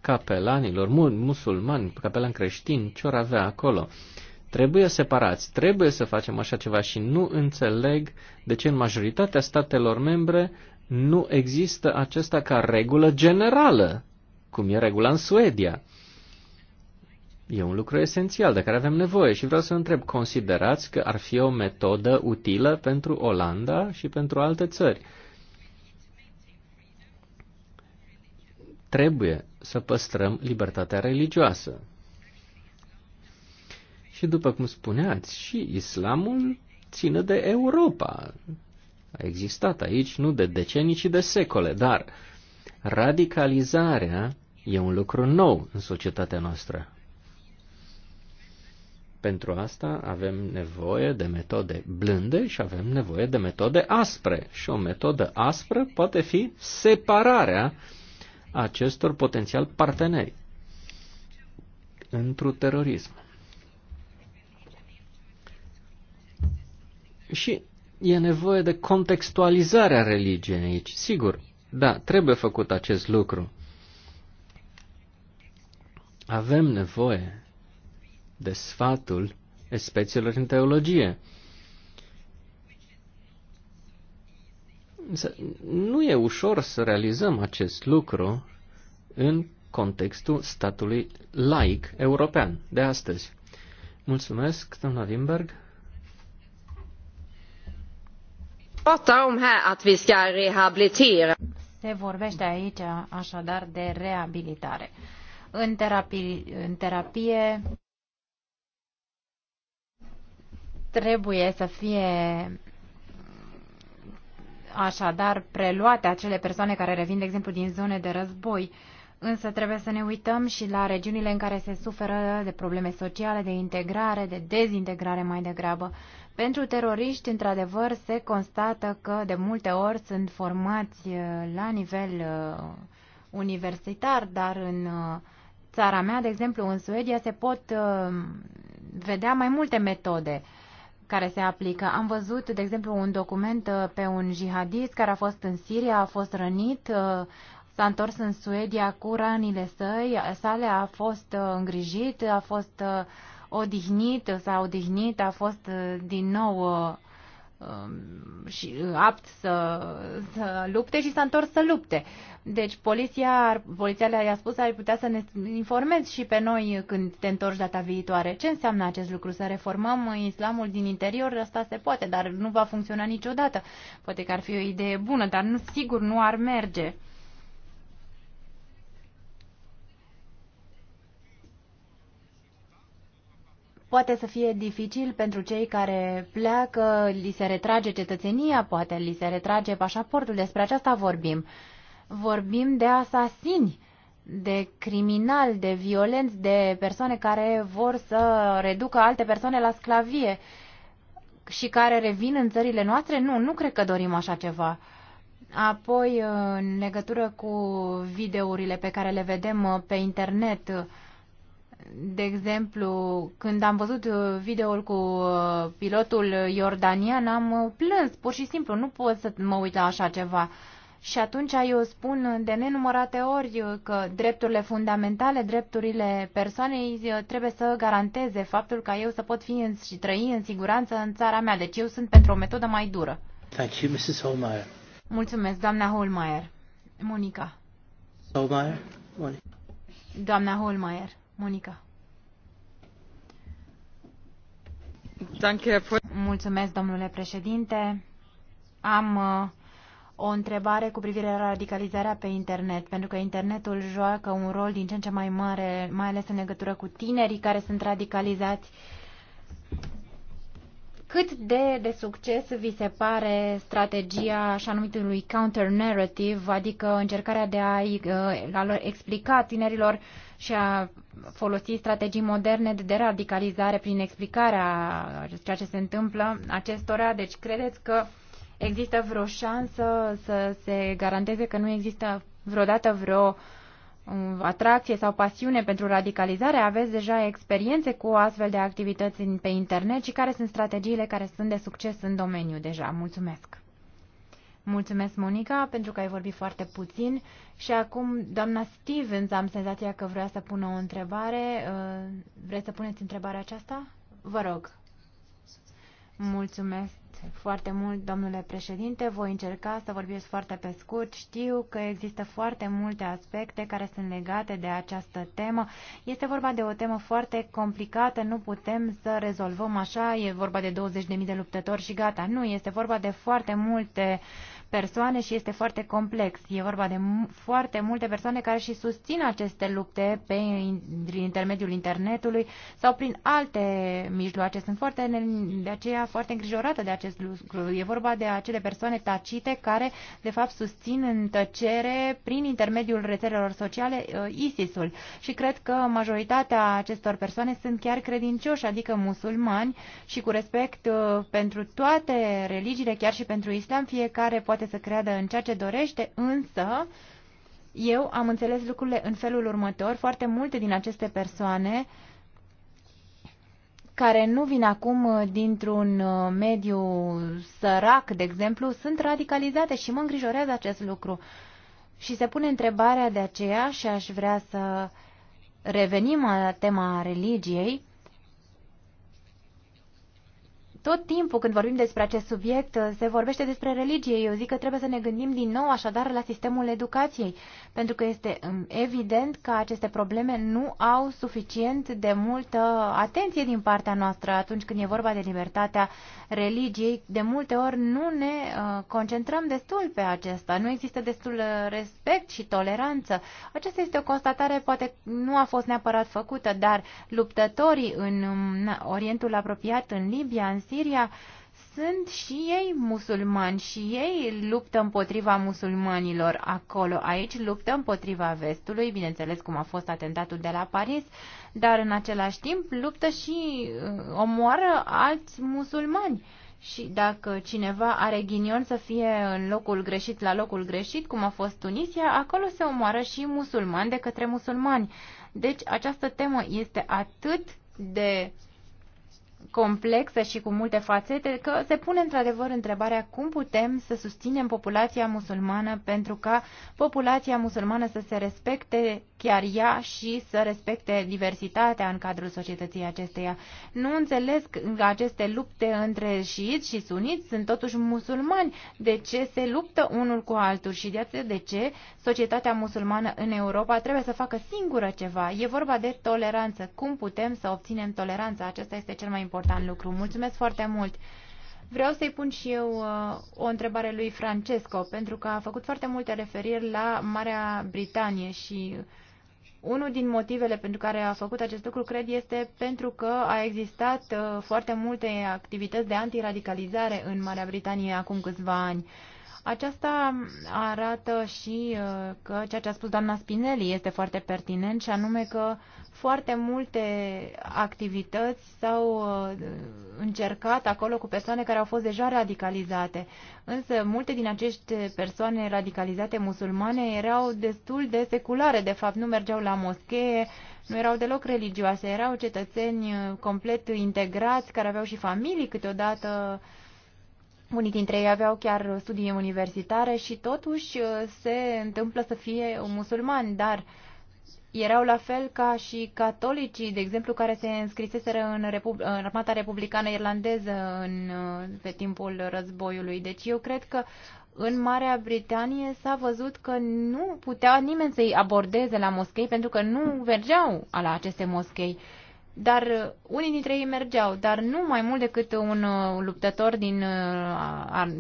capelanilor musulmani, capelan creștini, ce ori avea acolo. Uh, Trebuie separați, trebuie să facem așa ceva și nu înțeleg de ce în majoritatea statelor membre nu există acesta ca regulă generală, cum e regula în Suedia. E un lucru esențial de care avem nevoie și vreau să întreb, considerați că ar fi o metodă utilă pentru Olanda și pentru alte țări? Trebuie să păstrăm libertatea religioasă. Și după cum spuneați, și islamul ține de Europa. A existat aici nu de decenii, ci de secole, dar radicalizarea e un lucru nou în societatea noastră. Pentru asta avem nevoie de metode blânde și avem nevoie de metode aspre. Și o metodă aspră poate fi separarea acestor potențial parteneri într-un terorism. Și e nevoie de contextualizarea religiei aici. Sigur, da, trebuie făcut acest lucru. Avem nevoie de sfatul espeților în teologie. Nu e ușor să realizăm acest lucru în contextul statului laic european de astăzi. Mulțumesc, domnul Wimberg. om Se vorbește aici așadar de reabilitare. În terapie, în terapie trebuie să fie așadar preluate acele persoane care revin, de exemplu, din zone de război. Însă trebuie să ne uităm și la regiunile în care se suferă de probleme sociale, de integrare, de dezintegrare mai degrabă, pentru teroriști, într-adevăr, se constată că de multe ori sunt formați uh, la nivel uh, universitar, dar în uh, țara mea, de exemplu, în Suedia, se pot vedea mai multe metode care se aplică. Am văzut, de exemplu, un document pe un jihadist care a fost în Siria, a fost rănit, s-a întors în Suedia cu ranile săi, sale, a fost îngrijit, a fost uh, odihnit, s-a odihnit, a fost uh, din nou uh, um, și uh, apt să, să lupte și s-a întors să lupte. Deci poliția, poliția le-a spus ar putea să ne informezi și pe noi când te întorci data viitoare. Ce înseamnă acest lucru? Să reformăm islamul din interior? Asta se poate, dar nu va funcționa niciodată. Poate că ar fi o idee bună, dar nu, sigur nu ar merge. Poate să fie dificil pentru cei care pleacă, li se retrage cetățenia, poate li se retrage pașaportul, despre aceasta vorbim. Vorbim de asasini, de criminali, de violenți, de persoane care vor să reducă alte persoane la sclavie și care revin în țările noastre? Nu, nu cred că dorim așa ceva. Apoi, în legătură cu videourile pe care le vedem uh, pe internet, uh, de exemplu, când am văzut uh, videoul cu uh, pilotul iordanian, am uh, plâns, pur și simplu, nu pot să mă uit la așa ceva. Și atunci eu spun de nenumărate ori că drepturile fundamentale, drepturile persoanei trebuie să garanteze faptul ca eu să pot fi și trăi în siguranță în țara mea. Deci eu sunt pentru o metodă mai dură. Thank you, Mrs. Holmeyer. Mulțumesc, doamna Holmeyer. Monica. Holmeyer. Monica. Doamna Holmeyer. Monica. Mulțumesc, domnule președinte. Am uh, o întrebare cu privire la radicalizarea pe internet, pentru că internetul joacă un rol din ce în ce mai mare, mai ales în legătură cu tinerii care sunt radicalizați. Cât de, de succes vi se pare strategia așa numitului counter-narrative, adică încercarea de uh, a, uh, explica tinerilor uh, și a folosi strategii moderne de deradicalizare prin explicarea ceea ce se întâmplă acestora. Deci credeți că există vreo șansă să se garanteze că nu există vreodată vreo um, atracție sau pasiune pentru radicalizare? Aveți deja experiențe cu astfel de activități pe internet și care sunt strategiile care sunt de succes în domeniu deja? Mulțumesc! Mulțumesc, Monica, pentru că ai vorbit foarte puțin. Și acum, doamna Stevens, am senzația că vrea să pună o întrebare. Uh, vreți să puneți întrebarea aceasta? Vă rog. Mulțumesc foarte mult, domnule președinte. Voi încerca să vorbesc foarte pe scurt. Știu că există foarte multe aspecte care sunt legate de această temă. Este vorba de o temă foarte complicată, nu putem să rezolvăm așa. E vorba de 20.000 de luptători și gata. Nu, este vorba de foarte multe uh, persoane și este foarte complex. E vorba de foarte multe persoane care și susțin aceste lupte pe, prin intermediul internetului sau prin alte mijloace. Sunt foarte, de aceea foarte îngrijorată de acest lucru. E vorba de acele persoane tacite care, de fapt, susțin în tăcere prin intermediul rețelelor sociale uh, ISIS-ul. Și cred că majoritatea acestor persoane sunt chiar credincioși, adică musulmani și cu respect uh, pentru toate religiile, chiar și pentru islam, fiecare poate poate să creadă în ceea ce dorește, însă eu am înțeles lucrurile în felul următor. Foarte multe din aceste persoane care nu vin acum uh, dintr-un uh, mediu sărac, de exemplu, sunt radicalizate și mă îngrijorează acest lucru. Și se pune întrebarea de aceea și aș vrea să revenim la tema religiei. Tot timpul când vorbim despre acest subiect uh, se vorbește despre religie. Eu zic că trebuie să ne gândim din nou așadar la sistemul educației, pentru că este um, evident că aceste probleme nu au suficient de multă atenție din partea noastră atunci când e vorba de libertatea religiei. De multe ori nu ne uh, concentrăm destul pe acesta. Nu există destul uh, respect și toleranță. Aceasta este o constatare, poate nu a fost neapărat făcută, dar luptătorii în um, Orientul apropiat, în Libia, în Siria, Siria sunt și ei musulmani și ei luptă împotriva musulmanilor acolo. Aici luptă împotriva vestului, bineînțeles cum a fost atentatul de la Paris, dar în același timp luptă și uh, omoară alți musulmani. Și dacă cineva are ghinion să fie în locul greșit la locul greșit, cum a fost Tunisia, acolo se omoară și musulmani de către musulmani. Deci această temă este atât de complexă și cu multe fațete, că se pune într-adevăr întrebarea cum putem să susținem populația musulmană pentru ca populația musulmană să se respecte chiar ea și să respecte diversitatea în cadrul societății acesteia. Nu înțeles că aceste lupte între șiiți și suniți sunt totuși musulmani. De ce se luptă unul cu altul și de, de ce societatea musulmană în Europa trebuie să facă singură ceva? E vorba de toleranță. Cum putem să obținem toleranța? Acesta este cel mai important lucru. Mulțumesc foarte mult! Vreau să-i pun și eu uh, o întrebare lui Francesco, pentru că a făcut foarte multe referiri la Marea Britanie și uh, unul din motivele pentru care a făcut acest lucru, cred, este pentru că a existat uh, foarte multe activități de antiradicalizare în Marea Britanie acum câțiva ani. Aceasta arată și uh, că ceea ce a spus doamna Spinelli este foarte pertinent și anume că uh, foarte multe activități s-au uh, încercat acolo cu persoane care au fost deja radicalizate. Însă multe din aceste persoane radicalizate musulmane erau destul de seculare, de fapt nu mergeau la moschee, nu erau deloc religioase, erau cetățeni uh, complet integrați, care aveau și familii câteodată, unii dintre ei aveau chiar studii universitare și totuși uh, se întâmplă să fie musulmani, dar uh, erau la fel ca și catolicii, de exemplu, care se înscriseseră în, Repu- în armata republicană irlandeză în, uh, pe timpul războiului. Deci eu cred că în Marea Britanie s-a văzut că nu putea nimeni să-i abordeze la moschei pentru că nu mergeau la aceste moschei. Dar uh, unii dintre ei mergeau, dar nu mai mult decât un uh, luptător din,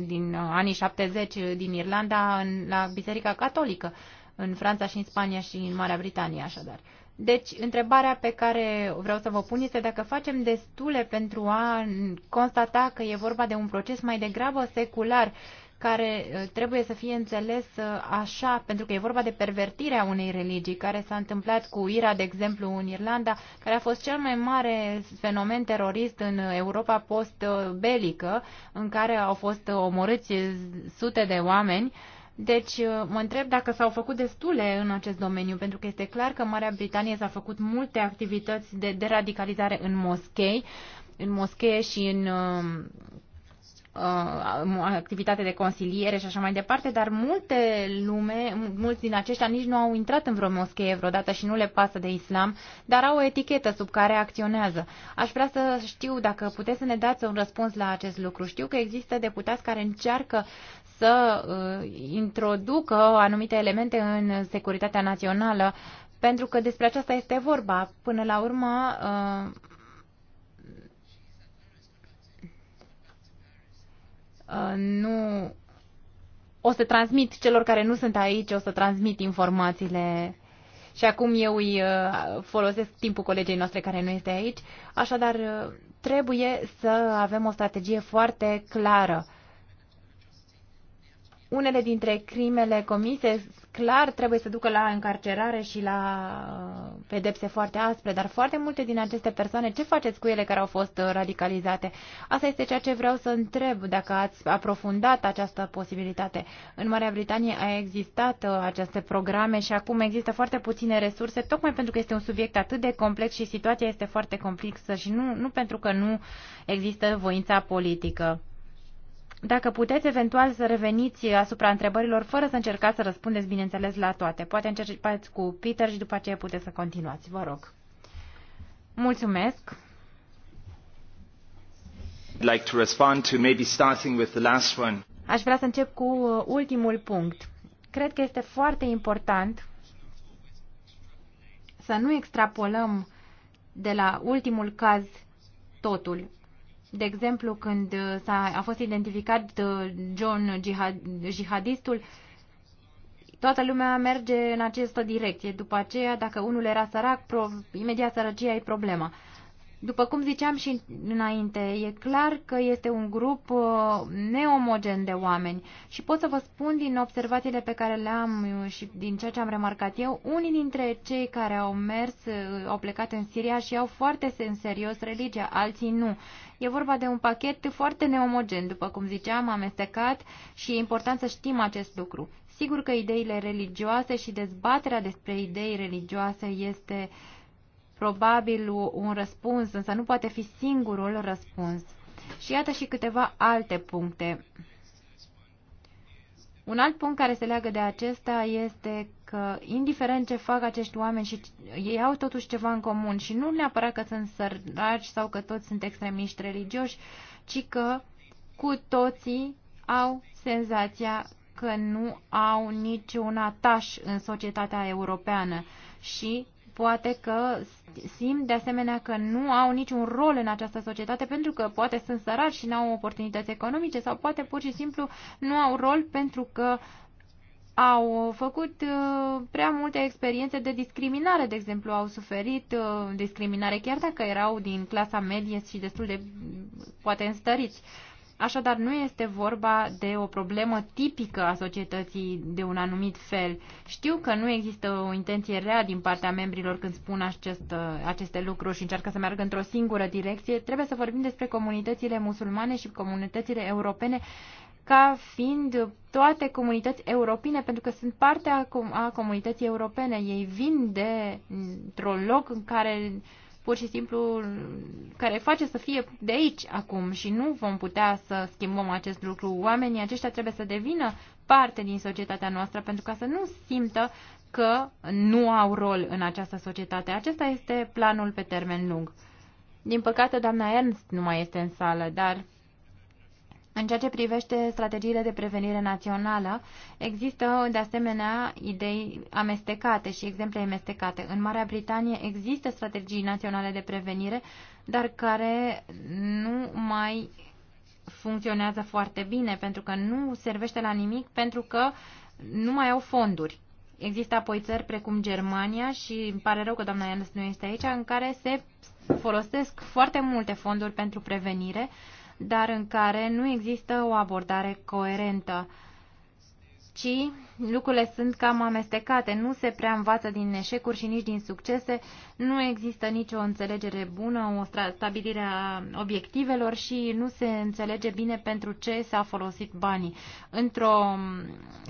din anii 70 din Irlanda la Biserica Catolică în Franța și în Spania și în Marea Britanie, așadar. Deci, întrebarea pe care vreau să vă pun este dacă facem destule pentru a constata că e vorba de un proces mai degrabă secular, care uh, trebuie să fie înțeles uh, așa, pentru că e vorba de pervertirea unei religii, care s-a întâmplat cu IRA, de exemplu, în Irlanda, care a fost cel mai mare fenomen terorist în Europa post-belică, în care au fost omorâți sute de oameni, deci uh, mă întreb dacă s-au făcut destule în acest domeniu, pentru că este clar că Marea Britanie s-a făcut multe activități de radicalizare în moschei, în moschee și în um, uh, activitate de consiliere și așa mai departe, dar multe lume, mulți din aceștia nici nu au intrat în vreo moschee vreodată și nu le pasă de islam, dar au o etichetă sub care acționează. Aș vrea să știu dacă puteți să ne dați un răspuns la acest lucru. Știu că există deputați care încearcă să uh, introducă anumite elemente în securitatea națională, pentru că despre aceasta este vorba. Până la urmă, uh, uh, nu o să transmit celor care nu sunt aici, o să transmit informațiile și acum eu îi folosesc timpul colegei noastre care nu este aici. Așadar, trebuie să avem o strategie foarte clară unele dintre crimele comise clar trebuie să ducă la încarcerare și la uh, pedepse foarte aspre, dar foarte multe din aceste persoane, ce faceți cu ele care au fost uh, radicalizate? Asta este ceea ce vreau să întreb, dacă ați aprofundat această posibilitate. În Marea Britanie a existat uh, aceste programe și acum există foarte puține resurse, tocmai pentru că este un subiect atât de complex și situația este foarte complexă și nu, nu pentru că nu există voința politică. Dacă puteți eventual să reveniți asupra întrebărilor fără să încercați să răspundeți, bineînțeles, la toate. Poate încercați cu Peter și după aceea puteți să continuați. Vă rog. Mulțumesc. Like to respond to maybe starting with the last one. Aș vrea să încep cu uh, ultimul punct. Cred că este foarte important să nu extrapolăm de la ultimul caz totul. De exemplu, când uh, a a fost identificat uh, John jihad, jihadistul, toată lumea merge în această direcție. După aceea, dacă unul era sărac, pro, imediat sărăcia e problema. După cum ziceam și înainte, e clar că este un grup uh, neomogen de oameni și pot să vă spun din observațiile pe care le-am și din ceea ce am remarcat eu, unii dintre cei care au mers, au plecat în Siria și au foarte în serios religia, alții nu. E vorba de un pachet foarte neomogen, după cum ziceam, amestecat și e important să știm acest lucru. Sigur că ideile religioase și dezbaterea despre idei religioase este probabil un răspuns, însă nu poate fi singurul răspuns. Și iată și câteva alte puncte. Un alt punct care se leagă de acesta este că indiferent ce fac acești oameni și ei au totuși ceva în comun și nu neapărat că sunt săraci sau că toți sunt extremiști religioși, ci că cu toții au senzația că nu au niciun ataș în societatea europeană și poate că simt de asemenea că nu au niciun rol în această societate pentru că poate sunt săraci și nu au oportunități economice sau poate pur și simplu nu au rol pentru că uh, au făcut uh, prea multe experiențe de discriminare, de exemplu, au suferit uh, discriminare chiar dacă erau din clasa medie și destul de poate înstăriți. Așadar, nu este vorba de o problemă tipică a societății de un anumit fel. Știu că nu există o intenție rea din partea membrilor când spun acest, uh, aceste lucruri și încearcă să meargă într-o singură direcție. Trebuie să vorbim despre comunitățile musulmane și comunitățile europene ca fiind toate comunități europene, pentru că sunt parte a, com a comunității europene. Ei vin de într-un loc în care pur și simplu care face să fie de aici acum și nu vom putea să schimbăm acest lucru. Oamenii aceștia trebuie să devină parte din societatea noastră pentru ca să nu simtă că nu au rol în această societate. Acesta este planul pe termen lung. Din păcate, doamna Ernst nu mai este în sală, dar în ceea ce privește strategiile de prevenire națională, există de asemenea idei amestecate și exemple amestecate. În Marea Britanie există strategii naționale de prevenire, dar care nu mai funcționează foarte bine, pentru că nu servește la nimic, pentru că nu mai au fonduri. Există apoi țări precum Germania și îmi pare rău că doamna Ernst nu este aici, în care se folosesc foarte multe fonduri pentru prevenire, dar în care nu există o abordare coerentă ci lucrurile sunt cam amestecate, nu se prea învață din eșecuri și nici din succese, nu există nicio înțelegere bună, o stabilire a obiectivelor și nu se înțelege bine pentru ce s-a folosit banii. Într-o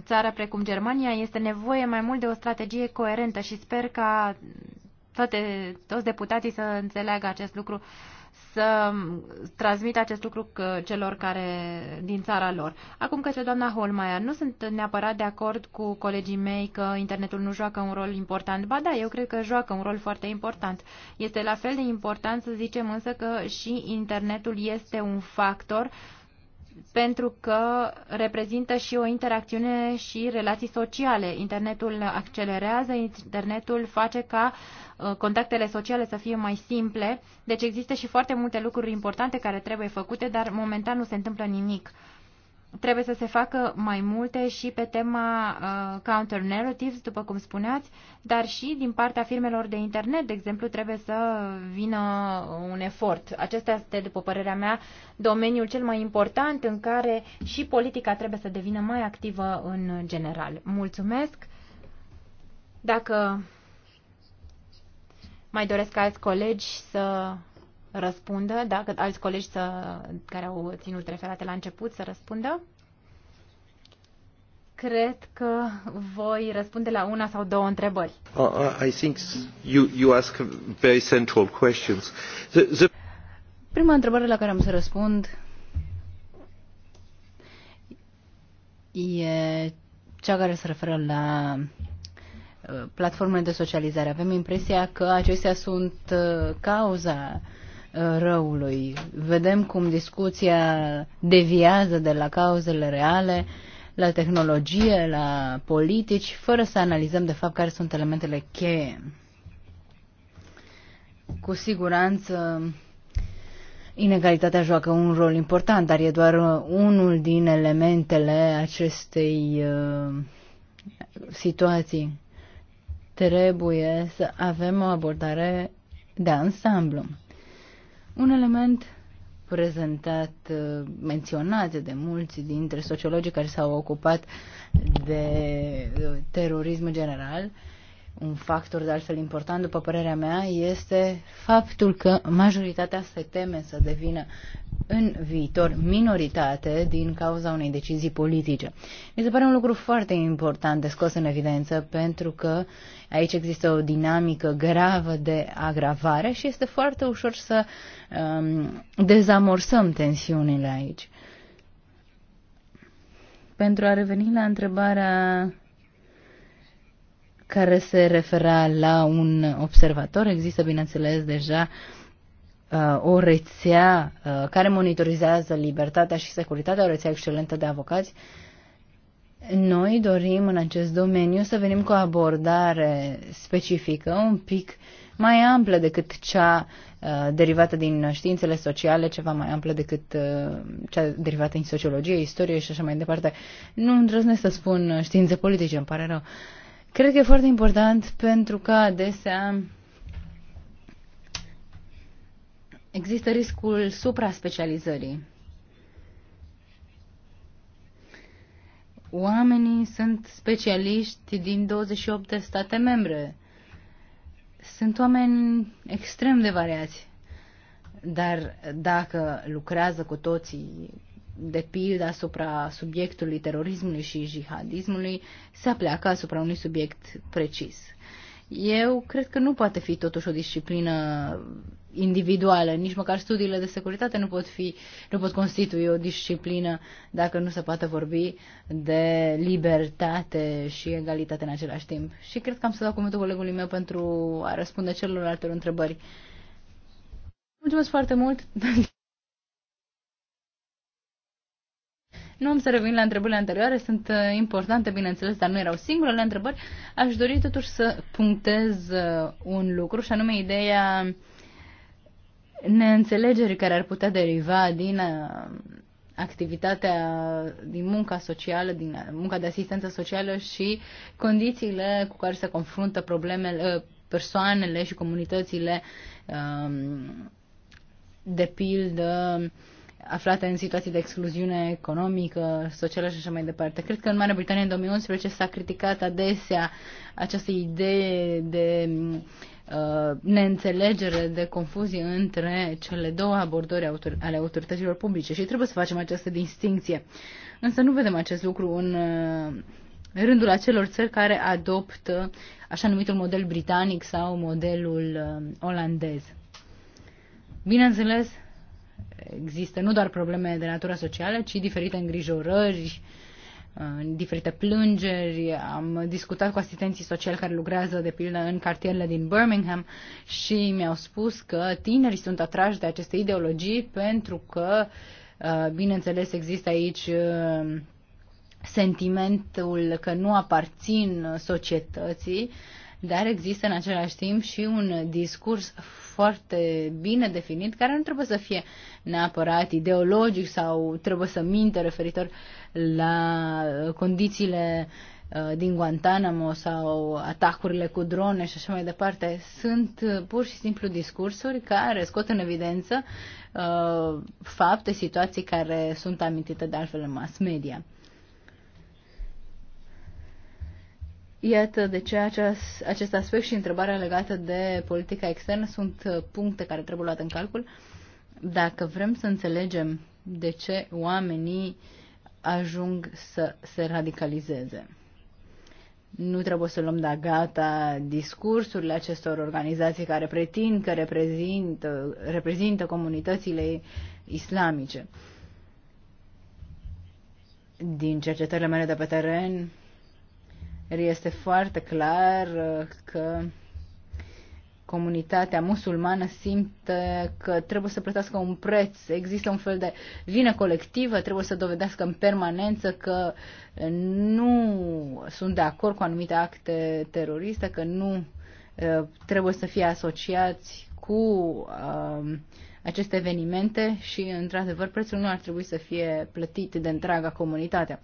țară precum Germania este nevoie mai mult de o strategie coerentă și sper ca toate, toți deputații să înțeleagă acest lucru să transmit acest lucru celor care din țara lor. Acum către doamna Holmeier, nu sunt neapărat de acord cu colegii mei că internetul nu joacă un rol important. Ba da, eu cred că joacă un rol foarte important. Este la fel de important să zicem însă că și internetul este un factor uh, pentru că reprezintă și o interacțiune și relații sociale. Internetul accelerează, internetul face ca uh, contactele sociale să fie mai simple, deci există și foarte multe lucruri importante care trebuie făcute, dar momentan nu se întâmplă nimic. Trebuie să se facă mai multe și pe tema uh, counter-narratives, după cum spuneați, dar și din partea firmelor de internet, de exemplu, trebuie să vină un efort. Acesta este, după părerea mea, domeniul cel mai important în care și politica trebuie să devină mai activă în general. Mulțumesc! Dacă mai doresc alți colegi să răspundă, dacă alți colegi să, care au ținut referate la început să răspundă. Cred că voi răspunde la una sau două întrebări. Uh, uh, I think you, you ask very central questions. The, the... Prima întrebare la care am să răspund e cea care se referă la uh, platformele de socializare. Avem impresia că acestea sunt cauza răului. Vedem cum discuția deviază de la cauzele reale, la tehnologie, la politici, fără să analizăm de fapt care sunt elementele cheie. Cu siguranță inegalitatea joacă un rol important, dar e doar unul din elementele acestei uh, situații. Trebuie să avem o abordare de ansamblu. Un element prezentat, menționat de mulți dintre sociologii care s-au ocupat de uh, terorism general, un factor de altfel important, după părerea mea, este faptul că majoritatea se teme să devină în viitor minoritate din cauza unei decizii politice. Mi se pare un lucru foarte important de scos în evidență pentru că aici există o dinamică gravă de agravare și este foarte ușor să um, dezamorsăm tensiunile aici. Pentru a reveni la întrebarea care se refera la un observator, există, bineînțeles, deja uh, Uh, o rețea uh, care monitorizează libertatea și securitatea, o rețea excelentă de avocați. Noi dorim în acest domeniu să venim cu o abordare specifică, un pic mai amplă decât cea uh, derivată din științele sociale, ceva mai amplă decât cea derivată din sociologie, istorie și așa mai departe. Nu îndrăznesc să spun științe politice, îmi pare rău. Cred că e foarte important pentru că adesea Există riscul supra-specializării. Oamenii sunt specialiști din 28 de state membre. Sunt oameni extrem de variați. Dar dacă lucrează cu toții de pildă asupra subiectului terorismului și jihadismului, se apleacă asupra unui subiect precis. Eu cred că nu poate fi totuși o disciplină individuală. Nici măcar studiile de securitate nu pot, fi, nu pot constitui o disciplină dacă nu se poate vorbi de libertate și egalitate în același timp. Și cred că am să dau cuvântul colegului meu pentru a răspunde celorlalte întrebări. Mulțumesc foarte mult! Nu am să revin la întrebările anterioare, sunt uh, importante, bineînțeles, dar nu erau singurele întrebări. Aș dori totuși să punctez uh, un lucru și anume ideea neînțelegeri care ar putea deriva din uh, activitatea din munca socială, din uh, munca de asistență socială și condițiile cu care se confruntă problemele, uh, persoanele și comunitățile, um, de pildă, aflate în situații de excluziune economică, socială și așa mai departe. Cred că în Marea Britanie în 2011 s-a criticat adesea această idee de uh, Uh, neînțelegere, de confuzie între cele două abordări ale autorităților publice și trebuie să facem această distinție. Însă nu vedem acest lucru în uh, rândul acelor țări care adoptă așa numitul model britanic sau modelul uh, olandez. Bineînțeles, există nu doar probleme de natură socială, ci diferite îngrijorări uh, diferite plângeri, am discutat cu asistenții sociali care lucrează, de pildă, în cartierele din Birmingham și mi-au spus că tinerii sunt atrași de aceste ideologii pentru că, uh, bineînțeles, există aici uh, sentimentul că nu aparțin societății, dar există în același timp și un discurs foarte bine definit, care nu trebuie să fie neapărat ideologic sau trebuie să minte referitor la condițiile uh, din Guantanamo sau atacurile cu drone și așa mai departe, sunt uh, pur și simplu discursuri care scot în evidență uh, fapte, situații care sunt amintite de altfel în mass media. Iată de ce acest, acest aspect și întrebarea legată de politica externă sunt uh, puncte care trebuie luate în calcul. Dacă vrem să înțelegem de ce oamenii ajung să se radicalizeze. Nu trebuie să luăm de gata discursurile acestor organizații care pretind că reprezintă, uh, reprezintă comunitățile islamice. Din cercetările mele de pe teren, este foarte clar uh, că comunitatea musulmană simte că trebuie să plătească un preț. Există un fel de vină colectivă, trebuie să dovedească în permanență că nu sunt de acord cu anumite acte teroriste, că nu uh, trebuie să fie asociați cu uh, aceste evenimente și, într-adevăr, prețul nu ar trebui să fie plătit de întreaga comunitate.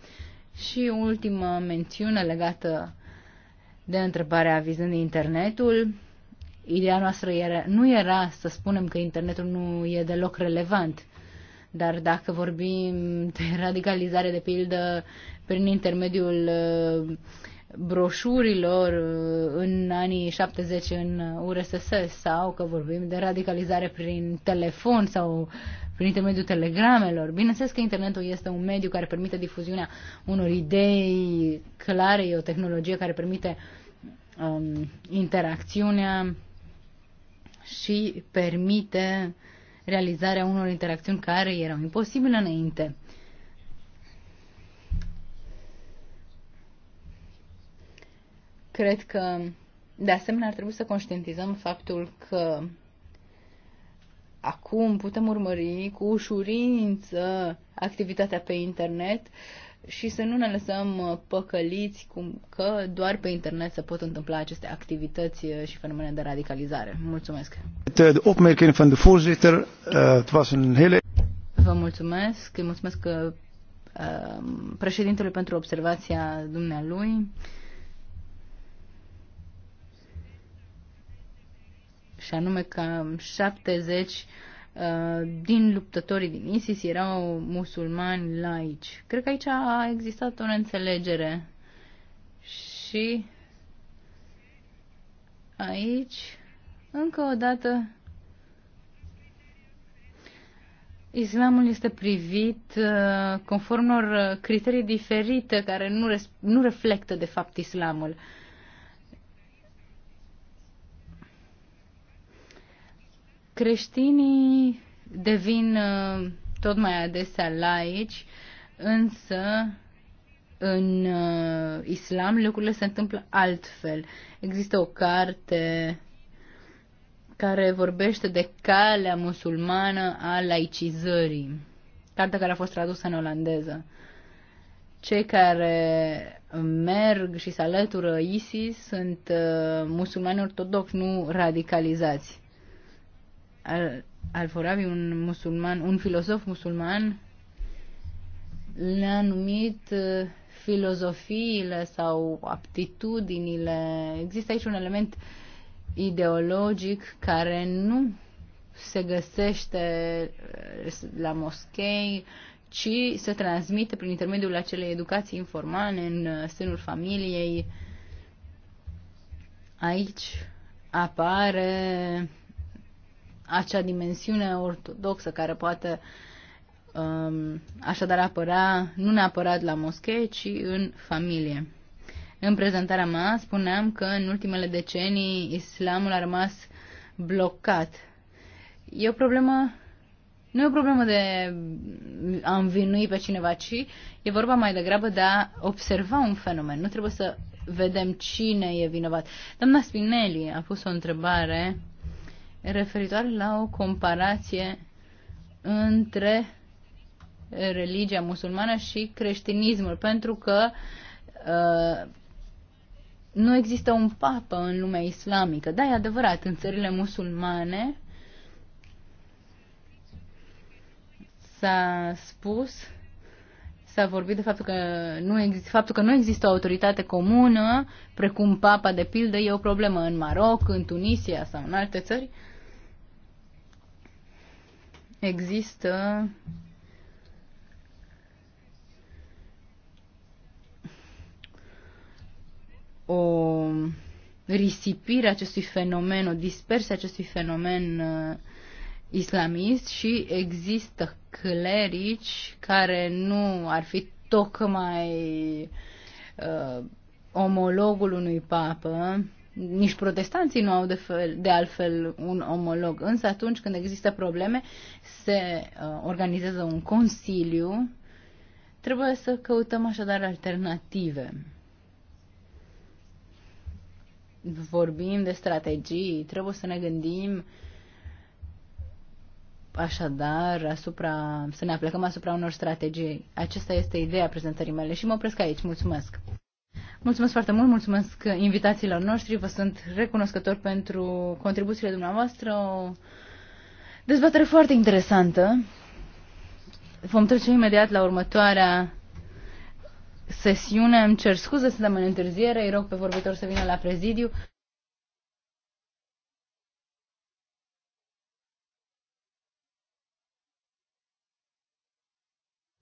Și ultima mențiune legată de întrebarea vizând internetul. Ideea noastră era, nu era să spunem că internetul nu e deloc relevant, dar dacă vorbim de radicalizare de pildă prin intermediul uh, broșurilor uh, în anii 70 în URSS sau că vorbim de radicalizare prin telefon sau prin intermediul telegramelor. Bineînțeles că internetul este un mediu care permite difuziunea unor idei clare, e o tehnologie care permite um, interacțiunea și permite realizarea unor interacțiuni care erau imposibile înainte. Cred că, de asemenea, ar trebui să conștientizăm faptul că acum putem urmări cu ușurință activitatea pe internet și să nu ne lăsăm păcăliți cum că doar pe internet se pot întâmpla aceste activități și fenomene de radicalizare. Mulțumesc! Eh, Vă mulțumesc, mulțumesc eh, președintelui pentru observația dumnealui. și anume că 70 uh, din luptătorii din ISIS erau musulmani laici. Cred că aici a existat o înțelegere și aici, încă o dată, Islamul este privit uh, conform unor criterii diferite care nu, nu reflectă, de fapt, Islamul. Uh, Creștinii devin uh, tot mai adesea laici, însă în uh, islam lucrurile se întâmplă altfel. Există o carte care vorbește de calea musulmană a laicizării. Cartea care a fost tradusă în olandeză. Cei care merg și se alătură ISIS sunt uh, musulmani ortodoxi, nu radicalizați. Al-Farabi, un musulman, un filosof musulman, le-a numit uh, filozofiile sau aptitudinile. Există aici un element ideologic care nu se găsește uh, la moschei, ci se transmite prin intermediul acelei educații informale în uh, sânul familiei. Aici apare acea dimensiune ortodoxă care poate um, așadar apărea nu neapărat la moschee, ci în familie. În prezentarea mea spuneam că în ultimele decenii islamul a rămas blocat. E o problemă nu e o problemă de a învinui pe cineva, ci e vorba mai degrabă de a observa un fenomen. Nu trebuie să vedem cine e vinovat. Doamna Spinelli a pus o întrebare referitoare la o comparație între religia musulmană și creștinismul, pentru că uh, nu există un papă în lumea islamică. Da, e adevărat, în țările musulmane s-a spus, s-a vorbit de faptul că, nu există, faptul că nu există o autoritate comună, precum papa de pildă, e o problemă în Maroc, în Tunisia sau în alte țări. Uh, există o risipire acestui fenomen, o dispersie acestui fenomen uh, islamist și există clerici care nu ar fi tocmai uh, omologul unui papă, nici protestanții nu au de, fel, de altfel un omolog. Însă atunci când există probleme, se uh, organizează un consiliu. Trebuie să căutăm așadar alternative. Vorbim de strategii, trebuie să ne gândim așadar asupra, să ne aplicăm asupra unor strategii. Aceasta este ideea prezentării mele și mă opresc aici. Mulțumesc! Mulțumesc foarte mult, mulțumesc invitațiilor noștri, vă sunt recunoscător pentru contribuțiile dumneavoastră. O dezbatere foarte interesantă. Vom trece imediat la următoarea sesiune. Îmi cer scuze, suntem în întârziere, îi rog pe vorbitor să vină la prezidiu.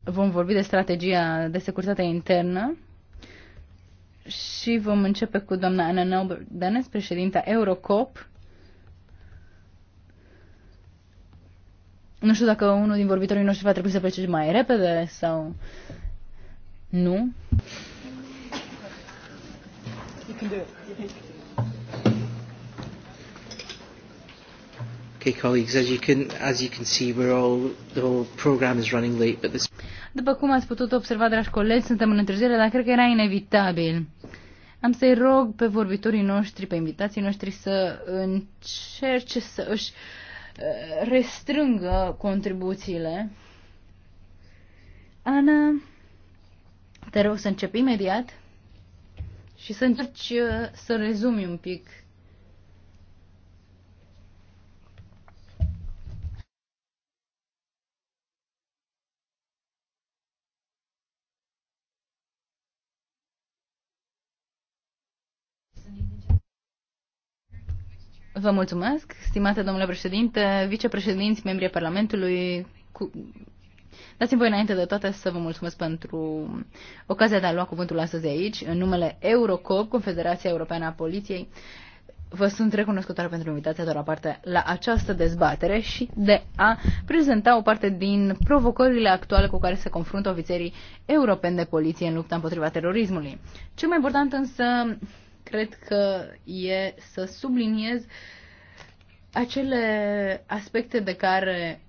Vom vorbi de strategia de securitate internă și vom începe cu doamna Ana Dennis, președinta Eurocop. Nu știu dacă unul din vorbitorii noștri va trebui să plece mai repede sau nu. Okay, colleagues, as you can as you can see, we're all the whole program is running late, but this. După cum ați putut observa, dragi colegi, suntem în întârziere, dar cred că era inevitabil. Am să-i rog pe vorbitorii noștri, pe invitații noștri să încerce să își uh, restrângă contribuțiile. Ana, te rog să începi imediat și să încerci uh, să rezumi un pic Vă mulțumesc, stimate domnule președinte, vicepreședinți, membrii Parlamentului. Cu... Dați-mi voi înainte de toate să vă mulțumesc pentru ocazia de a lua cuvântul astăzi aici, în numele Eurocop, Confederația Europeană a Poliției. Vă sunt recunoscătoare pentru invitația de la parte la această dezbatere și de a prezenta o parte din provocările actuale cu care se confruntă ofițerii europeni de poliție în lupta împotriva terorismului. Cel mai important însă cred că e să subliniez acele aspecte de care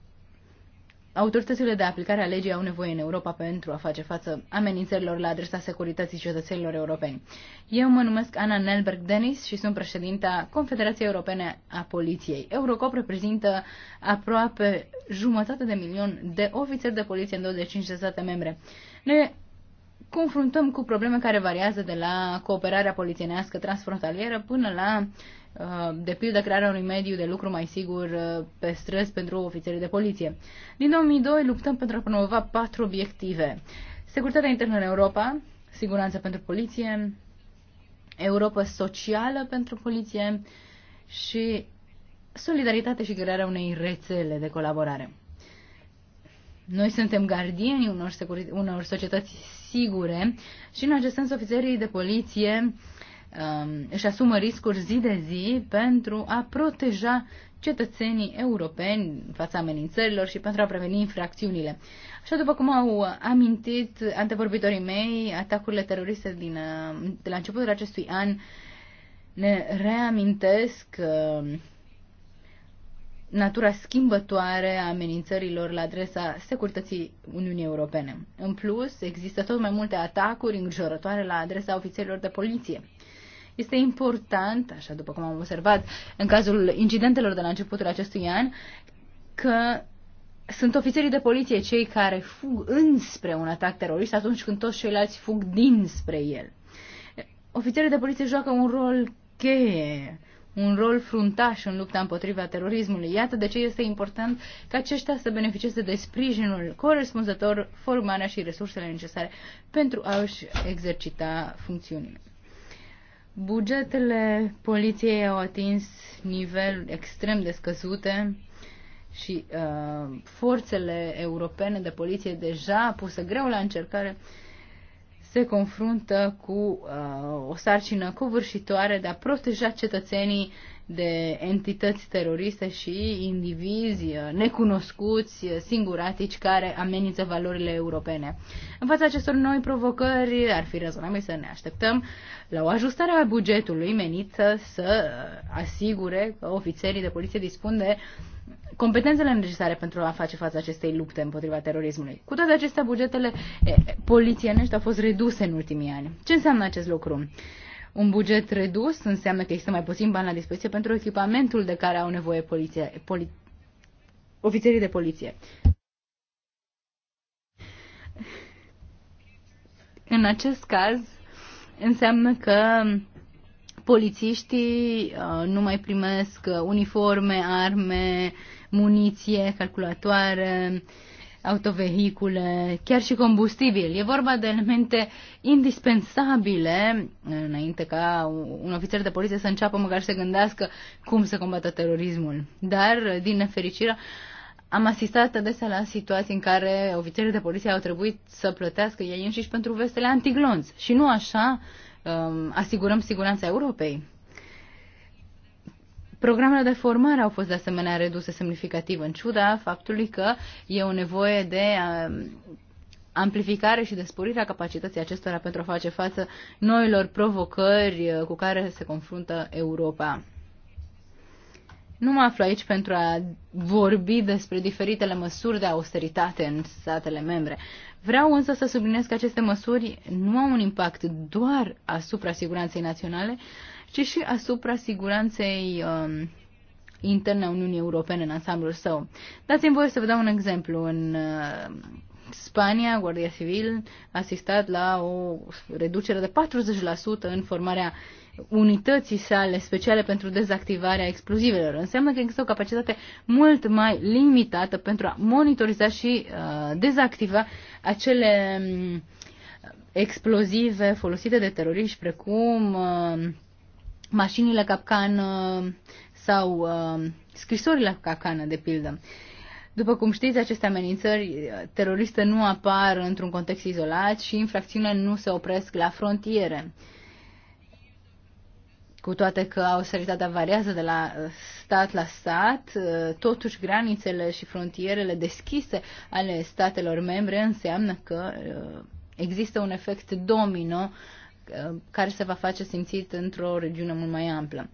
autoritățile de aplicare a legii au nevoie în Europa pentru a face față amenințărilor la adresa securității cetățenilor europeni. Eu mă numesc Ana Nelberg Denis și sunt președinta Confederației Europene a Poliției. Eurocop reprezintă aproape jumătate de milion de ofițeri de poliție în 25 de state membre. Ne confruntăm cu probleme care variază de la cooperarea polițienească transfrontalieră până la, uh, de pildă, crearea unui mediu de lucru mai sigur uh, pe străzi pentru ofițerii de poliție. Din 2002 luptăm pentru a promova patru obiective. Securitatea internă în Europa, siguranță pentru poliție, Europa socială pentru poliție și solidaritate și crearea unei rețele de colaborare. Noi suntem gardienii unor, securi- unor societăți sigure și în acest sens ofițerii de poliție um, își asumă riscuri zi de zi pentru a proteja cetățenii europeni în fața amenințărilor și pentru a preveni infracțiunile. Așa după cum au amintit antevorbitorii mei, atacurile teroriste din, uh, de la începutul acestui an ne reamintesc uh, natura schimbătoare a amenințărilor la adresa securității Uniunii Europene. În plus, există tot mai multe atacuri îngrijorătoare la adresa ofițerilor de poliție. Este important, așa după cum am observat, în cazul incidentelor de la începutul acestui an, că sunt ofițerii de poliție cei care fug înspre un atac terorist atunci când toți ceilalți fug dinspre el. Ofițerii de poliție joacă un rol cheie un rol fruntaș în lupta împotriva terorismului. Iată de ce este important ca aceștia să beneficieze de sprijinul corespunzător, formarea și resursele necesare pentru a-și exercita funcțiunile. Bugetele poliției au atins nivel extrem de scăzute și uh, forțele europene de poliție deja pusă greu la încercare uh, se confruntă cu uh, o sarcină covârșitoare de a proteja cetățenii de entități teroriste și indivizi uh, necunoscuți, uh, singuratici, care amenință valorile europene. În fața acestor noi provocări, ar fi rezonabil să ne așteptăm la o ajustare a bugetului menită să uh, asigure că ofițerii de poliție dispun de competențele necesare pentru a face față acestei lupte împotriva terorismului. Cu toate acestea, bugetele polițienești au fost reduse în ultimii ani. Ce înseamnă acest lucru? Un buget redus înseamnă că există mai puțin bani la dispoziție pentru echipamentul de care au nevoie poliție, poli, ofițerii de poliție. În acest caz, înseamnă că polițiștii uh, nu mai primesc uh, uniforme, arme, muniție, calculatoare, autovehicule, chiar și combustibil. E vorba de elemente indispensabile înainte ca un ofițer de poliție să înceapă măcar să gândească cum să combată terorismul. Dar, din nefericire, am asistat adesea la situații în care ofițerii de poliție au trebuit să plătească ei înșiși pentru vestele antiglonți. Și nu așa um, asigurăm siguranța Europei. Programele de formare au fost de asemenea reduse semnificativ, în ciuda faptului că e o nevoie de um, amplificare și de sporirea capacității acestora pentru a face față noilor provocări uh, cu care se confruntă Europa. Nu mă aflu aici pentru a vorbi despre diferitele măsuri de austeritate în statele membre. Vreau însă să subliniez că aceste măsuri nu au un impact doar asupra siguranței naționale, ci și asupra siguranței um, interne a Uniunii Europene în ansamblul său. Dați-mi voie să vă dau un exemplu. În uh, Spania, Guardia Civil a asistat la o reducere de 40% în formarea unității sale speciale pentru dezactivarea explozivelor. Înseamnă că există o capacitate mult mai limitată pentru a monitoriza și uh, dezactiva acele um, explozive folosite de teroriști precum uh, mașinile capcană sau uh, scrisorile capcană, de pildă. După cum știți, aceste amenințări uh, teroriste nu apar într-un context izolat și infracțiunile nu se opresc la frontiere. Cu toate că austeritatea variază de la uh, stat la stat, totuși granițele și frontierele deschise ale statelor membre înseamnă că există un efect domino Uh, care se va face simțit într-o regiune mult mai amplă.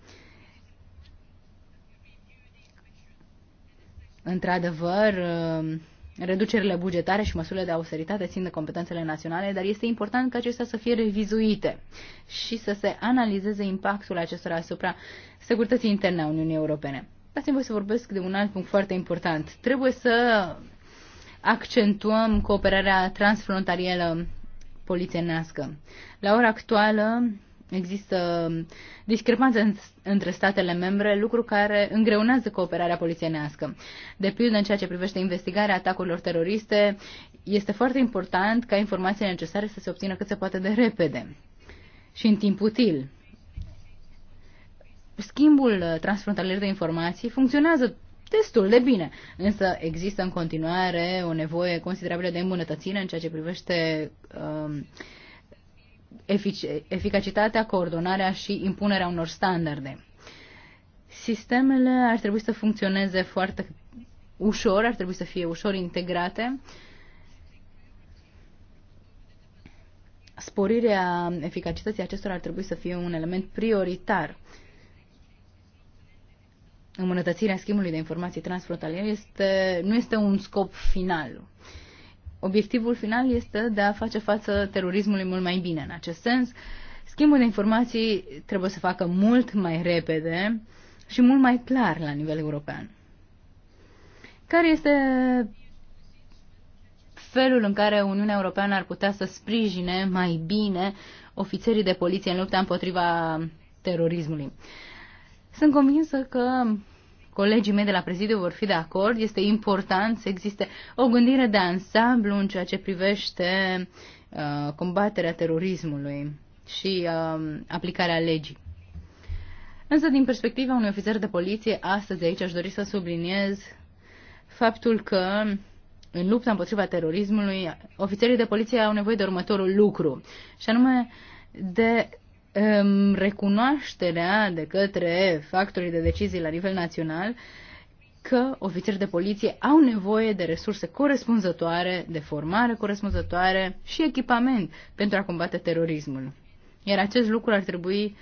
Într-adevăr, uh, reducerile bugetare și măsurile de austeritate țin de competențele naționale, dar este important ca acestea să fie revizuite și să se analizeze impactul acestora asupra securității interne a Uniunii Europene. Dați-mi voi să vorbesc de un alt punct foarte important. Trebuie să accentuăm cooperarea transfrontalieră polițenească. La ora actuală există discrepanțe între statele membre, lucru care îngreunează cooperarea polițienească. De pildă, în ceea ce privește investigarea atacurilor teroriste, este foarte important ca informațiile necesare să se obțină cât se poate de repede și în timp util. Schimbul transfrontalier de informații funcționează destul de bine. Însă există în continuare o nevoie considerabilă de îmbunătățire în ceea ce privește um, efic- eficacitatea, coordonarea și impunerea unor standarde. Sistemele ar trebui să funcționeze foarte ușor, ar trebui să fie ușor integrate. Sporirea eficacității acestora ar trebui să fie un element prioritar îmbunătățirea schimbului de informații transfrontalier este, nu este un scop final. Obiectivul final este de a face față terorismului mult mai bine. În acest sens, schimbul de informații trebuie să facă mult mai repede și mult mai clar la nivel european. Care este felul în care Uniunea Europeană ar putea să sprijine mai bine ofițerii de poliție în lupta împotriva terorismului? Sunt convinsă că colegii mei de la prezidiu vor fi de acord, este important să existe o gândire de ansamblu în ceea ce privește uh, combaterea terorismului și uh, aplicarea legii. Însă, din perspectiva unui ofițer de poliție, astăzi aici aș dori să subliniez faptul că în lupta împotriva terorismului, ofițerii de poliție au nevoie de următorul lucru, și anume de recunoașterea de către factorii de decizii la nivel național că ofițeri de poliție au nevoie de resurse corespunzătoare, de formare corespunzătoare și echipament pentru a combate terorismul. Iar acest lucru ar trebui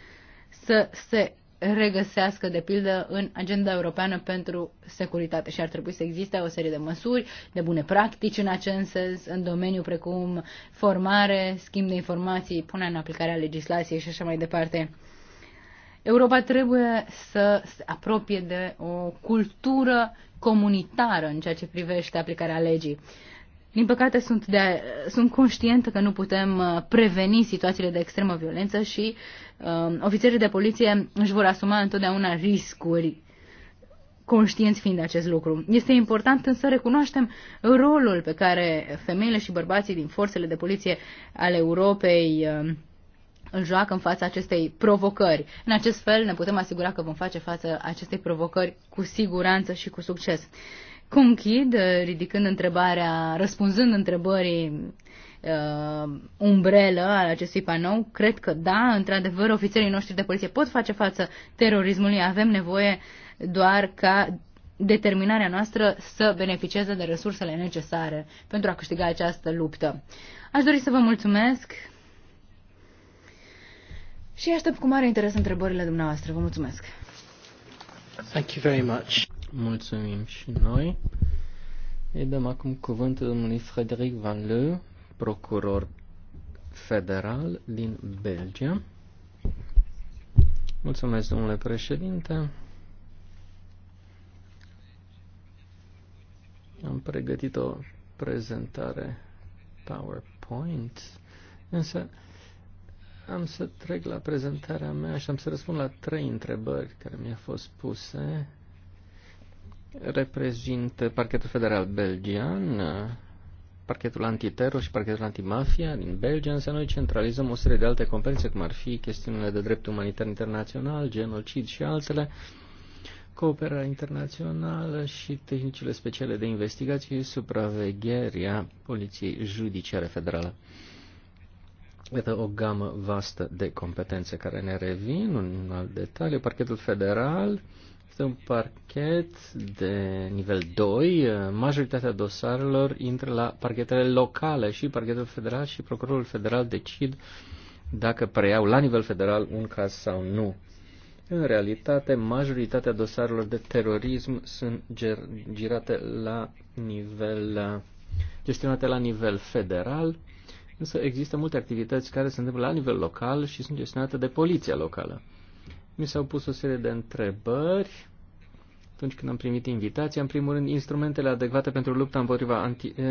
să se regăsească, de pildă, în agenda europeană pentru securitate și ar trebui să existe o serie de măsuri, de bune practici în acest sens, în domeniu precum formare, schimb de informații, punerea în aplicare a legislației și așa mai departe. Europa trebuie să se apropie de o cultură comunitară în ceea ce privește aplicarea legii. Din păcate sunt, de, sunt conștientă că nu putem uh, preveni situațiile de extremă violență și uh, ofițerii de poliție își vor asuma întotdeauna riscuri conștienți fiind de acest lucru. Este important însă să recunoaștem rolul pe care femeile și bărbații din forțele de poliție ale Europei uh, îl joacă în fața acestei provocări. În acest fel ne putem asigura că vom face față acestei provocări cu siguranță și cu succes. Conchid, ridicând întrebarea, răspunzând întrebării uh, umbrelă al acestui panou, cred că da, într-adevăr, ofițerii noștri de poliție pot face față terorismului, avem nevoie doar ca determinarea noastră să beneficieze de resursele necesare pentru a câștiga această luptă. Aș dori să vă mulțumesc și aștept cu mare interes întrebările dumneavoastră. Vă mulțumesc! Thank you very much. Mulțumim și noi. Îi dăm acum cuvântul domnului Frederic Van Leu, procuror federal din Belgia. Mulțumesc, domnule președinte. Am pregătit o prezentare PowerPoint, însă am să trec la prezentarea mea și am să răspund la trei întrebări care mi-au fost puse reprezintă parchetul federal belgian, parchetul antiteror și parchetul antimafia din Belgia, însă noi centralizăm o serie de alte competențe, cum ar fi chestiunile de drept umanitar internațional, genocid și altele, cooperarea internațională și tehnicile speciale de investigație și supravegherea Poliției Judiciare Federală. Iată o gamă vastă de competențe care ne revin, un alt detaliu, parchetul federal, este un parchet de nivel 2. Majoritatea dosarelor intră la parchetele locale și parchetul federal și procurorul federal decid dacă preiau la nivel federal un caz sau nu. În realitate, majoritatea dosarelor de terorism sunt girate la nivel, gestionate la nivel federal, însă există multe activități care se întâmplă la nivel local și sunt gestionate de poliția locală. Mi s-au pus o serie de întrebări atunci când am primit invitația. În primul rând, instrumentele adecvate pentru lupta împotriva, anti, eh,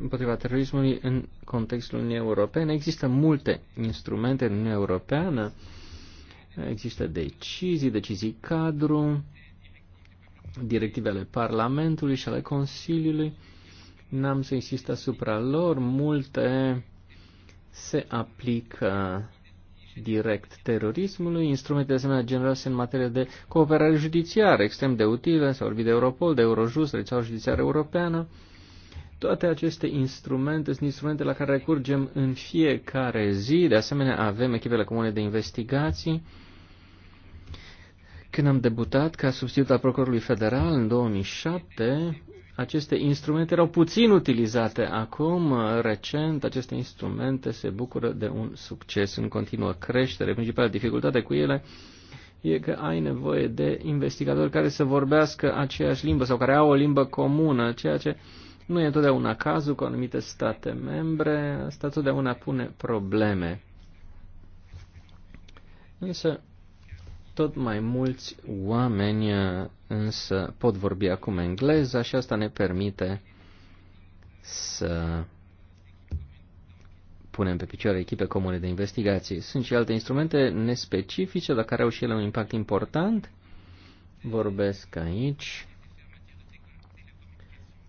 împotriva terorismului în contextul Uniunii Europene. Există multe instrumente în Uniunea Europeană. Există decizii, decizii cadru, directive ale Parlamentului și ale Consiliului. N-am să insist asupra lor. Multe se aplică direct terorismului, instrumente de asemenea generoase în materie de cooperare judiciară, extrem de utile, s-a vorbit de Europol, de Eurojust, rețeaua judiciară europeană. Toate aceste instrumente sunt instrumente la care recurgem în fiecare zi, de asemenea avem echipele comune de investigații. Când am debutat ca substitut al Procurorului Federal în 2007, aceste instrumente erau puțin utilizate acum, uh, recent, aceste instrumente se bucură de un succes în continuă creștere. Principala dificultate cu ele e că ai nevoie de investigatori care să vorbească aceeași limbă sau care au o limbă comună, ceea ce nu e întotdeauna cazul cu anumite state membre, asta întotdeauna pune probleme. Însă, tot mai mulți oameni uh, însă pot vorbi acum engleza și asta ne permite să punem pe picioare echipe comune de investigații. Sunt și alte instrumente nespecifice, dar care au și ele un impact important. Vorbesc aici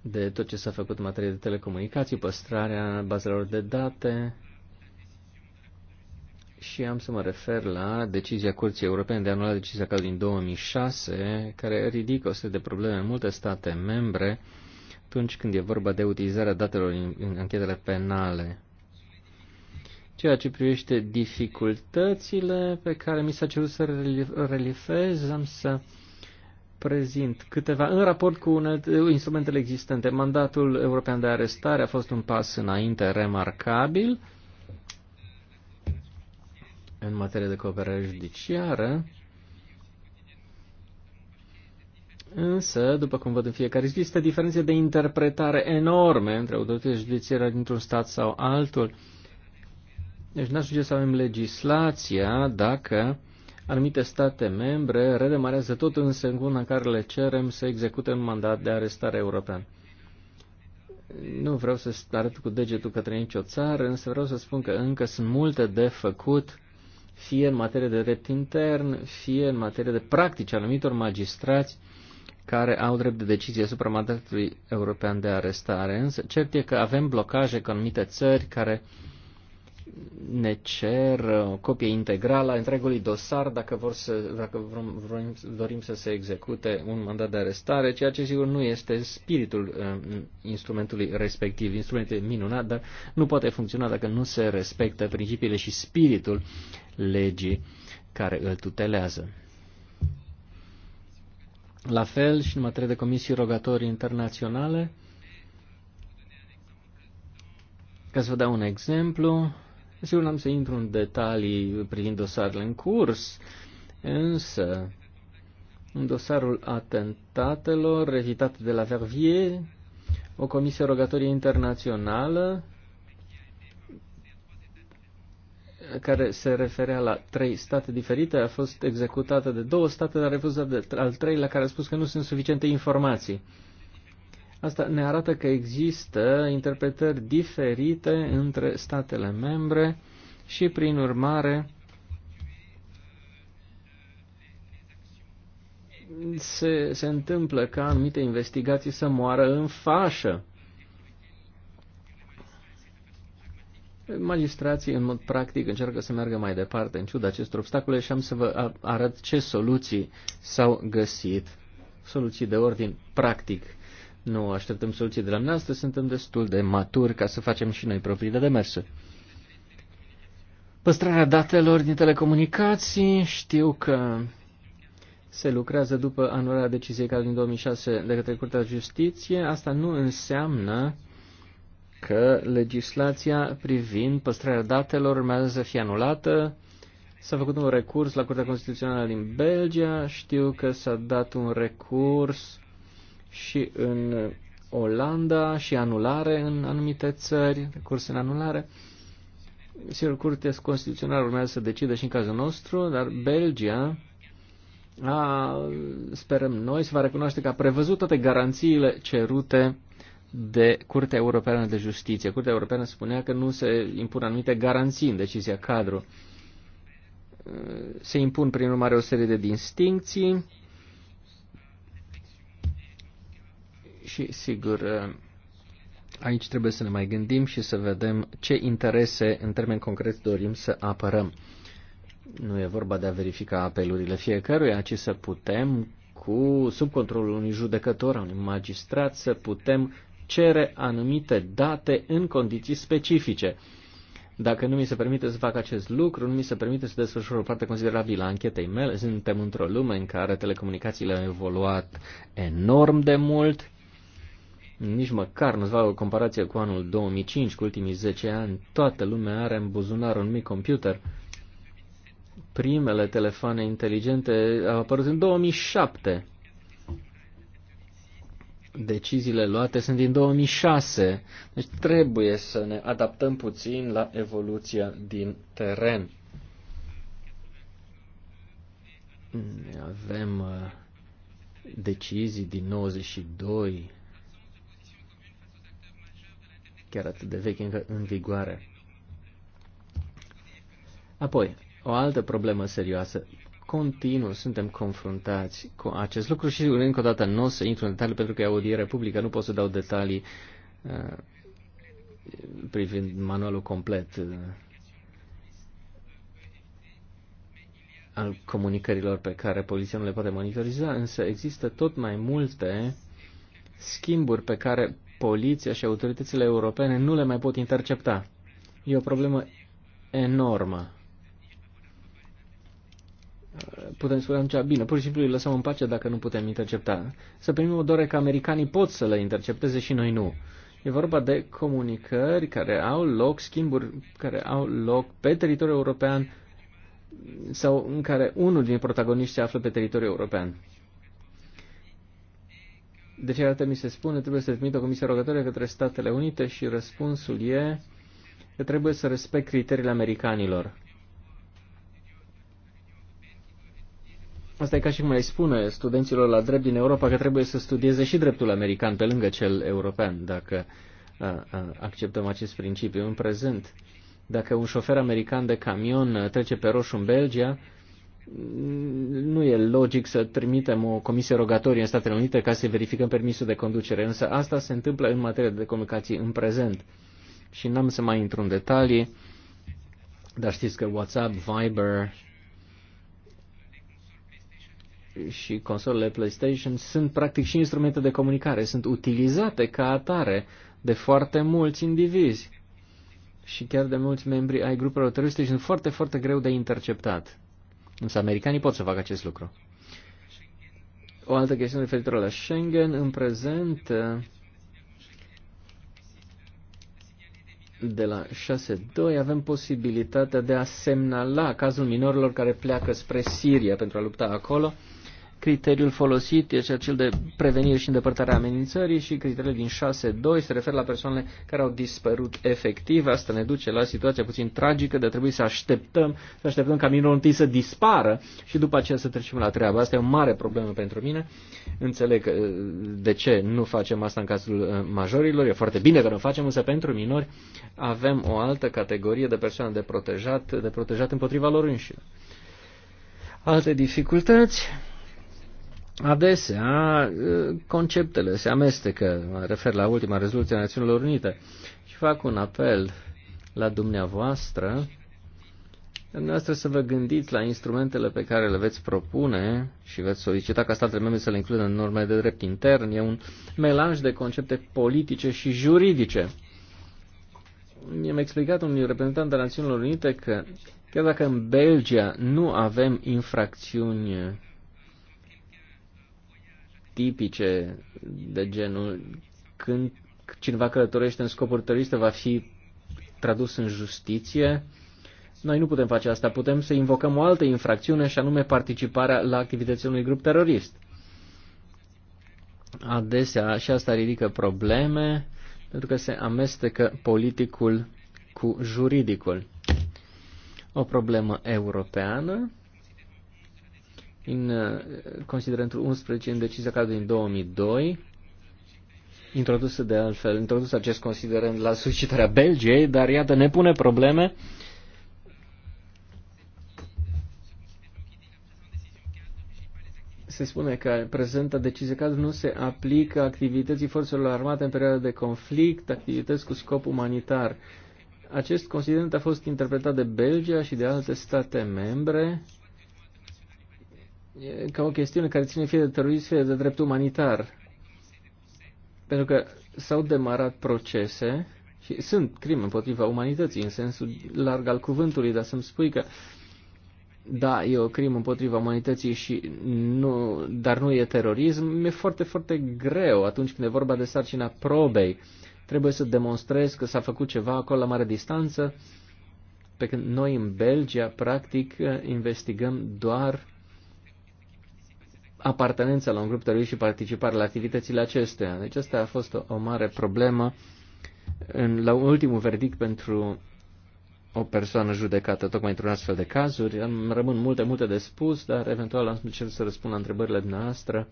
de tot ce s-a făcut în materie de telecomunicații, păstrarea bazelor de date, și am să mă refer la decizia Curții Europene de a anula decizia ca din 2006, care ridică o serie de probleme în multe state membre atunci când e vorba de utilizarea datelor în anchetele penale. Ceea ce privește dificultățile pe care mi s-a cerut să relifez, am să prezint câteva în raport cu instrumentele existente. Mandatul european de arestare a fost un pas înainte remarcabil, în materie de cooperare judiciară, însă, după cum văd în fiecare zi, există diferențe de interpretare enorme între autoritățile judiciare dintr-un stat sau altul. Deci n-aș să avem legislația dacă anumite state membre redemarează tot în secunda în care le cerem să execute un mandat de arestare european. Nu vreau să arăt cu degetul către nicio țară, însă vreau să spun că încă sunt multe de făcut fie în materie de drept intern, fie în materie de practici anumitor magistrați care au drept de decizie asupra mandatului european de arestare. Însă, cert e că avem blocaje cu anumite țări care ne cer o copie integrală a întregului dosar dacă, vor să, dacă vrem, vrem, dorim să se execute un mandat de arestare, ceea ce sigur nu este spiritul uh, instrumentului respectiv. Instrumentul e minunat, dar nu poate funcționa dacă nu se respectă principiile și spiritul legii care îl tutelează. La fel și în materie de comisii rogatorii internaționale, ca să vă dau un exemplu, sigur n-am să intru în detalii privind dosarele în curs, însă în dosarul atentatelor evitate de la Verviers, o comisie rogatorie internațională care se referea la trei state diferite a fost executată de două state, dar refuzat de al treilea care a spus că nu sunt suficiente informații. Asta ne arată că există interpretări diferite între statele membre și, prin urmare, se, se întâmplă ca anumite investigații să moară în fașă. Magistrații, în mod practic, încearcă să meargă mai departe în ciuda acestor obstacole și am să vă arăt ce soluții s-au găsit. Soluții de ordin practic. Nu așteptăm soluții de la noastră, suntem destul de maturi ca să facem și noi propriile demersuri. Păstrarea datelor din telecomunicații, știu că se lucrează după anularea deciziei care din 2006 de către Curtea de Justiție. Asta nu înseamnă că legislația privind păstrarea datelor urmează să fie anulată. S-a făcut un recurs la Curtea Constituțională din Belgia, știu că s-a dat un recurs și în Olanda și anulare în anumite țări, recurs în anulare. Sigur, Curtea Constituțională urmează să decide și în cazul nostru, dar Belgia, a, sperăm noi, se va recunoaște că a prevăzut toate garanțiile cerute de Curtea Europeană de Justiție. Curtea Europeană spunea că nu se impun anumite garanții în decizia cadru. Se impun, prin urmare, o serie de distincții și, sigur, aici trebuie să ne mai gândim și să vedem ce interese, în termen concret, dorim să apărăm. Nu e vorba de a verifica apelurile fiecăruia, ci să putem cu, sub controlul unui judecător, a unui magistrat, să putem cere anumite date în condiții specifice. Dacă nu mi se permite să fac acest lucru, nu mi se permite să desfășur o parte considerabilă a anchetei mele. Suntem într-o lume în care telecomunicațiile au evoluat enorm de mult. Nici măcar nu-ți fac o comparație cu anul 2005, cu ultimii 10 ani. Toată lumea are în buzunar un mic computer. Primele telefoane inteligente au apărut în 2007 deciziile luate sunt din 2006, deci trebuie să ne adaptăm puțin la evoluția din teren. Avem uh, decizii din 92, chiar atât de vechi încă în vigoare. Apoi, o altă problemă serioasă, continuu suntem confruntați cu acest lucru și încă o dată nu o să intru în detalii pentru că e audiere publică, nu pot să dau detalii uh, privind manualul complet uh, al comunicărilor pe care poliția nu le poate monitoriza, însă există tot mai multe schimburi pe care poliția și autoritățile europene nu le mai pot intercepta. E o problemă enormă putem spune atunci, bine, pur și simplu îi lăsăm în pace dacă nu putem intercepta. Să primim o dore că americanii pot să le intercepteze și noi nu. E vorba de comunicări care au loc, schimburi care au loc pe teritoriul european sau în care unul din protagoniști se află pe teritoriul european. De fiecare dată mi se spune, trebuie să trimit o comisie rogătorie către Statele Unite și răspunsul e că trebuie să respect criteriile americanilor. Asta e ca și cum le spune studenților la drept din Europa că trebuie să studieze și dreptul american pe lângă cel european, dacă acceptăm acest principiu. În prezent, dacă un șofer american de camion trece pe roșu în Belgia, nu e logic să trimitem o comisie rogatorie în Statele Unite ca să verificăm permisul de conducere, însă asta se întâmplă în materie de comunicații în prezent. Și n-am să mai intru în detalii, dar știți că WhatsApp, Viber și consolele PlayStation sunt practic și instrumente de comunicare, sunt utilizate ca atare de foarte mulți indivizi și chiar de mulți membri ai grupelor teroriste și sunt foarte, foarte greu de interceptat. Însă americanii pot să facă acest lucru. O altă chestiune referitoare la Schengen, în prezent, de la 6.2 avem posibilitatea de a semnala cazul minorilor care pleacă spre Siria pentru a lupta acolo. Criteriul folosit este acel de prevenire și îndepărtare a amenințării și criteriul din 6.2 se referă la persoanele care au dispărut efectiv. Asta ne duce la situația puțin tragică de a trebui să așteptăm, să așteptăm ca minorul întâi să dispară și după aceea să trecem la treabă. Asta e o mare problemă pentru mine. Înțeleg uh, de ce nu facem asta în cazul uh, majorilor. E foarte bine că nu facem, însă pentru minori avem o altă categorie de persoane de protejat, de protejat împotriva lor înșine. Alte dificultăți Adesea, uh, conceptele se amestecă, mă refer la ultima rezoluție a Națiunilor Unite, și fac un apel la dumneavoastră, dumneavoastră să vă gândiți la instrumentele pe care le veți propune și veți solicita ca statele membre să le includă în normele de drept intern. E un melanj de concepte politice și juridice. Mi-am explicat unui reprezentant de Națiunilor Unite că chiar dacă în Belgia nu avem infracțiuni tipice de genul când cineva călătorește în scopuri teroriste va fi tradus în justiție. Noi nu putem face asta, putem să invocăm o altă infracțiune și anume participarea la activitățile unui grup terorist. Adesea și asta ridică probleme pentru că se amestecă politicul cu juridicul. O problemă europeană în uh, considerentul 11 în decizia cadru din 2002, introdusă de altfel, introdus acest considerent la suscitarea Belgiei, dar iată ne pune probleme se spune că prezenta decizie cadru nu se aplică activității forțelor armate în perioada de conflict, activități cu scop umanitar. Acest considerent a fost interpretat de Belgia și de alte state membre ca o chestiune care ține fie de terorism, fie de drept umanitar. Pentru că s-au demarat procese și sunt crime împotriva umanității în sensul larg al cuvântului, dar să-mi spui că da, e o crimă împotriva umanității și nu, dar nu e terorism, e foarte, foarte greu atunci când e vorba de sarcina probei. Trebuie să demonstrezi că s-a făcut ceva acolo la mare distanță, pe când noi în Belgia, practic, investigăm doar apartenența la un grup terorist și participare la activitățile acestea. Deci asta a fost o, o mare problemă în, la ultimul verdict pentru o persoană judecată tocmai într-un astfel de cazuri. Am rămân multe, multe de spus, dar eventual am cer să răspund la întrebările noastre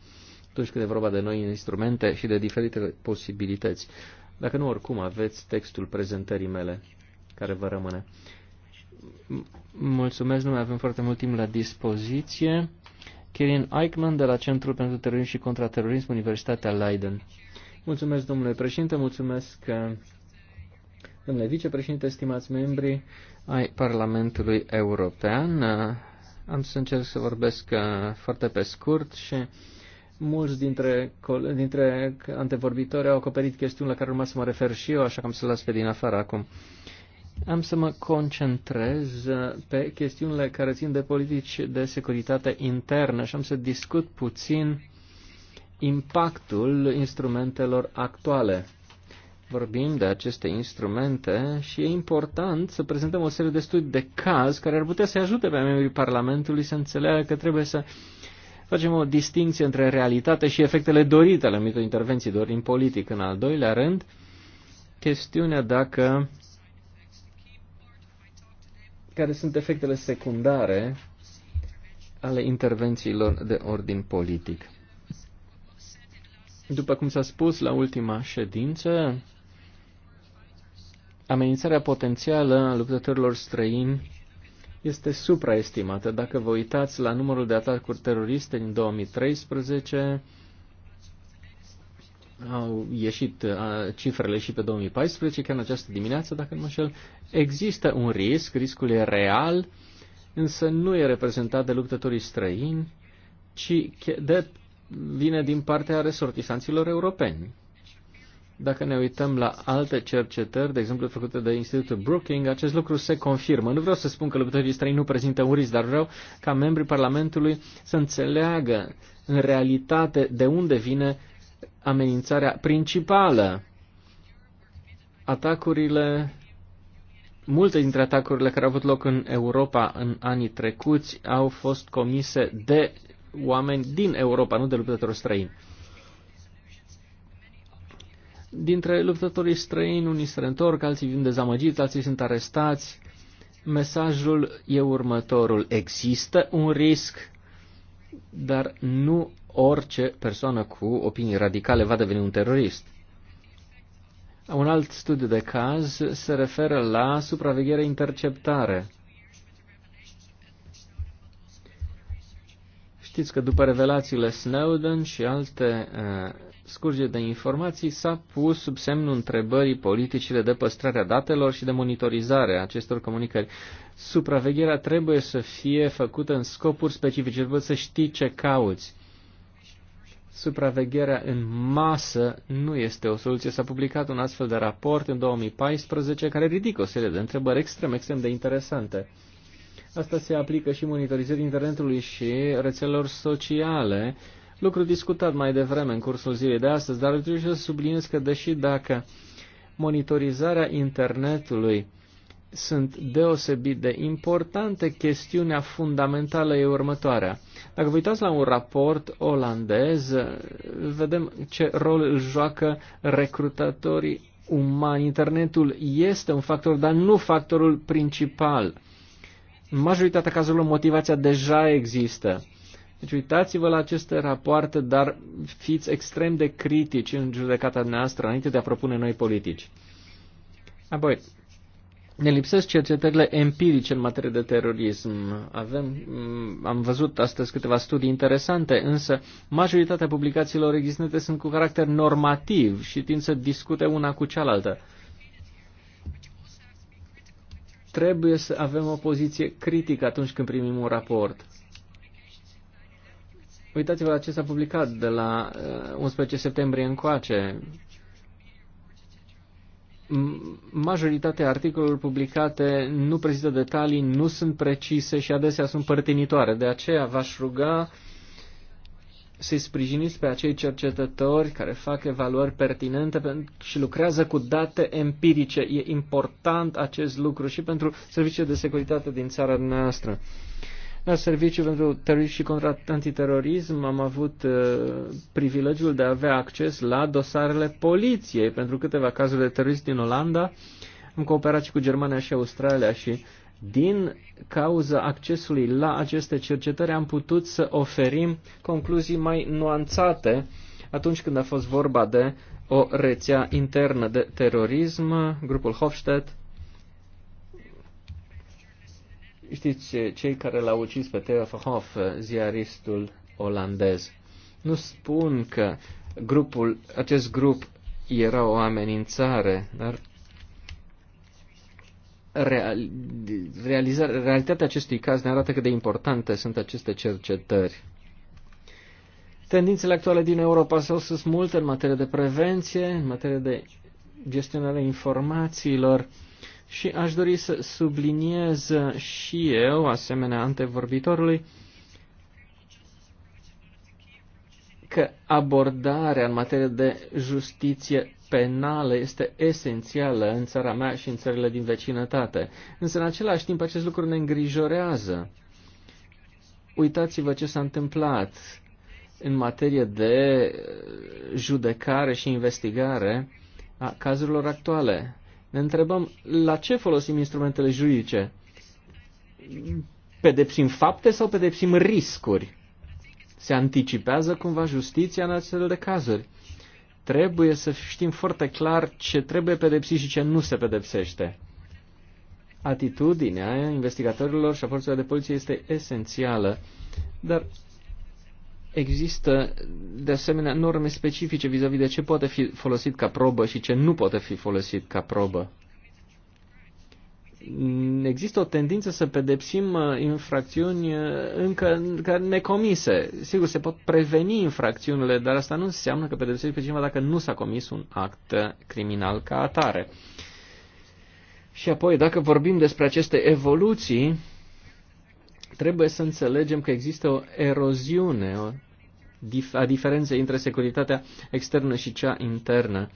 atunci când e vorba de noi instrumente și de diferite posibilități. Dacă nu, oricum aveți textul prezentării mele care vă rămâne. Mulțumesc, nu mai avem foarte mult timp la dispoziție. Kirin Eichmann de la Centrul pentru Terorism și Contraterorism, Universitatea Leiden. Mulțumesc, domnule președinte, mulțumesc, uh, domnule vicepreședinte, stimați membri ai Parlamentului European. Uh, am să încerc să vorbesc uh, foarte pe scurt și mulți dintre, dintre antevorbitori au acoperit chestiuni la care urma să mă refer și eu, așa că am să las pe din afară acum. Uh, am să mă concentrez uh, pe chestiunile care țin de politici de securitate internă și am să discut puțin impactul instrumentelor actuale. Vorbim de aceste instrumente și e important să prezentăm o serie de studii de caz care ar putea să ajute pe membrii Parlamentului să înțeleagă că trebuie să facem o distinție între realitate și efectele dorite ale anumitor intervenții doar în politic. În al doilea rând, chestiunea dacă care sunt efectele secundare ale intervențiilor de ordin politic. După cum s-a spus la ultima ședință, amenințarea potențială a luptătorilor străini este supraestimată. Dacă vă uitați la numărul de atacuri teroriste din 2013, au ieșit cifrele și pe 2014, chiar în această dimineață, dacă nu mă șel, există un risc, riscul e real, însă nu e reprezentat de luptătorii străini, ci de, vine din partea resortisanților europeni. Dacă ne uităm la alte cercetări, de exemplu făcute de Institutul Brookings, acest lucru se confirmă. Nu vreau să spun că luptătorii străini nu prezintă un risc, dar vreau ca membrii Parlamentului să înțeleagă în realitate de unde vine amenințarea principală. Atacurile, multe dintre atacurile care au avut loc în Europa în anii trecuți au fost comise de oameni din Europa, nu de luptători străini. Dintre luptătorii străini, unii se întorc, alții vin dezamăgiți, alții sunt arestați. Mesajul e următorul. Există un risc, dar nu orice persoană cu opinii radicale va deveni un terorist. Un alt studiu de caz se referă la supraveghere-interceptare. Știți că după revelațiile Snowden și alte uh, scurge de informații s-a pus sub semnul întrebării politicile de păstrare a datelor și de monitorizare a acestor comunicări. Supravegherea trebuie să fie făcută în scopuri specifice, trebuie să știi ce cauți supravegherea în masă nu este o soluție. S-a publicat un astfel de raport în 2014 care ridică o serie de întrebări extrem, extrem de interesante. Asta se aplică și monitorizării internetului și rețelelor sociale, lucru discutat mai devreme în cursul zilei de astăzi, dar trebuie să subliniez că deși dacă monitorizarea internetului sunt deosebit de importante, chestiunea fundamentală e următoarea dacă vă uitați la un raport olandez, vedem ce rol îl joacă recrutatorii umani. Internetul este un factor, dar nu factorul principal. În majoritatea cazurilor motivația deja există. Deci uitați-vă la aceste rapoarte, dar fiți extrem de critici în judecata noastră înainte de a propune noi politici. Apoi, ne lipsesc cercetările empirice în materie de terorism. Avem, mm, am văzut astăzi câteva studii interesante, însă majoritatea publicațiilor existente sunt cu caracter normativ și tind să discute una cu cealaltă. Trebuie să avem o poziție critică atunci când primim un raport. Uitați-vă la ce s-a publicat de la uh, 11 septembrie încoace majoritatea articolelor publicate nu prezintă detalii, nu sunt precise și adesea sunt părtinitoare. De aceea v-aș ruga să-i sprijiniți pe acei cercetători care fac evaluări pertinente și lucrează cu date empirice. E important acest lucru și pentru serviciile de securitate din țara noastră. Uh, la Serviciu pentru Terorism și contra Antiterorism am avut uh, privilegiul de a avea acces la dosarele poliției pentru câteva cazuri de terorism din Olanda. Am cooperat și cu Germania și Australia și din cauza accesului la aceste cercetări am putut să oferim concluzii mai nuanțate atunci când a fost vorba de o rețea internă de terorism, grupul Hofstede, știți, cei care l-au ucis pe Theo Hoff, ziaristul olandez, nu spun că grupul, acest grup era o amenințare, dar real, realitatea acestui caz ne arată cât de importante sunt aceste cercetări. Tendințele actuale din Europa s-au sus multe în materie de prevenție, în materie de gestionare informațiilor. Și aș dori să subliniez și eu, asemenea antevorbitorului, că abordarea în materie de justiție penală este esențială în țara mea și în țările din vecinătate. Însă, în același timp, acest lucru ne îngrijorează. Uitați-vă ce s-a întâmplat în materie de judecare și investigare a cazurilor actuale ne întrebăm la ce folosim instrumentele juridice? Pedepsim fapte sau pedepsim riscuri? Se anticipează cumva justiția în astfel de cazuri. Trebuie să știm foarte clar ce trebuie pedepsit și ce nu se pedepsește. Atitudinea investigatorilor și a forțelor de poliție este esențială, dar Există, de asemenea, norme specifice vis-a-vis -vis de ce poate fi folosit ca probă și ce nu poate fi folosit ca probă. Există o tendință să pedepsim uh, infracțiuni uh, încă necomise. Sigur, se pot preveni infracțiunile, dar asta nu înseamnă că pedepsești pe cineva dacă nu s-a comis un act uh, criminal ca atare. Și apoi, dacă vorbim despre aceste evoluții, trebuie să înțelegem că există o eroziune, o a diferenței între securitatea externă și cea internă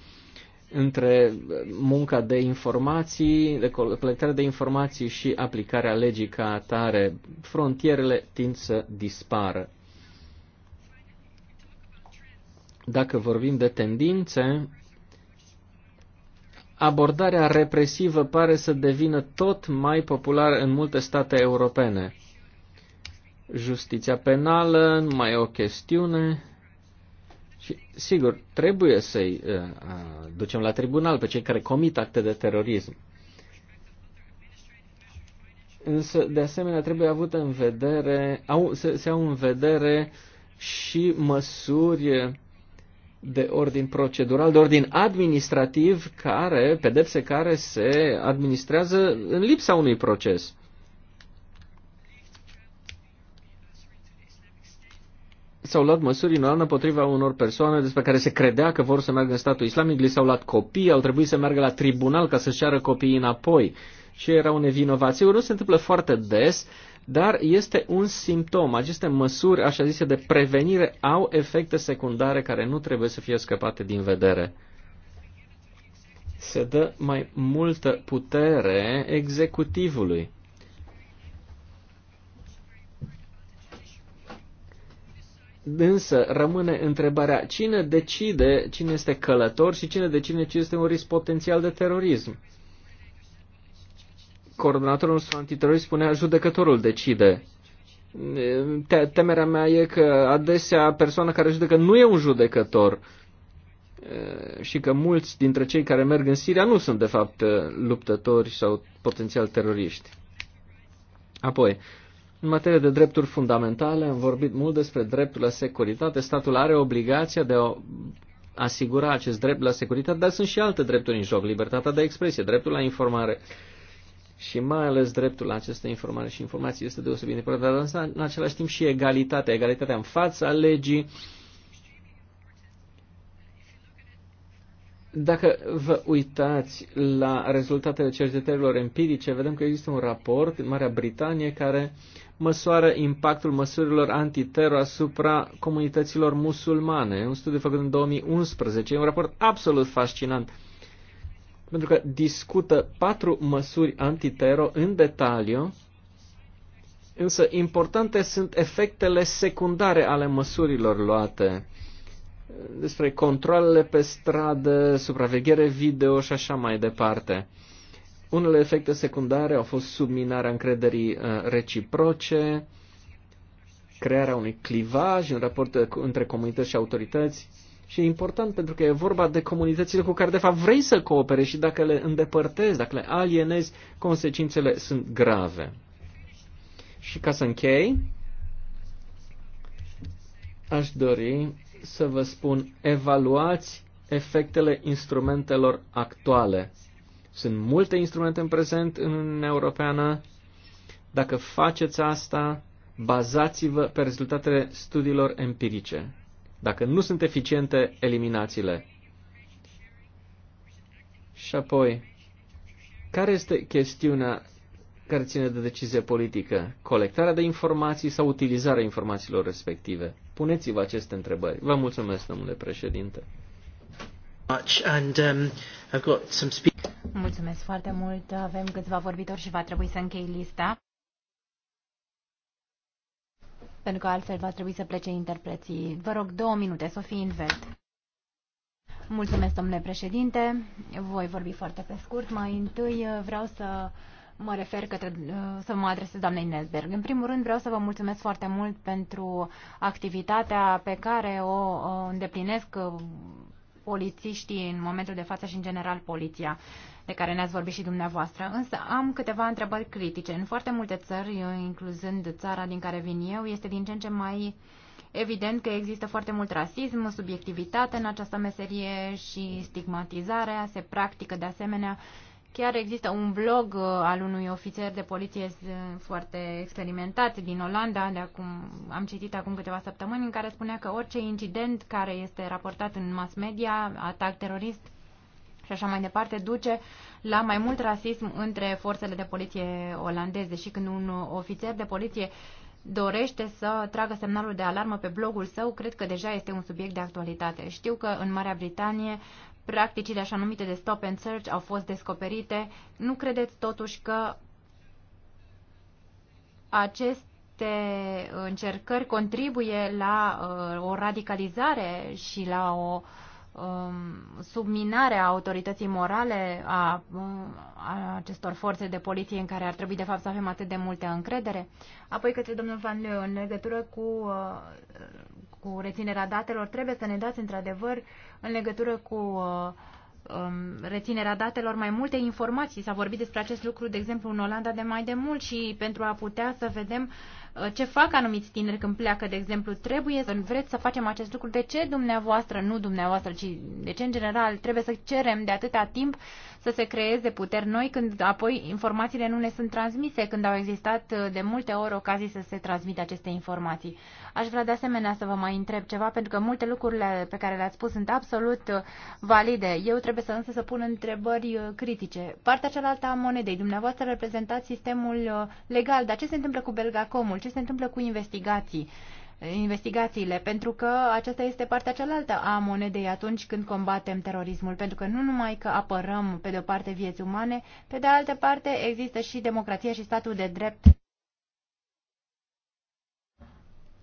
între munca de informații, de colectare de informații și aplicarea legii ca atare. Frontierele tind să dispară. Dacă vorbim de tendințe, abordarea represivă pare să devină tot mai populară în multe state europene. Justiția penală mai e o chestiune. Și, sigur, trebuie să-i uh, uh, ducem la tribunal pe cei care comit acte de terorism. Însă, de asemenea, trebuie avut în vedere, au, se, se au în vedere și măsuri de ordin procedural, de ordin administrativ, care, pedepse care se administrează în lipsa unui proces. s-au luat măsuri în potriva unor persoane despre care se credea că vor să meargă în statul islamic, li s-au luat copii, au trebuit să meargă la tribunal ca să-și ceară copiii înapoi și erau nevinovați. Eu nu se întâmplă foarte des, dar este un simptom. Aceste măsuri, așa zise, de prevenire au efecte secundare care nu trebuie să fie scăpate din vedere. Se dă mai multă putere executivului. Însă rămâne întrebarea cine decide cine este călător și cine decide cine este un risc potențial de terorism. Coordonatorul nostru antiterorist spunea judecătorul decide. Temerea mea e că adesea persoana care judecă nu e un judecător și că mulți dintre cei care merg în Siria nu sunt de fapt luptători sau potențial teroriști. Apoi, în materie de drepturi fundamentale, am vorbit mult despre dreptul la securitate. Statul are obligația de a asigura acest drept la securitate, dar sunt și alte drepturi în joc. Libertatea de expresie, dreptul la informare și mai ales dreptul la aceste informare și informații este deosebit de important, dar în același timp și egalitatea, egalitatea în fața legii. Dacă vă uitați la rezultatele cercetărilor empirice, vedem că există un raport în Marea Britanie care uh, măsoară impactul măsurilor antiteror asupra comunităților musulmane. Un studiu făcut în 2011. E un raport absolut fascinant pentru că discută patru măsuri antiteror în detaliu, însă importante sunt efectele secundare ale măsurilor luate despre controlele pe stradă, supraveghere video și așa mai departe. Unele efecte secundare au fost subminarea încrederii uh, reciproce, crearea unui clivaj în raport uh, între comunități și autorități. Și e important pentru că e vorba de comunitățile cu care de fapt vrei să coopere și dacă le îndepărtezi, dacă le alienezi, consecințele sunt grave. Și ca să închei, aș dori să vă spun, evaluați efectele instrumentelor actuale sunt multe instrumente în prezent în Uniunea Europeană. Dacă faceți asta, bazați-vă pe rezultatele studiilor empirice. Dacă nu sunt eficiente, eliminați-le. Și apoi, care este chestiunea care ține de decizie politică? Colectarea de informații sau utilizarea informațiilor respective? Puneți-vă aceste întrebări. Vă mulțumesc, domnule președinte. Um, Mulțumesc foarte mult. Avem câțiva vorbitori și va trebui să închei lista. Pentru că altfel va trebui să plece interpreții. Vă rog două minute, Sofie Invert. Mulțumesc, domnule președinte. Voi vorbi foarte pe scurt. Mai întâi vreau să mă refer către, să mă adresez doamnei Nesberg. În primul rând vreau să vă mulțumesc foarte mult pentru activitatea pe care o îndeplinesc polițiștii în momentul de față și, în general, poliția de care ne-ați vorbit și dumneavoastră. Însă am câteva întrebări critice. În foarte multe țări, incluzând țara din care vin eu, este din ce în ce mai evident că există foarte mult rasism, subiectivitate în această meserie și stigmatizarea se practică de asemenea Chiar există un vlog uh, al unui ofițer de poliție uh, foarte experimentat din Olanda, de acum, am citit acum câteva săptămâni, în care spunea că orice incident care este raportat în mass media, atac terorist și așa mai departe, duce la mai mult rasism între forțele de poliție olandeze. Și când un ofițer de poliție dorește să tragă semnalul de alarmă pe blogul său, cred că deja este un subiect de actualitate. Știu că în Marea Britanie practicile așa numite de stop and search au fost descoperite, nu credeți totuși că aceste încercări contribuie la uh, o radicalizare și la o um, subminare a autorității morale a, uh, a acestor forțe de poliție în care ar trebui de fapt să avem atât de multă încredere. Apoi către domnul Van Leu, în legătură cu uh, cu reținerea datelor, trebuie să ne dați într-adevăr în legătură cu uh, um, reținerea datelor mai multe informații. S-a vorbit despre acest lucru, de exemplu, în Olanda de mai de mult și pentru a putea să vedem uh, ce fac anumiți tineri când pleacă, de exemplu, trebuie să vreți să facem acest lucru. De ce dumneavoastră, nu dumneavoastră, ci de ce în general trebuie să cerem de atâta timp uh, să se creeze puteri noi când apoi informațiile nu ne sunt transmise, când au existat uh, de multe ori ocazii să se transmită aceste informații. Aș vrea de asemenea să vă mai întreb ceva, pentru că multe lucruri pe care le-ați spus sunt absolut uh, valide. Eu trebuie să însă să pun întrebări uh, critice. Partea cealaltă a monedei, dumneavoastră reprezentați sistemul legal, dar ce se întâmplă cu Belgacomul, ce se întâmplă cu investigații? investigațiile, pentru că aceasta este partea cealaltă a monedei atunci când combatem terorismul, pentru că nu numai că apărăm pe de o parte vieți umane, pe de altă parte există și democrația și statul de drept.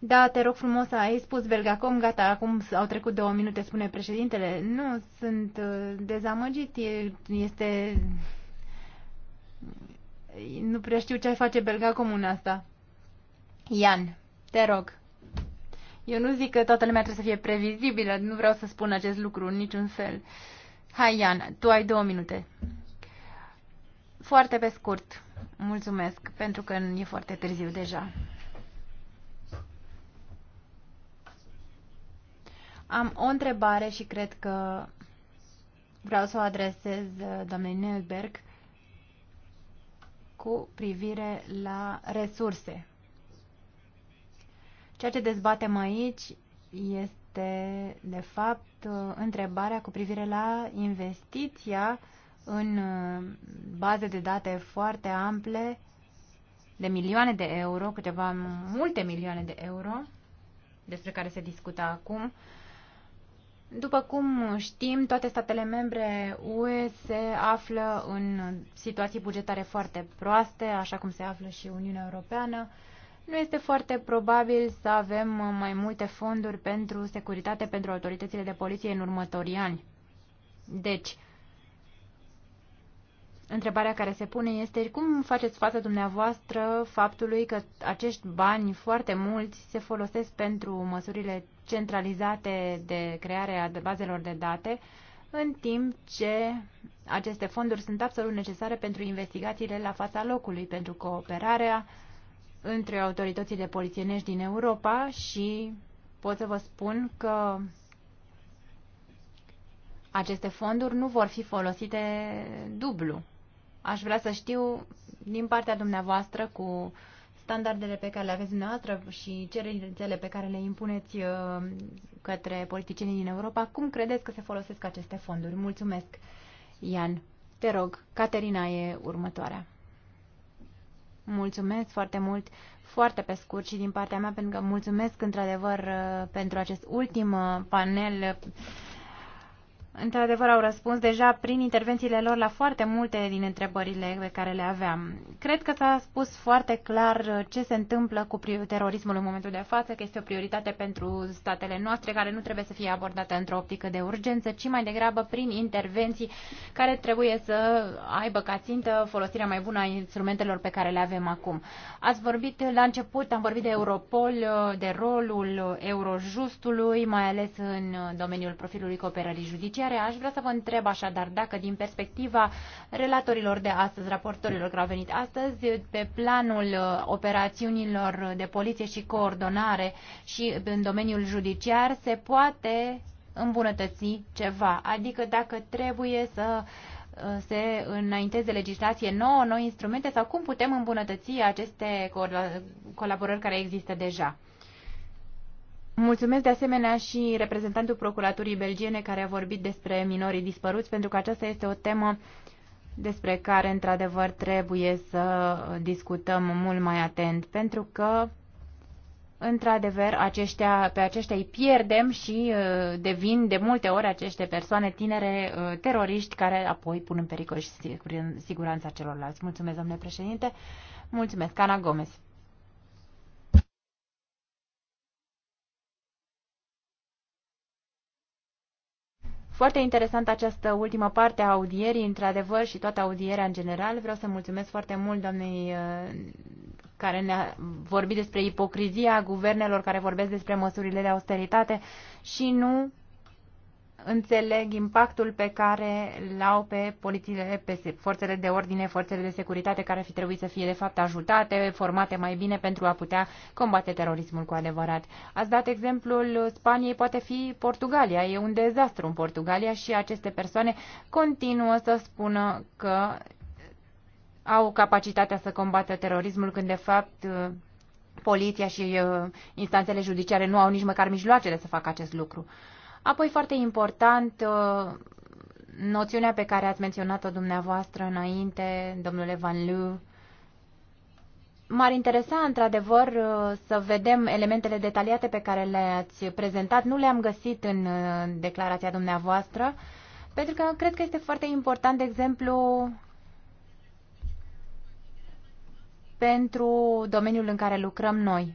Da, te rog frumos, ai spus Belgacom, gata, acum au trecut două minute, spune președintele. Nu, sunt uh, dezamăgit, este... Nu prea știu ce face Belgacom în asta. Ian, te rog. Eu nu zic că toată lumea trebuie să fie previzibilă, nu vreau să spun acest lucru în niciun fel. Hai, Ian, tu ai două minute. Foarte pe scurt. Mulțumesc, pentru că e foarte târziu deja. Am o întrebare și cred că vreau să o adresez uh, doamnei Neuberg cu privire la resurse. Ceea ce dezbatem aici este, de fapt, întrebarea cu privire la investiția în uh, baze de date foarte ample de milioane de euro, câteva multe milioane de euro, despre care se discută acum. După cum știm, toate statele membre UE se află în situații bugetare foarte proaste, așa cum se află și Uniunea Europeană nu este foarte probabil să avem mai multe fonduri pentru securitate pentru autoritățile de poliție în următorii ani. Deci, întrebarea care se pune este cum faceți față dumneavoastră faptului că acești bani foarte mulți se folosesc pentru măsurile centralizate de creare a bazelor de date, în timp ce aceste fonduri sunt absolut necesare pentru investigațiile la fața locului, pentru cooperarea între autoritățile polițienești din Europa și pot să vă spun că aceste fonduri nu vor fi folosite dublu. Aș vrea să știu din partea dumneavoastră cu standardele pe care le aveți dumneavoastră și cerințele pe care le impuneți uh, către politicienii din Europa, cum credeți că se folosesc aceste fonduri? Mulțumesc, Ian. Te rog, Caterina e următoarea. Mulțumesc foarte mult, foarte pe scurt și din partea mea, pentru că mulțumesc într-adevăr uh, pentru acest ultim uh, panel într-adevăr au răspuns deja prin intervențiile lor la foarte multe din întrebările pe care le aveam. Cred că s-a spus foarte clar ce se întâmplă cu terorismul în momentul de față, că este o prioritate pentru statele noastre, care nu trebuie să fie abordată într-o optică de urgență, ci mai degrabă prin intervenții care trebuie să aibă ca țintă folosirea mai bună a instrumentelor pe care le avem acum. Ați vorbit la început, am vorbit de Europol, de rolul Eurojustului, mai ales în domeniul profilului cooperării judiciare, financiare. Aș vrea să vă întreb așadar dacă din perspectiva relatorilor de astăzi, raportorilor care au venit astăzi, pe planul uh, operațiunilor de poliție și coordonare și în domeniul judiciar se poate îmbunătăți ceva. Adică dacă trebuie să uh, se înainteze legislație nouă, noi instrumente sau cum putem îmbunătăți aceste colaborări care există deja. Mulțumesc de asemenea și reprezentantul Procuraturii Belgiene care a vorbit despre minorii dispăruți, pentru că aceasta este o temă despre care, într-adevăr, trebuie să discutăm mult mai atent, pentru că, într-adevăr, aceștia, pe aceștia îi pierdem și uh, devin de multe ori aceste persoane tinere uh, teroriști care apoi pun în pericol și siguranța celorlalți. Mulțumesc, domnule președinte. Mulțumesc, Ana Gomez. Foarte interesant această ultimă parte a audierii, într-adevăr, și toată audierea în general. Vreau să mulțumesc foarte mult doamnei uh, care ne-a vorbit despre ipocrizia guvernelor care vorbesc despre măsurile de austeritate și nu înțeleg impactul pe care l-au pe polițiile, pe forțele de ordine, forțele de securitate care fi trebuit să fie de fapt ajutate, formate mai bine pentru a putea combate terorismul cu adevărat. Ați dat exemplul Spaniei, poate fi Portugalia. E un dezastru în Portugalia și aceste persoane continuă să spună că au capacitatea să combată terorismul când de fapt poliția și uh, instanțele judiciare nu au nici măcar mijloacele să facă acest lucru. Apoi, foarte important, uh, noțiunea pe care ați menționat-o dumneavoastră înainte, domnule Van Lu, M-ar interesa, într-adevăr, uh, să vedem elementele detaliate pe care le-ați prezentat. Nu le-am găsit în uh, declarația dumneavoastră, pentru că cred că este foarte important, de exemplu, pentru domeniul în care lucrăm noi.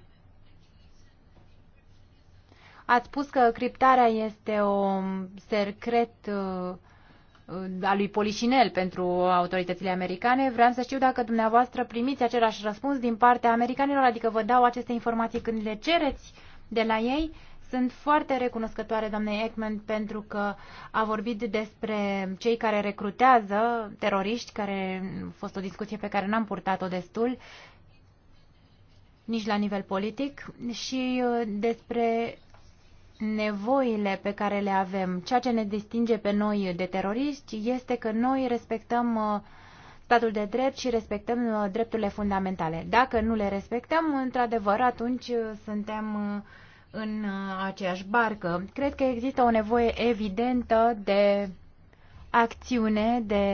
Ați spus că criptarea este un secret uh, a lui Polișinel pentru autoritățile americane. Vreau să știu dacă dumneavoastră primiți același răspuns din partea americanilor, adică vă dau aceste informații când le cereți de la ei. Sunt foarte recunoscătoare doamnei Ekman pentru că a vorbit despre cei care recrutează teroriști, care a fost o discuție pe care n-am purtat-o destul, nici la nivel politic, și uh, despre nevoile pe care le avem. Ceea ce ne distinge pe noi de teroriști este că noi respectăm uh, statul de drept și respectăm uh, drepturile fundamentale. Dacă nu le respectăm, într-adevăr, atunci uh, suntem în aceeași barcă. Cred că există o nevoie evidentă de acțiune, de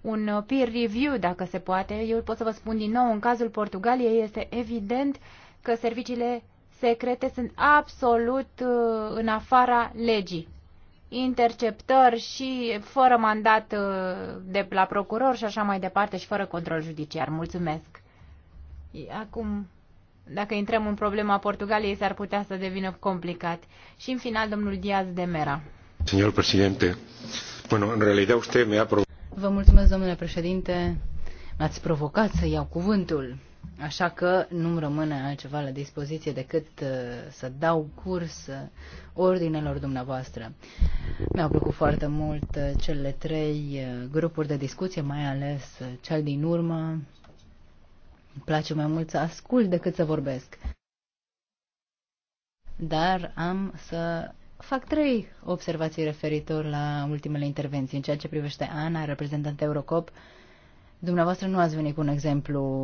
un peer review, dacă se poate. Eu pot să vă spun din nou, în cazul Portugaliei este evident că serviciile secrete sunt absolut uh, în afara legii. Interceptări și fără mandat uh, de la procuror și așa mai departe și fără control judiciar. Mulțumesc. Acum, dacă intrăm în problema Portugaliei, s-ar putea să devină complicat. Și în final, domnul Diaz de Mera. Señor presidente, bueno, en realidad usted me ha Vă mulțumesc, domnule președinte. M-ați provocat să iau cuvântul. Așa că nu-mi rămâne altceva la dispoziție decât uh, să dau curs uh, ordinelor dumneavoastră. Mi-au plăcut foarte mult uh, cele trei grupuri de discuție, mai ales cel din urmă. Îmi place mai mult să ascult decât să vorbesc. Dar am să fac trei observații referitor la ultimele intervenții. În ceea ce privește Ana, reprezentant Eurocop, uh, Dumneavoastră nu ați venit cu un exemplu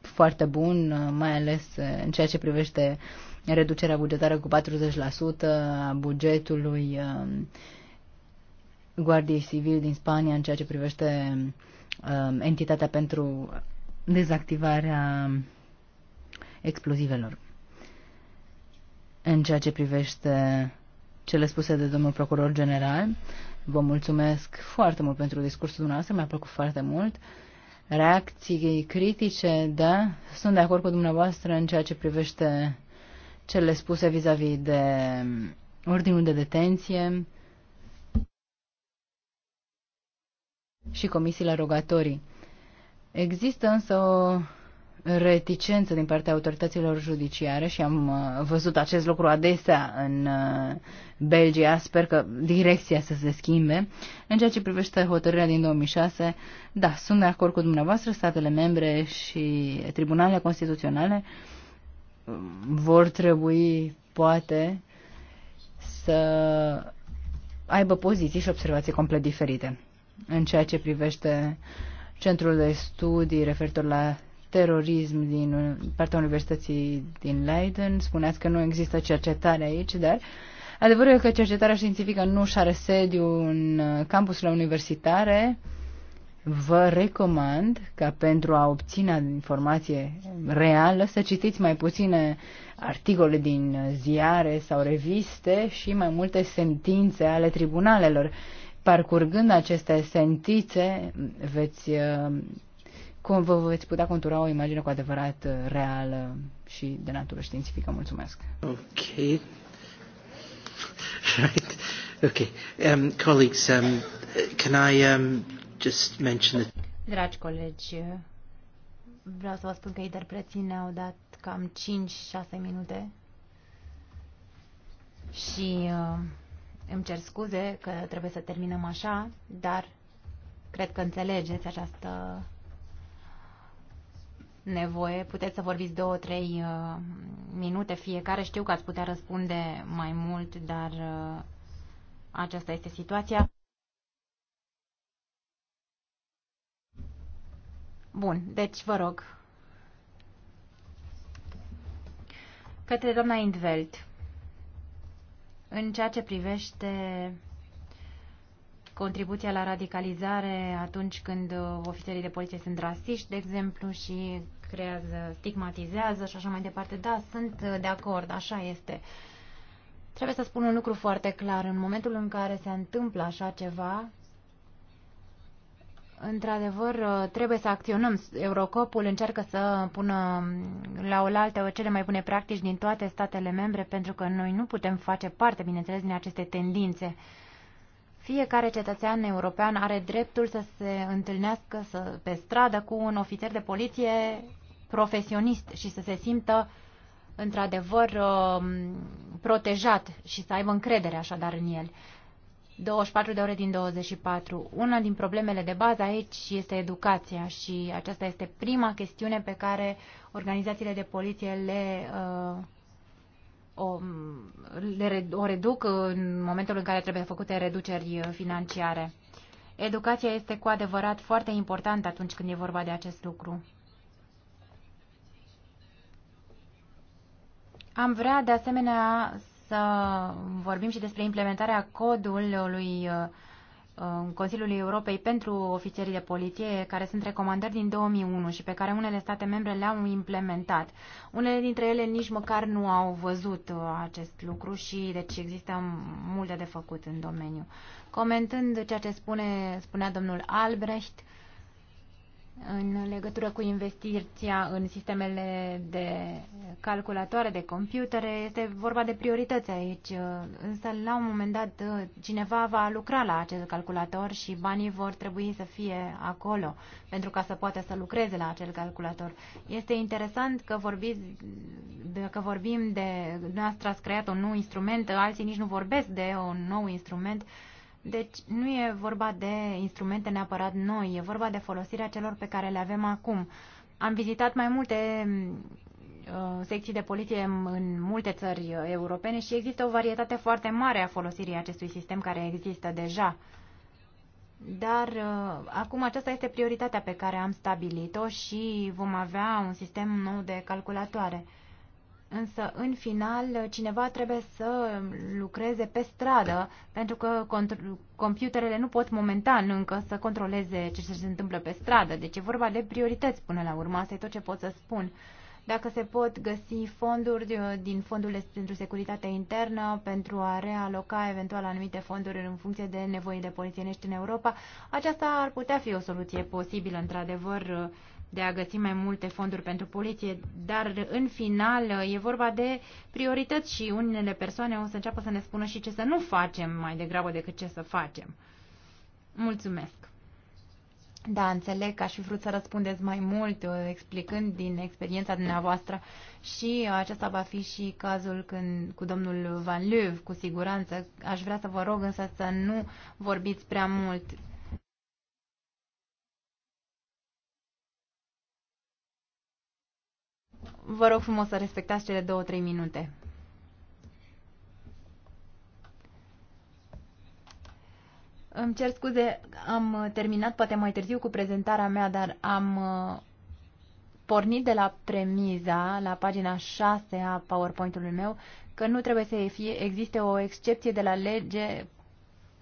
foarte bun, mai ales în ceea ce privește reducerea bugetară cu 40% a bugetului um, Guardiei Civil din Spania în ceea ce privește um, entitatea pentru dezactivarea explozivelor. În ceea ce privește cele spuse de domnul procuror general, Vă mulțumesc foarte mult pentru discursul dumneavoastră, mi-a plăcut foarte mult. Reacții critice, da, sunt de acord cu dumneavoastră în ceea ce privește cele spuse vis-a-vis -vis de ordinul de detenție și comisiile rogatorii. Există însă o reticență din partea autorităților judiciare și am uh, văzut acest lucru adesea în uh, Belgia. Sper că direcția să se schimbe. În ceea ce privește hotărârea din 2006, da, sunt de acord cu dumneavoastră, statele membre și tribunalele constituționale um, vor trebui, poate, să aibă poziții și observații complet diferite în ceea ce privește centrul de studii referitor la terorism din partea Universității din Leiden. Spuneați că nu există cercetare aici, dar adevărul e că cercetarea științifică nu și are sediu în uh, campusurile universitare. Vă recomand ca pentru a obține informație reală să citiți mai puține articole din ziare sau reviste și mai multe sentințe ale tribunalelor. Parcurgând aceste sentințe, veți uh, cum vă veți putea contura o imagine cu adevărat uh, reală și de natură științifică. Mulțumesc. Ok. Right. Ok. Um, colleagues, um, can I um, just mention that... Dragi colegi, vreau să vă spun că interpreții ne-au dat cam 5-6 minute și uh, îmi cer scuze că trebuie să terminăm așa, dar cred că înțelegeți această nevoie. Puteți să vorbiți două, trei uh, minute fiecare. Știu că ați putea răspunde mai mult, dar uh, aceasta este situația. Bun, deci vă rog. Către doamna Indveld, în ceea ce privește contribuția la radicalizare atunci când uh, ofițerii de poliție sunt rasiști, de exemplu, și creează, stigmatizează și așa mai departe. Da, sunt uh, de acord, așa este. Trebuie să spun un lucru foarte clar. În momentul în care se întâmplă așa ceva, Într-adevăr, uh, trebuie să acționăm. Eurocopul încearcă să pună mm, la oaltă cele mai bune practici din toate statele membre, pentru că noi nu putem face parte, bineînțeles, din aceste tendințe. Fiecare cetățean european are dreptul să se întâlnească să, pe stradă cu un ofițer de poliție profesionist și să se simtă într-adevăr um, protejat și să aibă încredere așadar în el. 24 de ore din 24. Una din problemele de bază aici este educația și aceasta este prima chestiune pe care organizațiile de poliție le uh, o, le, o reduc în momentul în care trebuie făcute reduceri financiare. Educația este cu adevărat foarte importantă atunci când e vorba de acest lucru. Am vrea de asemenea să vorbim și despre implementarea codului uh, Consiliului Europei pentru ofițerii de poliție, care sunt recomandări din 2001 și pe care unele state membre le-au implementat. Unele dintre ele nici măcar nu au văzut uh, acest lucru și deci există multe de făcut în domeniu. Comentând ceea ce spune, spunea domnul Albrecht, uh, în legătură cu investiția în sistemele de calculatoare, de computere. Este vorba de priorități aici, însă la un moment dat cineva va lucra la acest calculator și banii vor trebui să fie acolo pentru ca să poată să lucreze la acel calculator. Este interesant că vorbiți, dacă vorbim de, Noastră ați creat un nou instrument, alții nici nu vorbesc de un nou instrument, uh, deci nu e vorba de instrumente neapărat noi, e vorba de folosirea celor pe care le avem acum. Am vizitat mai multe uh, secții de poliție în multe țări uh, europene și există o varietate foarte mare a folosirii acestui sistem care există deja. Dar uh, acum aceasta este prioritatea pe care am stabilit-o și vom avea un sistem nou de calculatoare. Însă, în final, cineva trebuie să lucreze pe stradă, pentru că computerele nu pot momentan încă să controleze ce se întâmplă pe stradă. Deci e vorba de priorități până la urmă, asta e tot ce pot să spun. Dacă se pot găsi fonduri uh, din fondurile pentru securitate internă pentru a realoca eventual anumite fonduri în funcție de nevoile polițienești în Europa, aceasta ar putea fi o soluție posibilă, într-adevăr, uh, de a găsi mai multe fonduri pentru poliție, dar în final e vorba de priorități și unele persoane o să înceapă să ne spună și ce să nu facem mai degrabă decât ce să facem. Mulțumesc! Da, înțeleg că aș fi vrut să răspundeți mai mult, uh, explicând din experiența dumneavoastră și acesta va fi și cazul când, cu domnul Van Leeuw, cu siguranță. Aș vrea să vă rog însă să nu vorbiți prea mult Vă rog frumos să respectați cele două-trei minute. Îmi cer scuze, am terminat poate mai târziu cu prezentarea mea, dar am uh, pornit de la premiza, la pagina 6 a PowerPoint-ului meu, că nu trebuie să fie, existe o excepție de la lege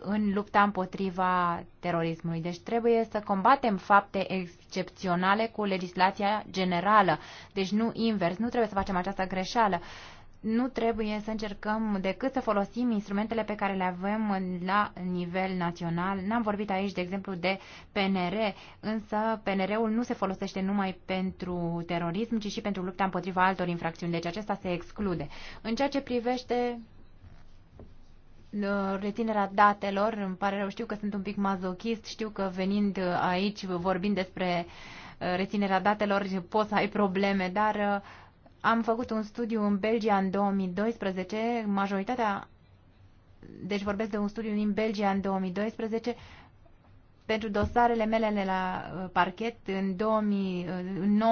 în lupta împotriva terorismului. Deci trebuie să combatem fapte excepționale cu legislația generală. Deci nu invers, nu trebuie să facem această greșeală. Nu trebuie să încercăm decât să folosim instrumentele pe care le avem la nivel național. N-am vorbit aici, de exemplu, de PNR, însă PNR-ul nu se folosește numai pentru terorism, ci și pentru lupta împotriva altor infracțiuni. Deci acesta se exclude. În ceea ce privește reținerea datelor. Îmi pare rău, știu că sunt un pic mazochist, știu că venind uh, aici, vorbind despre uh, reținerea datelor, poți să ai probleme, dar uh, am făcut un studiu în Belgia în 2012, majoritatea, deci vorbesc de un studiu din Belgia în 2012, pentru dosarele mele la parchet, în, 2000, în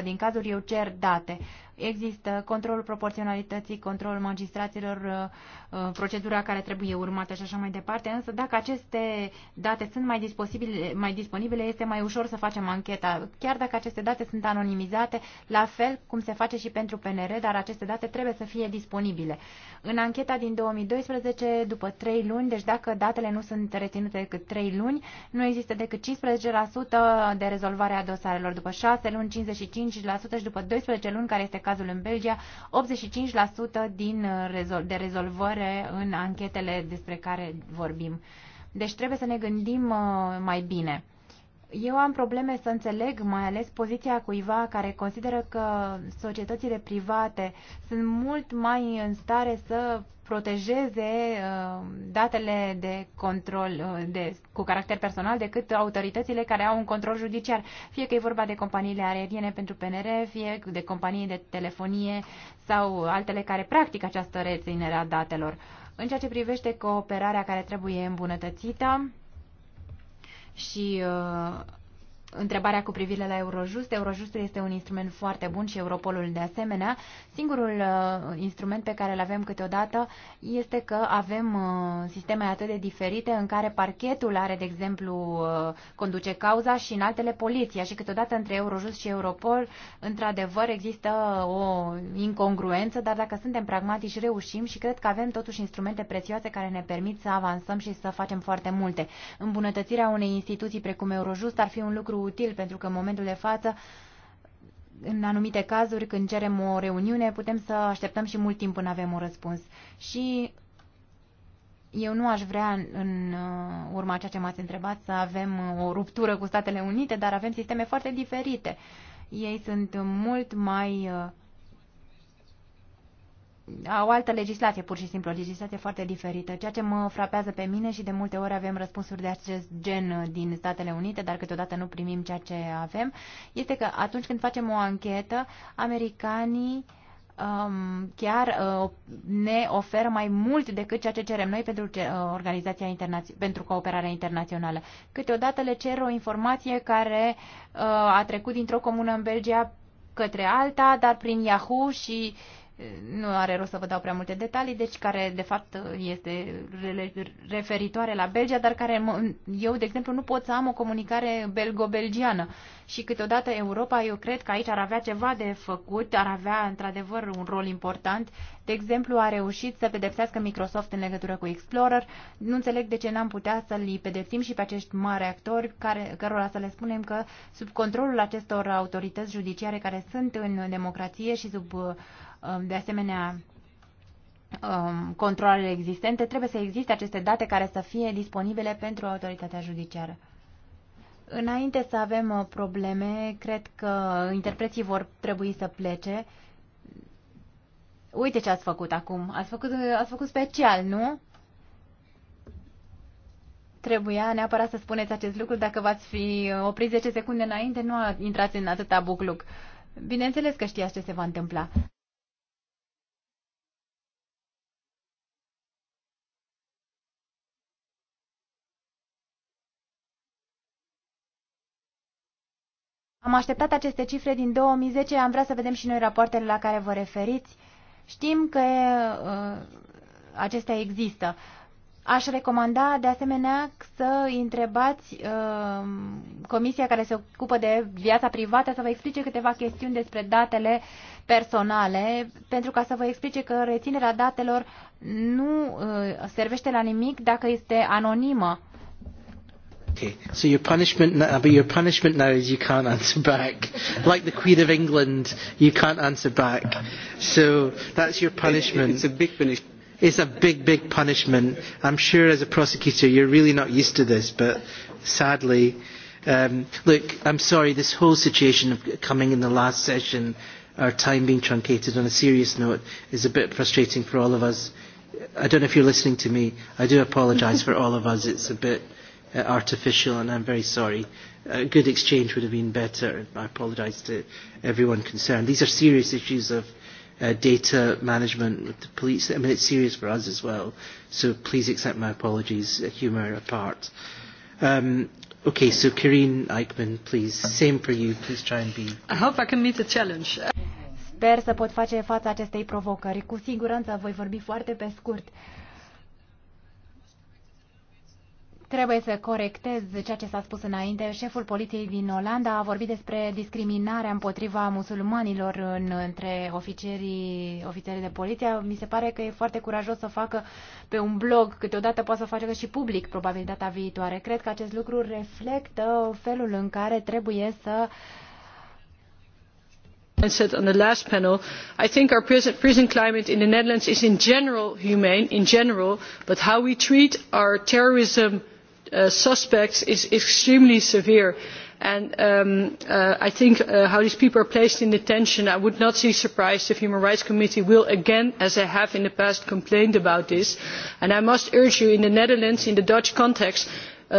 95% din cazuri eu cer date. Există controlul proporționalității, controlul magistraților, uh, uh, procedura care trebuie urmată și așa mai departe, însă dacă aceste date sunt mai disponibile, mai disponibile, este mai ușor să facem ancheta. Chiar dacă aceste date sunt anonimizate, la fel cum se face și pentru PNR, dar aceste date trebuie să fie disponibile. În ancheta din 2012, după 3 luni, deci dacă datele nu sunt reținute decât 3 luni, nu există decât 15% de rezolvare a dosarelor. După 6 luni, 55% și după 12 luni, care este cazul în Belgia, 85% din uh, rezol- de rezolvare în anchetele despre care vorbim. Deci trebuie să ne gândim uh, mai bine. Eu am probleme să înțeleg mai ales poziția cuiva care consideră că societățile private sunt mult mai în stare să protejeze uh, datele de control uh, de, cu caracter personal decât autoritățile care au un control judiciar. Fie că e vorba de companiile aeriene pentru PNR, fie de companii de telefonie sau altele care practică această reținere a datelor. În ceea ce privește cooperarea care trebuie îmbunătățită, și uh, întrebarea cu privire la Eurojust. Eurojust este un instrument foarte bun și Europolul de asemenea. Singurul uh, instrument pe care îl avem câteodată este că avem uh, sisteme atât de diferite în care parchetul are, de exemplu, uh, conduce cauza și în altele poliția și câteodată între Eurojust și Europol, într-adevăr, există o incongruență, dar dacă suntem pragmatici, reușim și cred că avem totuși instrumente prețioase care ne permit să avansăm și să facem foarte multe. Îmbunătățirea unei instituții precum Eurojust ar fi un lucru lucru util, pentru că în momentul de față, în anumite cazuri, când cerem o reuniune, putem să așteptăm și mult timp până avem un răspuns. Și eu nu aș vrea, în uh, urma ceea ce m-ați întrebat, să avem uh, o ruptură cu Statele Unite, dar avem sisteme foarte diferite. Ei sunt mult mai uh, au altă legislație, pur și simplu, o legislație foarte diferită, ceea ce mă frapează pe mine și de multe ori avem răspunsuri de acest gen din Statele Unite, dar câteodată nu primim ceea ce avem, este că atunci când facem o anchetă, americanii um, chiar uh, ne oferă mai mult decât ceea ce cerem noi pentru ce, uh, organizația internaț- pentru cooperarea internațională. Câteodată le cer o informație care uh, a trecut dintr-o comună în Belgia către alta, dar prin Yahoo și uh, nu are rost să vă dau prea multe detalii, deci care de fapt este referitoare la Belgia, dar care eu, de exemplu, nu pot să am o comunicare belgo-belgiană. Și câteodată Europa, eu cred că aici ar avea ceva de făcut, ar avea într-adevăr un rol important. De exemplu, a reușit să pedepsească Microsoft în legătură cu Explorer. Nu înțeleg de ce n-am putea să-l pedepsim și pe acești mari actori, care, cărora să le spunem că sub controlul acestor autorități judiciare care sunt în democrație și sub uh, Um, de asemenea um, controlele existente, trebuie să existe aceste date care să fie disponibile pentru autoritatea judiciară. Înainte să avem uh, probleme, cred că interpreții vor trebui să plece. Uite ce ați făcut acum. Ați făcut, uh, ați făcut special, nu? Trebuia neapărat să spuneți acest lucru. Dacă v-ați fi uh, oprit 10 secunde înainte, nu intrați în atâta bucluc. Bineînțeles că știați ce se va întâmpla. Am așteptat aceste cifre din 2010, am vrea să vedem și noi rapoartele la care vă referiți. Știm că uh, acestea există. Aș recomanda, de asemenea, să întrebați uh, comisia care se ocupă de viața privată să vă explice câteva chestiuni despre datele personale, pentru ca să vă explice că reținerea datelor nu uh, servește la nimic dacă este anonimă. Okay. So your punishment, now, but your punishment now is you can't answer back. Like the Queen of England, you can't answer back. So that's your punishment. It's a big punishment. It's a big, big punishment. I'm sure as a prosecutor, you're really not used to this, but sadly, um, look, I'm sorry. This whole situation of coming in the last session, our time being truncated on a serious note, is a bit frustrating for all of us. I don't know if you're listening to me. I do apologise for all of us. It's a bit uh, artificial, and I'm very sorry. A good exchange would have been better. I apologise to everyone concerned. These are serious issues of uh, data management with the police. I mean, it's serious for us as well, so please accept my apologies, uh, humour apart. Um, okay, so Karine Eichmann, please. Same for you. Please try and be... I hope I can meet the challenge. Sper să pot face fața acestei provocări. Cu siguranță voi vorbi foarte pe scurt. Trebuie să corectez ceea ce s-a spus înainte. Șeful poliției din Olanda a vorbit despre discriminarea împotriva musulmanilor în, între oficierii, ofițerii de poliție. Mi se pare că e foarte curajos să facă pe un blog, câteodată poate să facă și public probabil data viitoare. Cred că acest lucru reflectă felul în care trebuie să said on the last panel i think our prison climate in the netherlands is in general humane in general but how we treat our terrorism Uh, suspects is extremely severe and um, uh, i think given uh, how these people are placed in detention i would not be surprised if the human rights committee will again as they have in the past complain about this i must urge you in the netherlands in the dutch context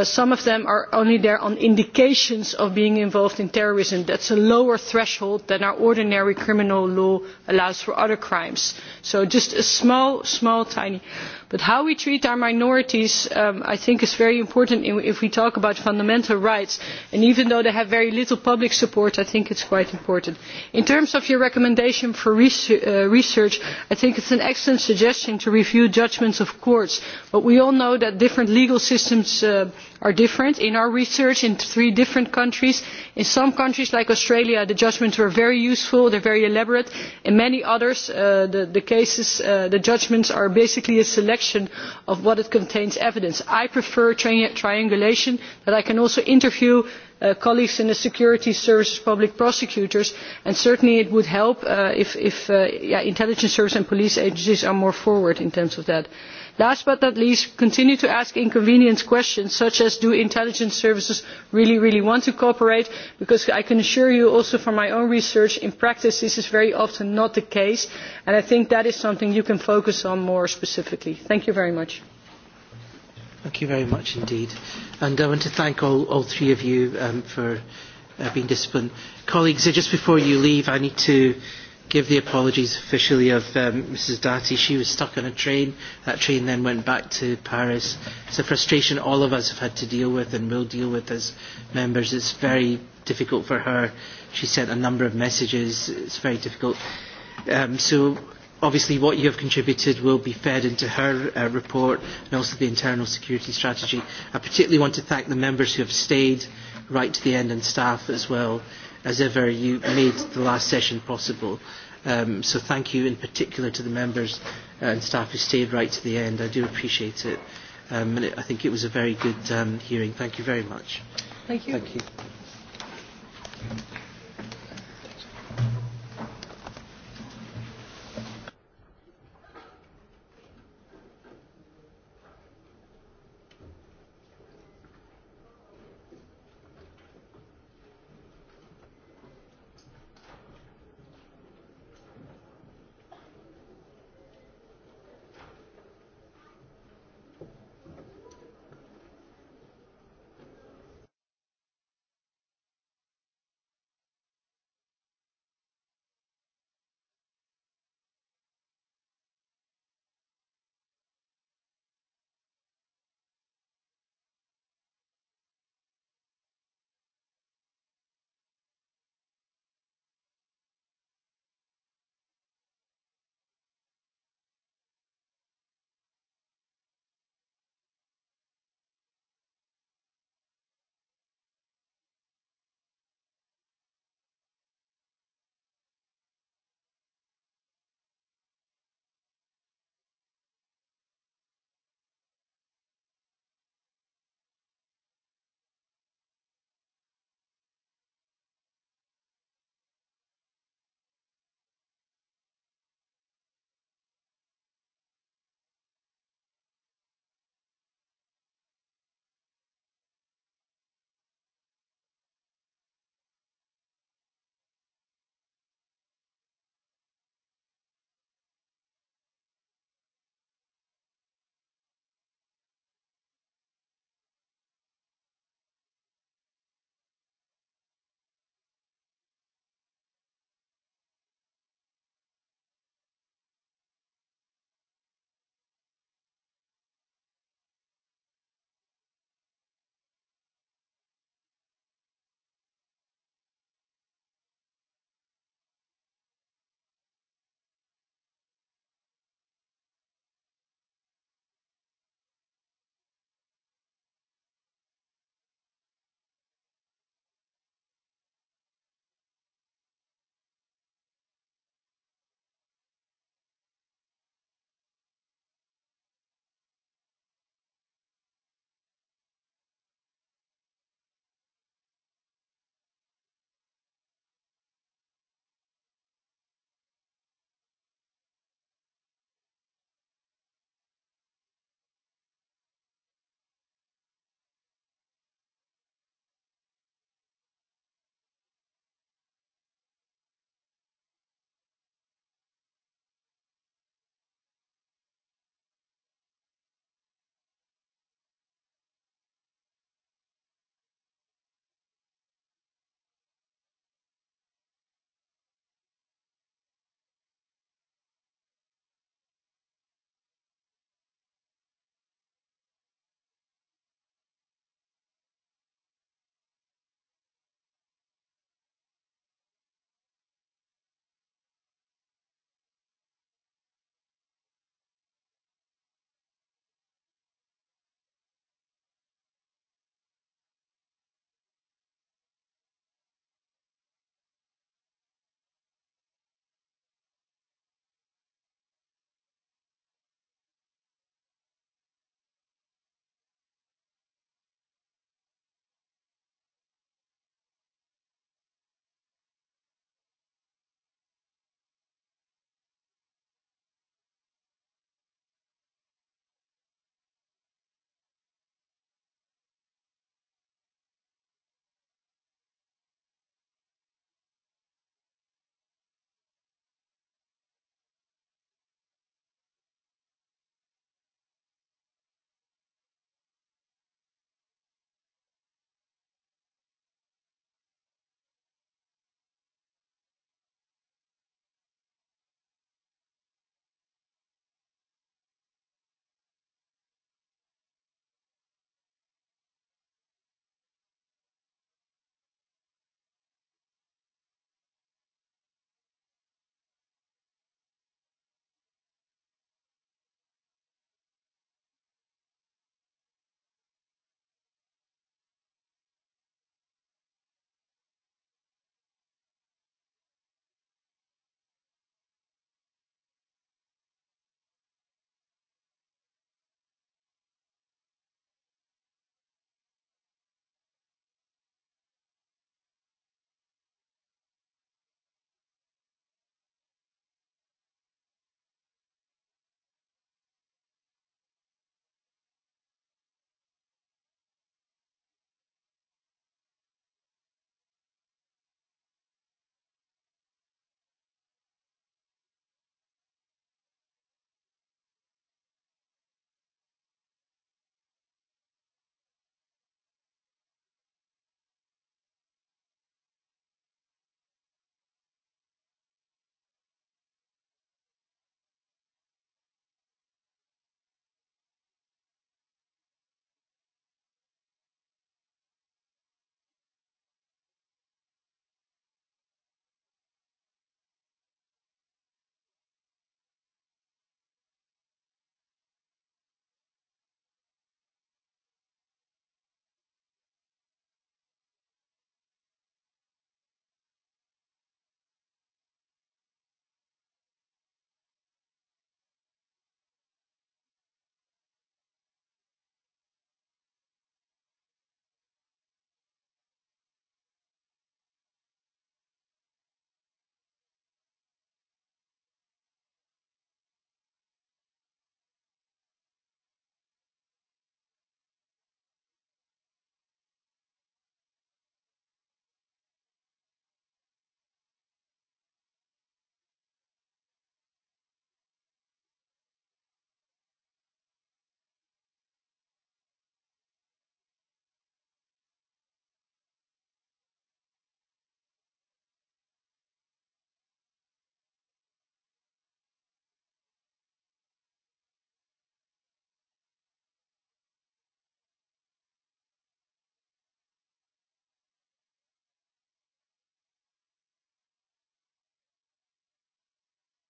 some of them are only there on indications of being involved in terrorism that is a lower threshold than our ordinary criminal law allows for other crimes so just a small tiny thing but how we treat our minorities um, i think is very important if we talk about fundamental rights and even though they have very little public support i think it is quite important. in terms of your recommendation for uh, research i think it is an excellent suggestion to review judgments of courts but we all know that different legal systems uh, are different. in our research in three different countries in some countries like australia the judgments were very useful they are very elaborate. in many others uh, the, cases, uh, the judgments are basically a selection of what it contains evidence. i prefer triangulation but i can also interview uh, colleagues in the security services public prosecutors and certainly it would help if, intelligence services and police agencies are more forward in terms of that last but not least continue to ask inconvenient questions such as do intelligence services really, really want to cooperate because i can assure you also from my own research in practice this is very often not the case and i think that is something you can focus on more specifically. thank you very much. Thank you very much indeed. And I want to thank all, all three of you um, for uh, being disciplined. Colleagues, just before you leave, I need to give the apologies officially of um, Mrs. Dati. She was stuck on a train. That train then went back to Paris. It's a frustration all of us have had to deal with and will deal with as members. It's very difficult for her. She sent a number of messages. It's very difficult. Um, so obviously what you have contributed will be fed into her uh, report and also the internal security strategy. I particularly want to thank the members who have stayed right to the end and staff as well as ever, you made the last session possible. Um, so thank you in particular to the members and staff who stayed right to the end. I do appreciate it. Um, and it, I think it was a very good um, hearing. Thank you very much. Thank you. Thank you.